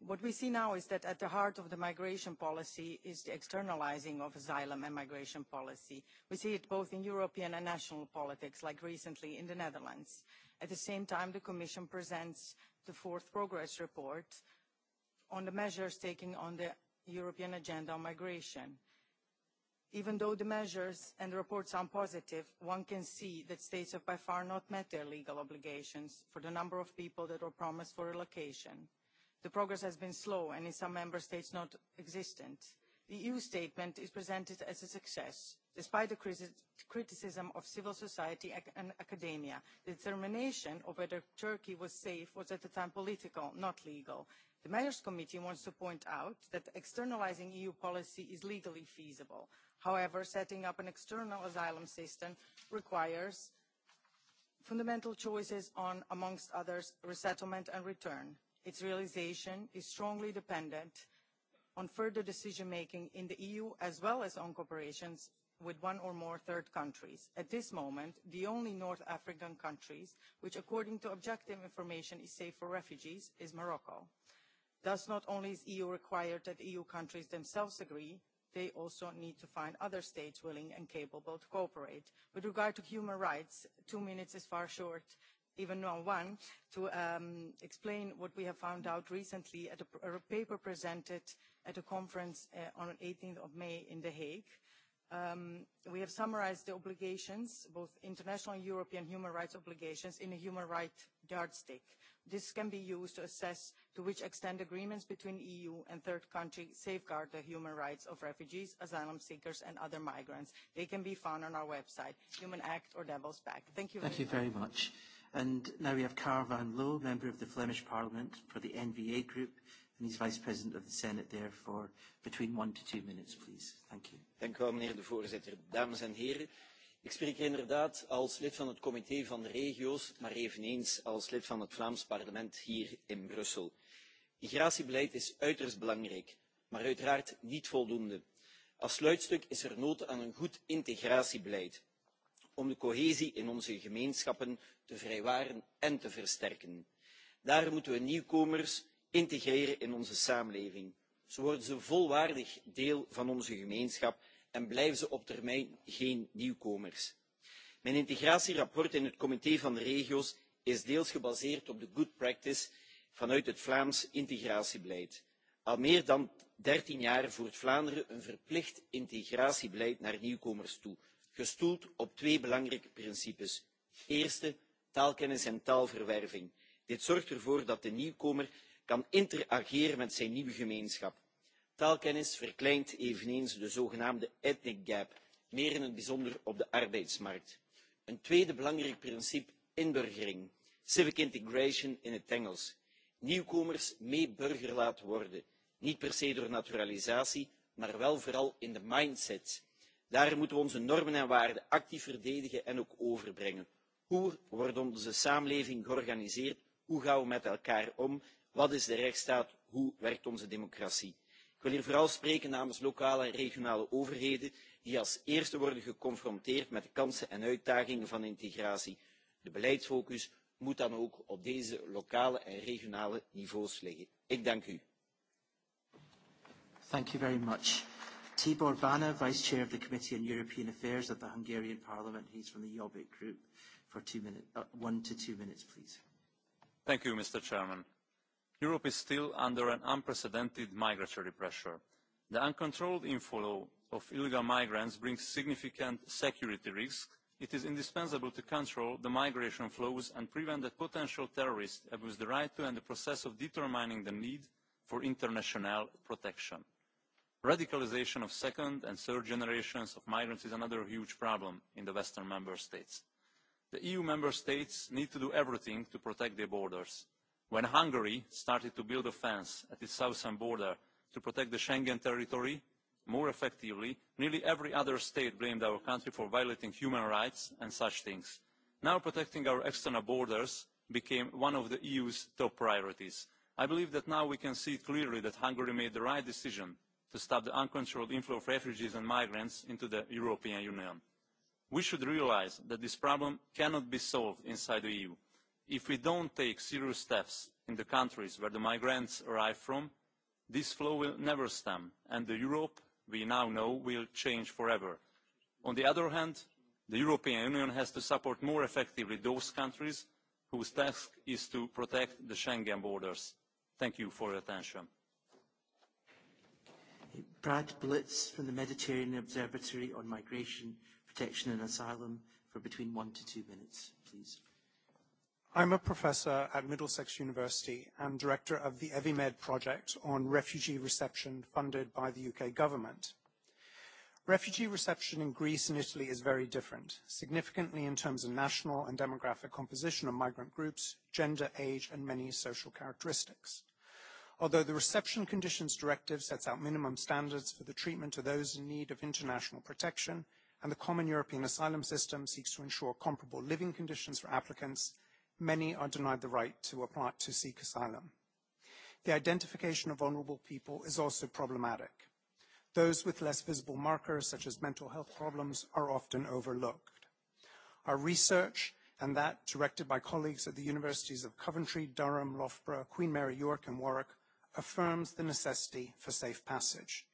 What we see now is that at the heart of the migration policy is the externalizing of asylum and migration policy. We see it both in European and national politics, like recently in the Netherlands. At the same time, the Commission presents the fourth progress report on the measures taken on the European agenda on migration Even though the measures and reports are positive, one can see that states have by far not met their legal obligations for the number of people that were promised for relocation. The progress has been slow and in some member states not existent. The EU statement is presented as a success, despite the criticism of civil society and academia. The determination of whether Turkey was safe was at the time political, not legal. The Mayors Committee wants to point out that externalising EU policy is legally feasible. However, setting up an external asylum system requires fundamental choices on, amongst others, resettlement and return. Its realisation is strongly dependent on further decision-making in the EU as well as on cooperation with one or more third countries. At this moment, the only North African country which, according to objective information, is safe for refugees is Morocco. Thus, not only is EU required that EU countries themselves agree, they also need to find other states willing and capable to cooperate. With regard to human rights, two minutes is far short, even on one, to um, explain what we have found out recently at a, a paper presented at a conference uh, on 18th of May in The Hague. Um, we have summarized the obligations, both international and European human rights obligations, in a human rights yardstick, This can be used to assess to which extent agreements between the EU and third countries safeguard the human rights of refugees, asylum seekers and other migrants. They can be found on our website, Human Act or Devil's Back. Thank you very Thank you very much. And now we have Carl van Loo, member of the Flemish Parliament for the NVA Group, and he's vice president of the Senate there for between one to two minutes, please. Thank you. Thank you, Mr. President. de voorzitter. Dames en heren ik spreek inderdaad als lid van het comité van de regio's maar eveneens als lid van het vlaams parlement hier in brussel. migratiebeleid is uiterst belangrijk maar uiteraard niet voldoende. als sluitstuk is er nood aan een goed integratiebeleid om de cohesie in onze gemeenschappen te vrijwaren en te versterken. daarom moeten we nieuwkomers integreren in onze samenleving. zo worden ze volwaardig deel van onze gemeenschap en blijven ze op termijn geen nieuwkomers. mijn integratieverslag in het comité van de regio's is deels gebaseerd op de good practice vanuit het vlaams integratiebeleid. al meer dan dertien jaar voert vlaanderen een verplicht integratiebeleid naar nieuwkomers toe gestoeld op twee belangrijke principes. ten eerste taalkennis en taalverwerving. dit zorgt ervoor dat de nieuwkomer kan interageren met zijn nieuwe gemeenschap taalkennis verkleint eveneens de zogenaamde ethnic gap meer in het bijzonder op de arbeidsmarkt. een tweede belangrijk principe inburgering civic integration in het engels nieuwkomers burger laten worden niet per se door naturalisatie maar wel vooral in de mindset. daar moeten we onze normen en waarden actief verdedigen en ook overbrengen. hoe wordt onze samenleving georganiseerd? hoe gaan we met elkaar om? wat is de rechtsstaat? hoe werkt onze democratie? wil hier vooral spreken namens lokale en regionale overheden die als eerste worden geconfronteerd met de kansen en uitdagingen van integratie. de beleidsfocus moet dan ook op deze lokale en regionale niveaus liggen. ik dank u. Thank you very much. Tibor Bana, Vice Chair of the Committee on European Affairs of the Hungarian Parliament, he's from the Jobbik Group, for two uh, one to two minutes, please. Thank you, Mr. Chairman. Europe is still under an unprecedented migratory pressure. The uncontrolled inflow of illegal migrants brings significant security risks. It is indispensable to control the migration flows and prevent that potential terrorists abuse the right to and the process of determining the need for international protection. Radicalisation of second and third generations of migrants is another huge problem in the Western member states. The EU member states need to do everything to protect their borders When Hungary started to build a fence at its southern border to protect the Schengen territory more effectively, nearly every other state blamed our country for violating human rights and such things. Now protecting our external borders became one of the EU's top priorities. I believe that now we can see clearly that Hungary made the right decision to stop the uncontrolled inflow of refugees and migrants into the European Union. We should realise that this problem cannot be solved inside the EU if we don't take serious steps in the countries where the migrants arrive from, this flow will never stem, and the Europe we now know will change forever. On the other hand, the European Union has to support more effectively those countries whose task is to protect the Schengen borders. Thank you for your attention. Brad Blitz from the Mediterranean Observatory on Migration, Protection and Asylum for between one to two minutes, please. I'm a professor at Middlesex University and director of the EVIMED project on refugee reception funded by the UK government. Refugee reception in Greece and Italy is very different, significantly in terms of national and demographic composition of migrant groups, gender, age, and many social characteristics. Although the Reception Conditions Directive sets out minimum standards for the treatment of those in need of international protection, and the Common European Asylum System seeks to ensure comparable living conditions for applicants, many are denied the right to apply to seek asylum. The identification of vulnerable people is also problematic. Those with less visible markers, such as mental health problems, are often overlooked. Our research, and that directed by colleagues at the universities of Coventry, Durham, Loughborough, Queen Mary York, and Warwick, affirms the necessity for safe passage.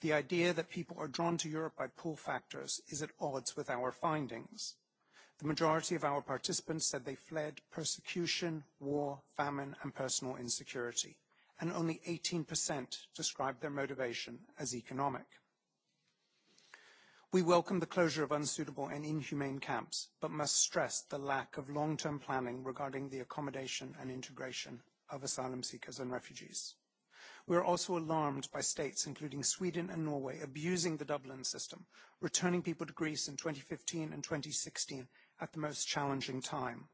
The idea that people are drawn to Europe by pull factors is at odds with our findings. The majority of our participants said they fled persecution, war, famine, and personal insecurity, and only 18% described their motivation as economic. We welcome the closure of unsuitable and inhumane camps, but must stress the lack of long-term planning regarding the accommodation and integration of asylum seekers and refugees. We are also alarmed by states, including Sweden and Norway, abusing the Dublin system, returning people to Greece in 2015 and 2016 at the most challenging time.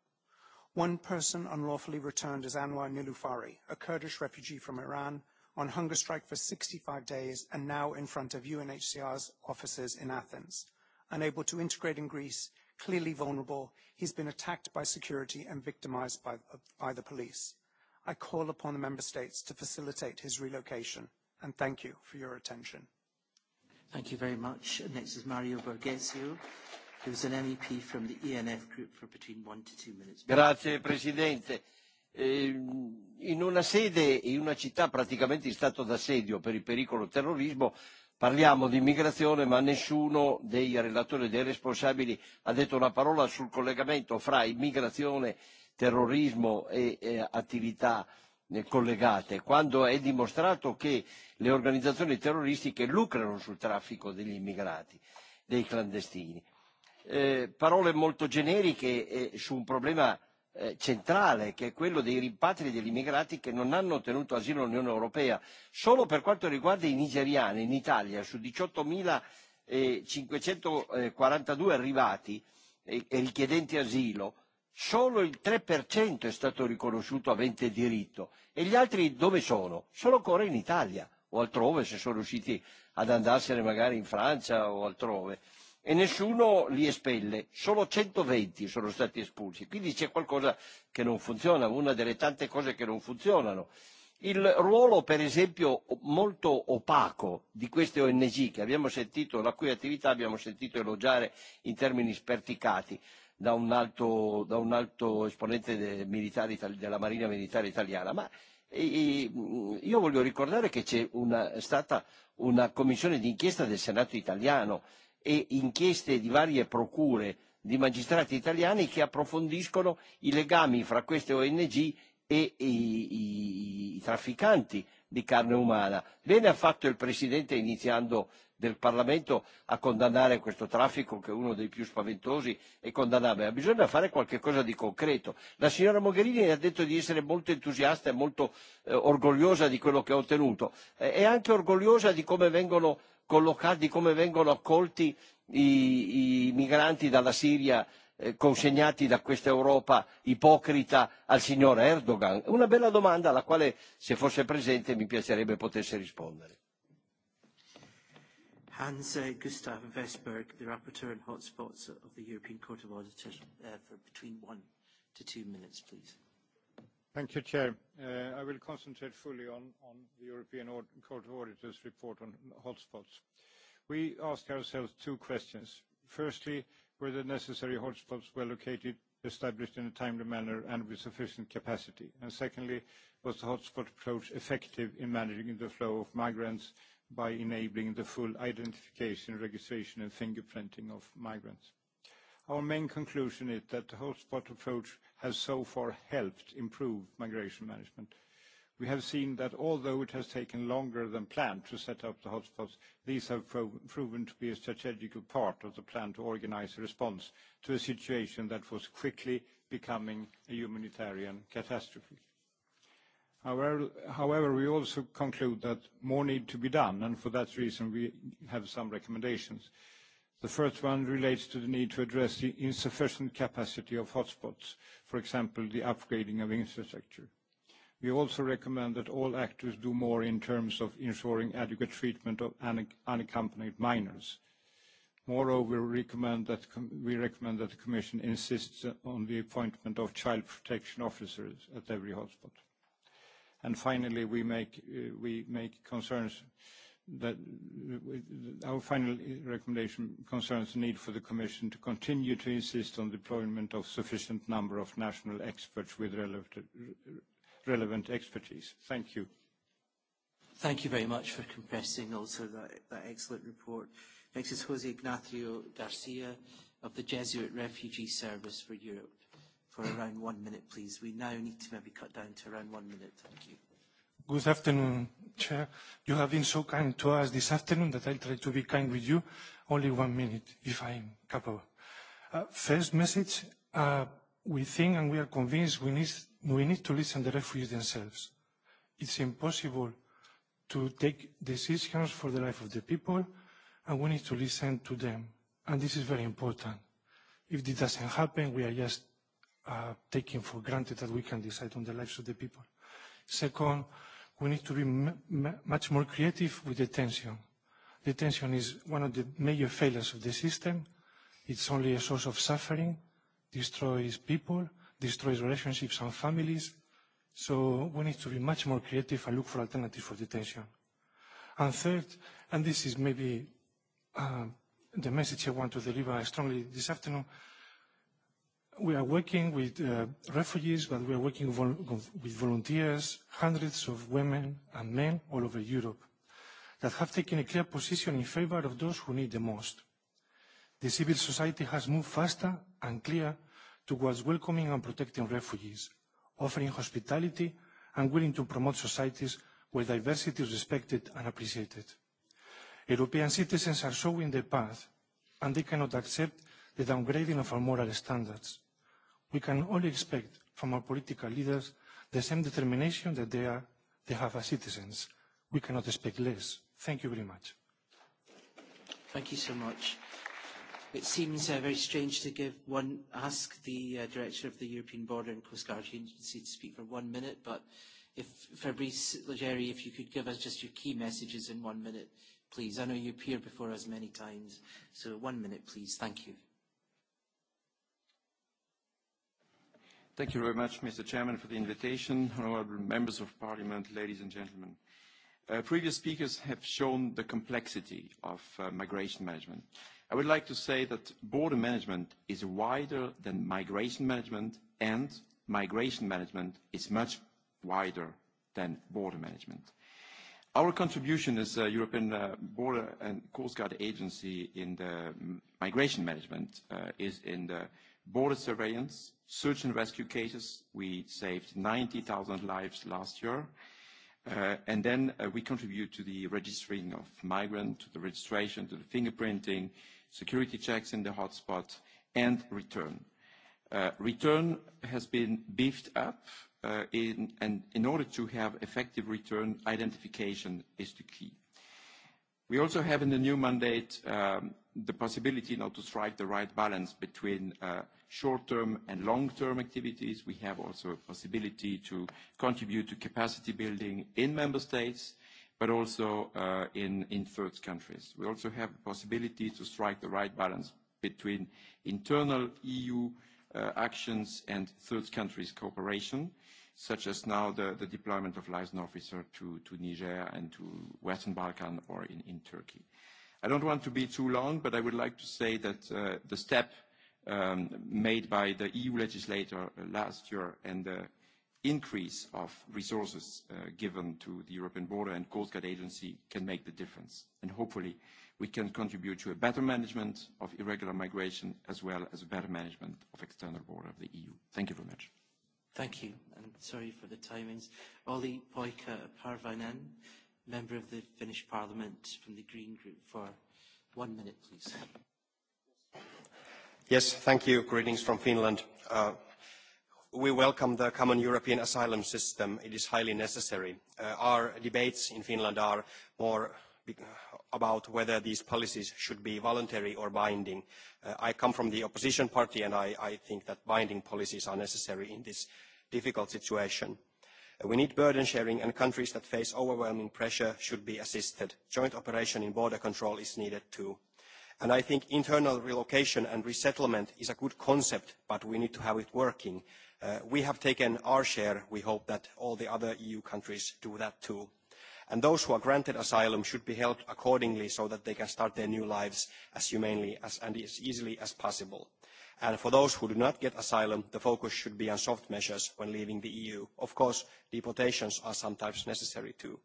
One person unlawfully returned is Anwar Nilufari, a Kurdish refugee from Iran, on hunger strike for 65 days and now in front of UNHCR's offices in Athens. Unable to integrate in Greece, clearly vulnerable, he's been attacked by security and victimized by, by the police. I call upon the Member States to facilitate his relocation, and thank you for your attention. Thank you very much. Next is Mario Borghesio signor e e Presidente. Ehm, in una sede, in una città praticamente in stato d'assedio per il pericolo terrorismo, parliamo di immigrazione ma nessuno dei relatori e dei responsabili ha detto una parola sul collegamento fra immigrazione, terrorismo e, e eh, attività collegate, quando è dimostrato che le organizzazioni terroristiche lucrano sul traffico degli immigrati, dei clandestini eh, parole molto generiche eh, su un problema eh, centrale che è quello dei rimpatri degli immigrati che non hanno ottenuto asilo nell'Unione Europea. Solo per quanto riguarda i nigeriani in Italia su 18.542 arrivati eh, e richiedenti asilo solo il 3% è stato riconosciuto avente diritto e gli altri dove sono? Sono ancora in Italia o altrove se sono riusciti ad andarsene magari in Francia o altrove e nessuno li espelle, solo 120 sono stati espulsi, quindi c'è qualcosa che non funziona, una delle tante cose che non funzionano. Il ruolo, per esempio, molto opaco di queste ONG, che abbiamo sentito, la cui attività abbiamo sentito elogiare in termini sperticati da un alto, da un alto esponente de, militare, della Marina Militare Italiana, ma e, e, io voglio ricordare che c'è una, stata una commissione d'inchiesta del Senato italiano e inchieste di varie procure di magistrati italiani che approfondiscono i legami fra queste ONG e i, i, i trafficanti di carne umana. Bene ha fatto il Presidente iniziando del Parlamento a condannare questo traffico che è uno dei più spaventosi e condannabile. Bisogna fare qualcosa di concreto. La signora Mogherini ha detto di essere molto entusiasta e molto eh, orgogliosa di quello che ha ottenuto. Eh, è anche orgogliosa di come vengono collocati, di come vengono accolti i, i migranti dalla Siria eh, consegnati da questa Europa ipocrita al signor Erdogan? Una bella domanda alla quale, se fosse presente, mi piacerebbe potesse rispondere. Hans uh, Gustav Vesberg, the Rapporteur on Hotspots of the European Court of Auditors, uh, for between one to two minutes, please. Thank you, Chair. Uh, I will concentrate fully on, on the European Court of Auditors report on hotspots. We ask ourselves two questions. Firstly, were the necessary hotspots well located, established in a timely manner, and with sufficient capacity? And secondly, was the hotspot approach effective in managing the flow of migrants by enabling the full identification, registration, and fingerprinting of migrants? Our main conclusion is that the hotspot approach have so far helped improve migration management. We have seen that although it has taken longer than planned to set up the hotspots, these have proven to be a strategic part of the plan to organize a response to a situation that was quickly becoming a humanitarian catastrophe. however, we also conclude that more need to be done, and for that reason, we have some recommendations. The first one relates to the need to address the insufficient capacity of hotspots, for example, the upgrading of infrastructure. We also recommend that all actors do more in terms of ensuring adequate treatment of unaccompanied minors. Moreover, we recommend that, the Commission insists on the appointment of child protection officers at every hotspot. And finally, we make concerns that our final recommendation concerns the need for the Commission to continue to insist on deployment of sufficient number of national experts with relevant expertise. Thank you. Thank you very much for compressing also that, that excellent report. Next is Jose Ignacio Garcia of the Jesuit Refugee Service for Europe. For around one minute, please. We now need to maybe cut down to around one minute. Thank you. Good afternoon, Chair. You have been so kind to us this afternoon that I'll try to be kind with you. Only one minute, if I'm capable. Uh, first message, uh, we think and we are convinced we need, we need to listen to the refugees themselves. It's impossible to take decisions for the life of the people, and we need to listen to them. And this is very important. If this doesn't happen, we are just uh, taking for granted that we can decide on the lives of the people. Second, we need to be much more creative with detention. Detention is one of the major failures of the system. It's only a source of suffering, destroys people, destroys relationships and families. So we need to be much more creative and look for alternatives for detention. And third, and this is maybe uh, the message I want to deliver strongly this afternoon, We are working with uh, refugees, but we are working vol with volunteers, hundreds of women and men all over Europe that have taken a clear position in favor of those who need the most. The civil society has moved faster and clear towards welcoming and protecting refugees, offering hospitality and willing to promote societies where diversity is respected and appreciated. European citizens are showing the path, and they cannot accept the downgrading of our moral standards we can only expect from our political leaders the same determination that they, are, they have as citizens. We cannot expect less. Thank you very much. Thank you so much. It seems uh, very strange to give one, ask the uh, Director of the European Border and Coast Guard Agency to speak for one minute, but if Fabrice Legeri, if you could give us just your key messages in one minute, please. I know you appear before us many times, so one minute, please. Thank you. Thank you very much, Mr. Chairman, for the invitation. Honorable members of parliament, ladies and gentlemen. Uh, previous speakers have shown the complexity of uh, migration management. I would like to say that border management is wider than migration management, and migration management is much wider than border management. Our contribution as a European uh, Border and Coast Guard Agency in the mm, migration management uh, is in the border surveillance, search and rescue cases. We saved 90,000 lives last year. Uh, and then uh, we contribute to the registering of migrant, to the registration, to the fingerprinting, security checks in the hotspot, and return. Uh, return has been beefed up, uh, in, and in order to have effective return, identification is the key. We also have in the new mandate um, the possibility now to strike the right balance between uh, short-term and long-term activities. We have also a possibility to contribute to capacity building in member states, but also uh, in, third countries. We also have the possibility to strike the right balance between internal EU uh, actions and third countries cooperation, such as now the, deployment of liaison officer to, Niger and to Western Balkan or in, Turkey. I don't want to be too long, but I would like to say that uh, the step um, made by the EU legislator last year and the increase of resources uh, given to the European Border and Coast Guard Agency can make the difference. And hopefully, we can contribute to a better management of irregular migration as well as a better management of external border of the EU. Thank you very much. Thank you, and sorry for the timings. Olli Poika Parvainen, member of the Finnish Parliament from the Green Group for one minute, please. Yes, thank you. Greetings from Finland. Uh, we welcome the common European asylum system. It is highly necessary. Uh, our debates in Finland are more about whether these policies should be voluntary or binding. Uh, I come from the opposition party and I, I think that binding policies are necessary in this difficult situation. Uh, we need burden sharing and countries that face overwhelming pressure should be assisted. Joint operation in border control is needed too. And I think internal relocation and resettlement is a good concept, but we need to have it working. Uh, we have taken our share. We hope that all the other EU countries do that too. And those who are granted asylum should be helped accordingly so that they can start their new lives as humanely as, and as easily as possible. And for those who do not get asylum, the focus should be on soft measures when leaving the EU. Of course, deportations are sometimes necessary too.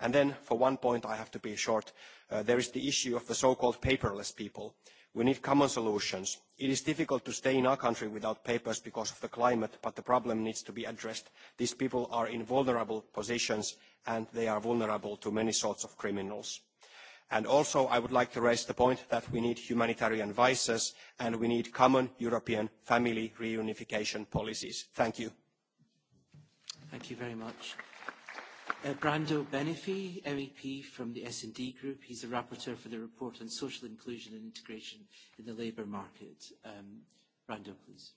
And then, for one point I have to be short, uh, there is the issue of the so-called paperless people. We need common solutions. It is difficult to stay in our country without papers because of the climate, but the problem needs to be addressed. These people are in vulnerable positions and they are vulnerable to many sorts of criminals. And also, I would like to raise the point that we need humanitarian visas and we need common European family reunification policies. Thank you. Thank you very much. Uh, Brando Benefi, MEP from the S&D Group. He's a rapporteur for the report on social inclusion and integration in the labour market. Um, Brando, please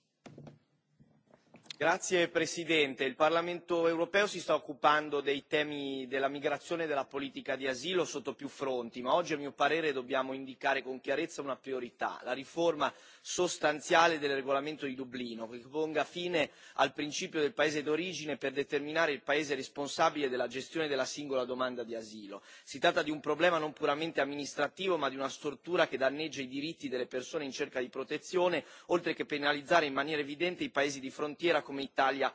signor presidente onorevoli colleghi il parlamento europeo si sta occupando dei temi della migrazione e della politica di asilo sotto più fronti ma oggi a mio parere dobbiamo indicare con chiarezza una priorità la riforma sostanziale del regolamento di dublino che ponga fine al principio del paese d'origine per determinare il paese responsabile della gestione della singola domanda di asilo. si tratta di un problema non puramente amministrativo ma di una stortura che danneggia i diritti delle persone in cerca di protezione oltre che penalizzare in maniera evidente i paesi di frontiera come come italia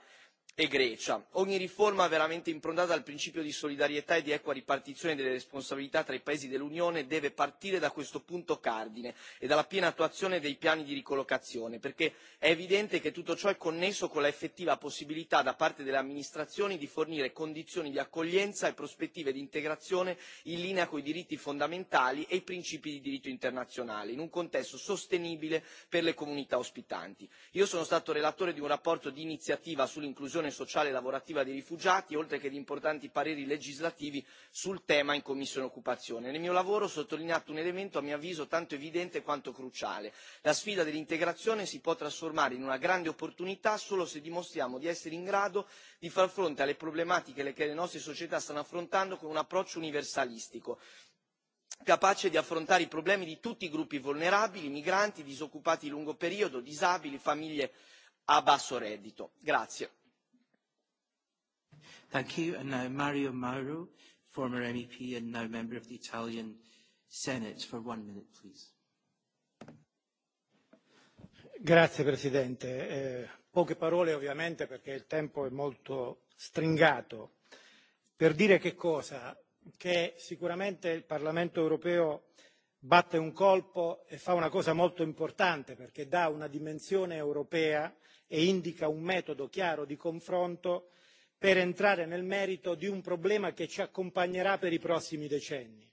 e grecia ogni riforma veramente improntata al principio di solidarietà e di equa ripartizione delle responsabilità tra i paesi dell'unione deve partire da questo punto cardine e dalla piena attuazione dei piani di ricollocazione perché è evidente che tutto ciò è connesso con l'effettiva possibilità da parte delle amministrazioni di fornire condizioni di accoglienza e prospettive di integrazione in linea con i diritti fondamentali e i principi di diritto internazionale in un contesto sostenibile per le comunità ospitanti. io sono stato relatore di una relazione d'iniziativa sull'inclusione protezione sociale e lavorativa dei rifugiati oltre che di importanti pareri legislativi sul tema in commissione occupazione. nel mio lavoro ho sottolineato un elemento a mio avviso tanto evidente quanto cruciale la sfida dell'integrazione si può trasformare in una grande opportunità solo se dimostriamo di essere in grado di far fronte alle problematiche che le nostre società stanno affrontando con un approccio universalistico capace di affrontare i problemi di tutti i gruppi vulnerabili migranti disoccupati di lungo periodo disabili famiglie a basso reddito. Thank you. And now Mario Mauro, former MEP and now member of the Italian Senate, for one minute, please. Grazie Presidente. Eh, poche parole ovviamente perché il tempo è molto stringato. Per dire che cosa? Che sicuramente il Parlamento europeo batte un colpo e fa una cosa molto importante perché dà una dimensione europea e indica un metodo chiaro di confronto per entrare nel merito di un problema che ci accompagnerà per i prossimi decenni.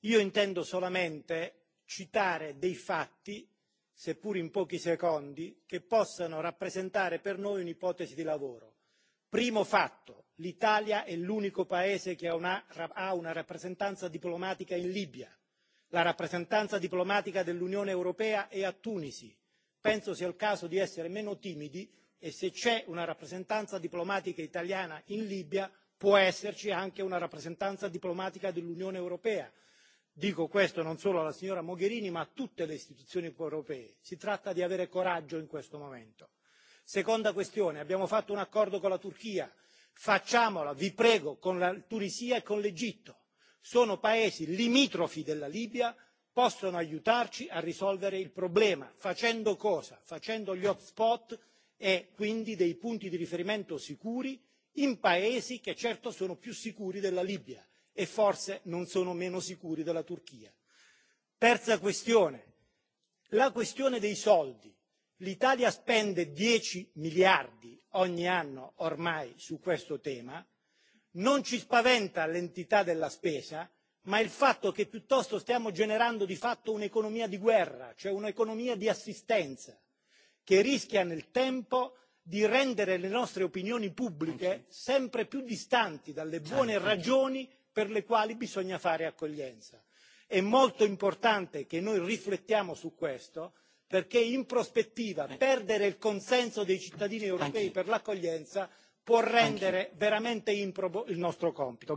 Io intendo solamente citare dei fatti, seppur in pochi secondi, che possano rappresentare per noi un'ipotesi di lavoro. Primo fatto, l'Italia è l'unico paese che ha una, rappresentanza diplomatica in Libia. La rappresentanza diplomatica dell'Unione Europea è a Tunisi. Penso sia il caso di essere meno timidi e se c'è una rappresentanza diplomatica italiana in Libia può esserci anche una rappresentanza diplomatica dell'Unione Europea. Dico questo non solo alla signora Mogherini ma a tutte le istituzioni europee. Si tratta di avere coraggio in questo momento. Seconda questione, abbiamo fatto un accordo con la Turchia, facciamola, vi prego, con la Tunisia e con l'Egitto. Sono paesi limitrofi della Libia, possono aiutarci a risolvere il problema. Facendo cosa? Facendo gli hotspot e quindi dei punti di riferimento sicuri in paesi che certo sono più sicuri della libia e forse non sono meno sicuri della turchia. terza questione la questione dei soldi l'italia spende dieci miliardi ogni anno ormai su questo tema non ci spaventa l'entità della spesa ma il fatto che piuttosto stiamo generando di fatto un'economia di guerra cioè un'economia di assistenza che rischia nel tempo di rendere le nostre opinioni pubbliche sempre più distanti dalle buone ragioni per le quali bisogna fare accoglienza. è molto importante che noi riflettiamo su questo perché in prospettiva eh. perdere il consenso dei cittadini europei per l'accoglienza può rendere veramente improbo il nostro compito.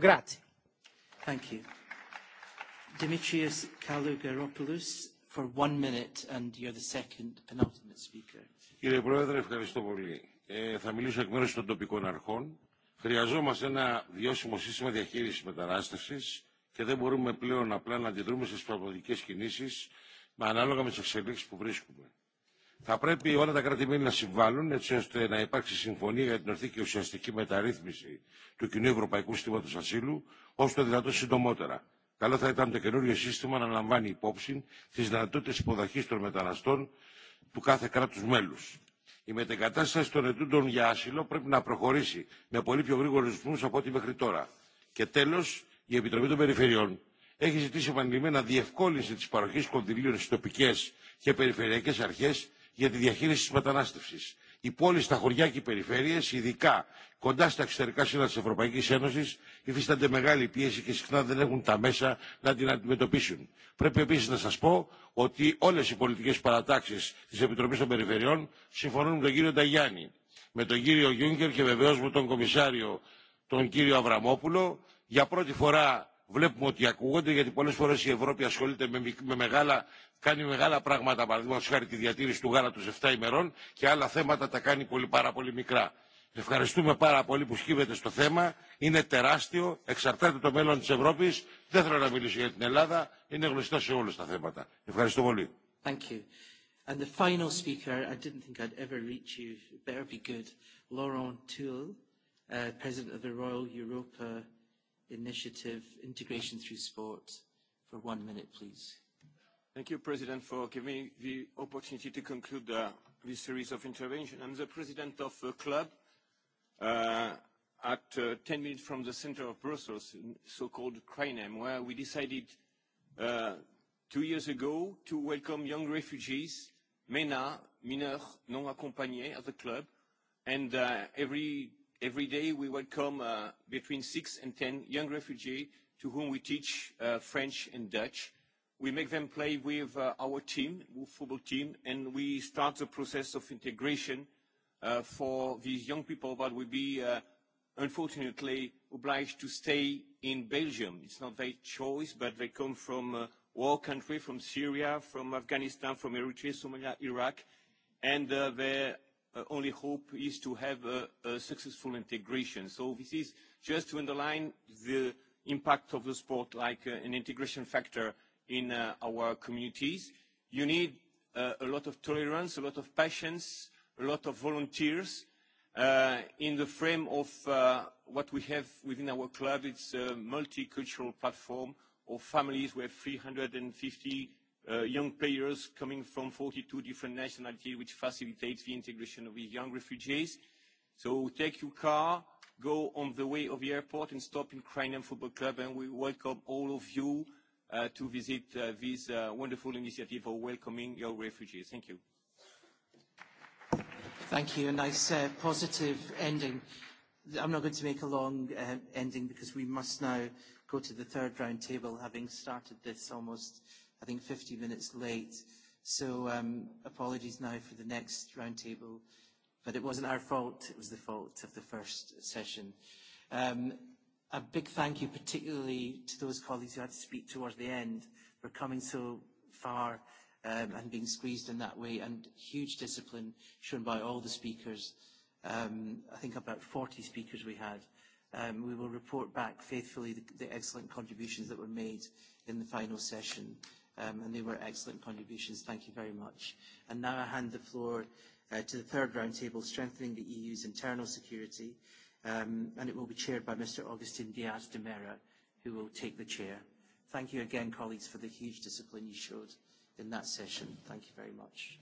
Dimitris Kalogeropoulos for one minute and you're the second penultimate speaker. Κύριε Πρόεδρε, ευχαριστώ πολύ. Ε, θα μιλήσω εκ μέρους των τοπικών αρχών. Χρειαζόμαστε ένα βιώσιμο σύστημα διαχείρισης μετανάστευσης και δεν μπορούμε πλέον απλά να αντιδρούμε στις πραγματικές κινήσεις με ανάλογα με τις εξελίξεις που βρίσκουμε. Θα πρέπει όλα τα κράτη να συμβάλλουν έτσι ώστε να υπάρξει συμφωνία για την ορθή και ουσιαστική μεταρρύθμιση του κοινού ευρωπαϊκού συστήματος ασύλου όσο το δυνατόν συντομότερα. Καλό θα ήταν το καινούριο σύστημα να λαμβάνει υπόψη τι δυνατότητε υποδοχή των μεταναστών του κάθε κράτου μέλου. Η μετεγκατάσταση των ετούντων για άσυλο πρέπει να προχωρήσει με πολύ πιο γρήγορου ρυθμού από ό,τι μέχρι τώρα. Και τέλο, η Επιτροπή των Περιφερειών έχει ζητήσει επανειλημμένα διευκόλυνση τη παροχή κονδυλίων στι τοπικέ και περιφερειακέ αρχέ για τη διαχείριση τη μετανάστευση. Οι πόλεις στα χωριά και οι περιφέρειες, ειδικά κοντά στα εξωτερικά σύνορα της Ευρωπαϊκής Ένωσης, υφίστανται μεγάλη πίεση και συχνά δεν έχουν τα μέσα να την αντιμετωπίσουν. Πρέπει επίσης να σας πω ότι όλες οι πολιτικές παρατάξεις της Επιτροπής των Περιφερειών συμφωνούν με τον κύριο Νταγιάννη, με τον κύριο Γιούγκερ και βεβαίως με τον Κομισάριο τον κύριο Αβραμόπουλο. Για πρώτη φορά βλέπουμε ότι ακούγονται, γιατί πολλέ φορέ η Ευρώπη ασχολείται με, με μεγάλα, κάνει μεγάλα πράγματα, παραδείγματο χάρη τη διατήρηση του γάλα του 7 ημερών και άλλα θέματα τα κάνει πολύ, πάρα πολύ μικρά. Ευχαριστούμε πάρα πολύ που σκύβεται στο θέμα. Είναι τεράστιο, εξαρτάται το μέλλον τη Ευρώπη. Δεν θέλω να μιλήσω για την Ελλάδα, είναι γνωστά σε όλου τα θέματα. Ευχαριστώ πολύ. Thank you. And the final speaker, I didn't think I'd ever reach you, better be good, Laurent Toul, uh, President of the Royal Europa initiative, integration through sport, for one minute, please. Thank you, President, for giving me the opportunity to conclude uh, this series of interventions. I'm the president of a club uh, at uh, 10 minutes from the center of Brussels, so-called Crainem, where we decided uh, two years ago to welcome young refugees, MENA, mineurs non accompagnés, at the club. And uh, every Every day we welcome uh, between six and ten young refugees to whom we teach uh, French and Dutch. We make them play with uh, our team, football team, and we start the process of integration uh, for these young people that will be, uh, unfortunately, obliged to stay in Belgium. It's not their choice, but they come from uh, war country, from Syria, from Afghanistan, from Eritrea, Somalia, Iraq, and uh, they Uh, only hope is to have a, a successful integration. So this is just to underline the impact of the sport like uh, an integration factor in uh, our communities. You need uh, a lot of tolerance, a lot of patience, a lot of volunteers. Uh, in the frame of uh, what we have within our club, it's a multicultural platform of families. We have 350 Uh, young players coming from 42 different nationalities, which facilitates the integration of these young refugees. So take your car, go on the way of the airport and stop in Crainham Football Club, and we welcome all of you uh, to visit uh, this uh, wonderful initiative of welcoming young refugees. Thank you. Thank you. A nice uh, positive ending. I'm not going to make a long uh, ending because we must now go to the third round table, having started this almost I think, 50 minutes late. So um, apologies now for the next roundtable. But it wasn't our fault, it was the fault of the first session. Um, a big thank you particularly to those colleagues who had to speak towards the end for coming so far um, and being squeezed in that way and huge discipline shown by all the speakers. Um, I think about 40 speakers we had. Um, we will report back faithfully the, the excellent contributions that were made in the final session um, and they were excellent contributions. Thank you very much. And now I hand the floor uh, to the third roundtable, Strengthening the EU's Internal Security, um, and it will be chaired by Mr. Augustin Diaz de Mera, who will take the chair. Thank you again, colleagues, for the huge discipline you showed in that session. Thank you very much.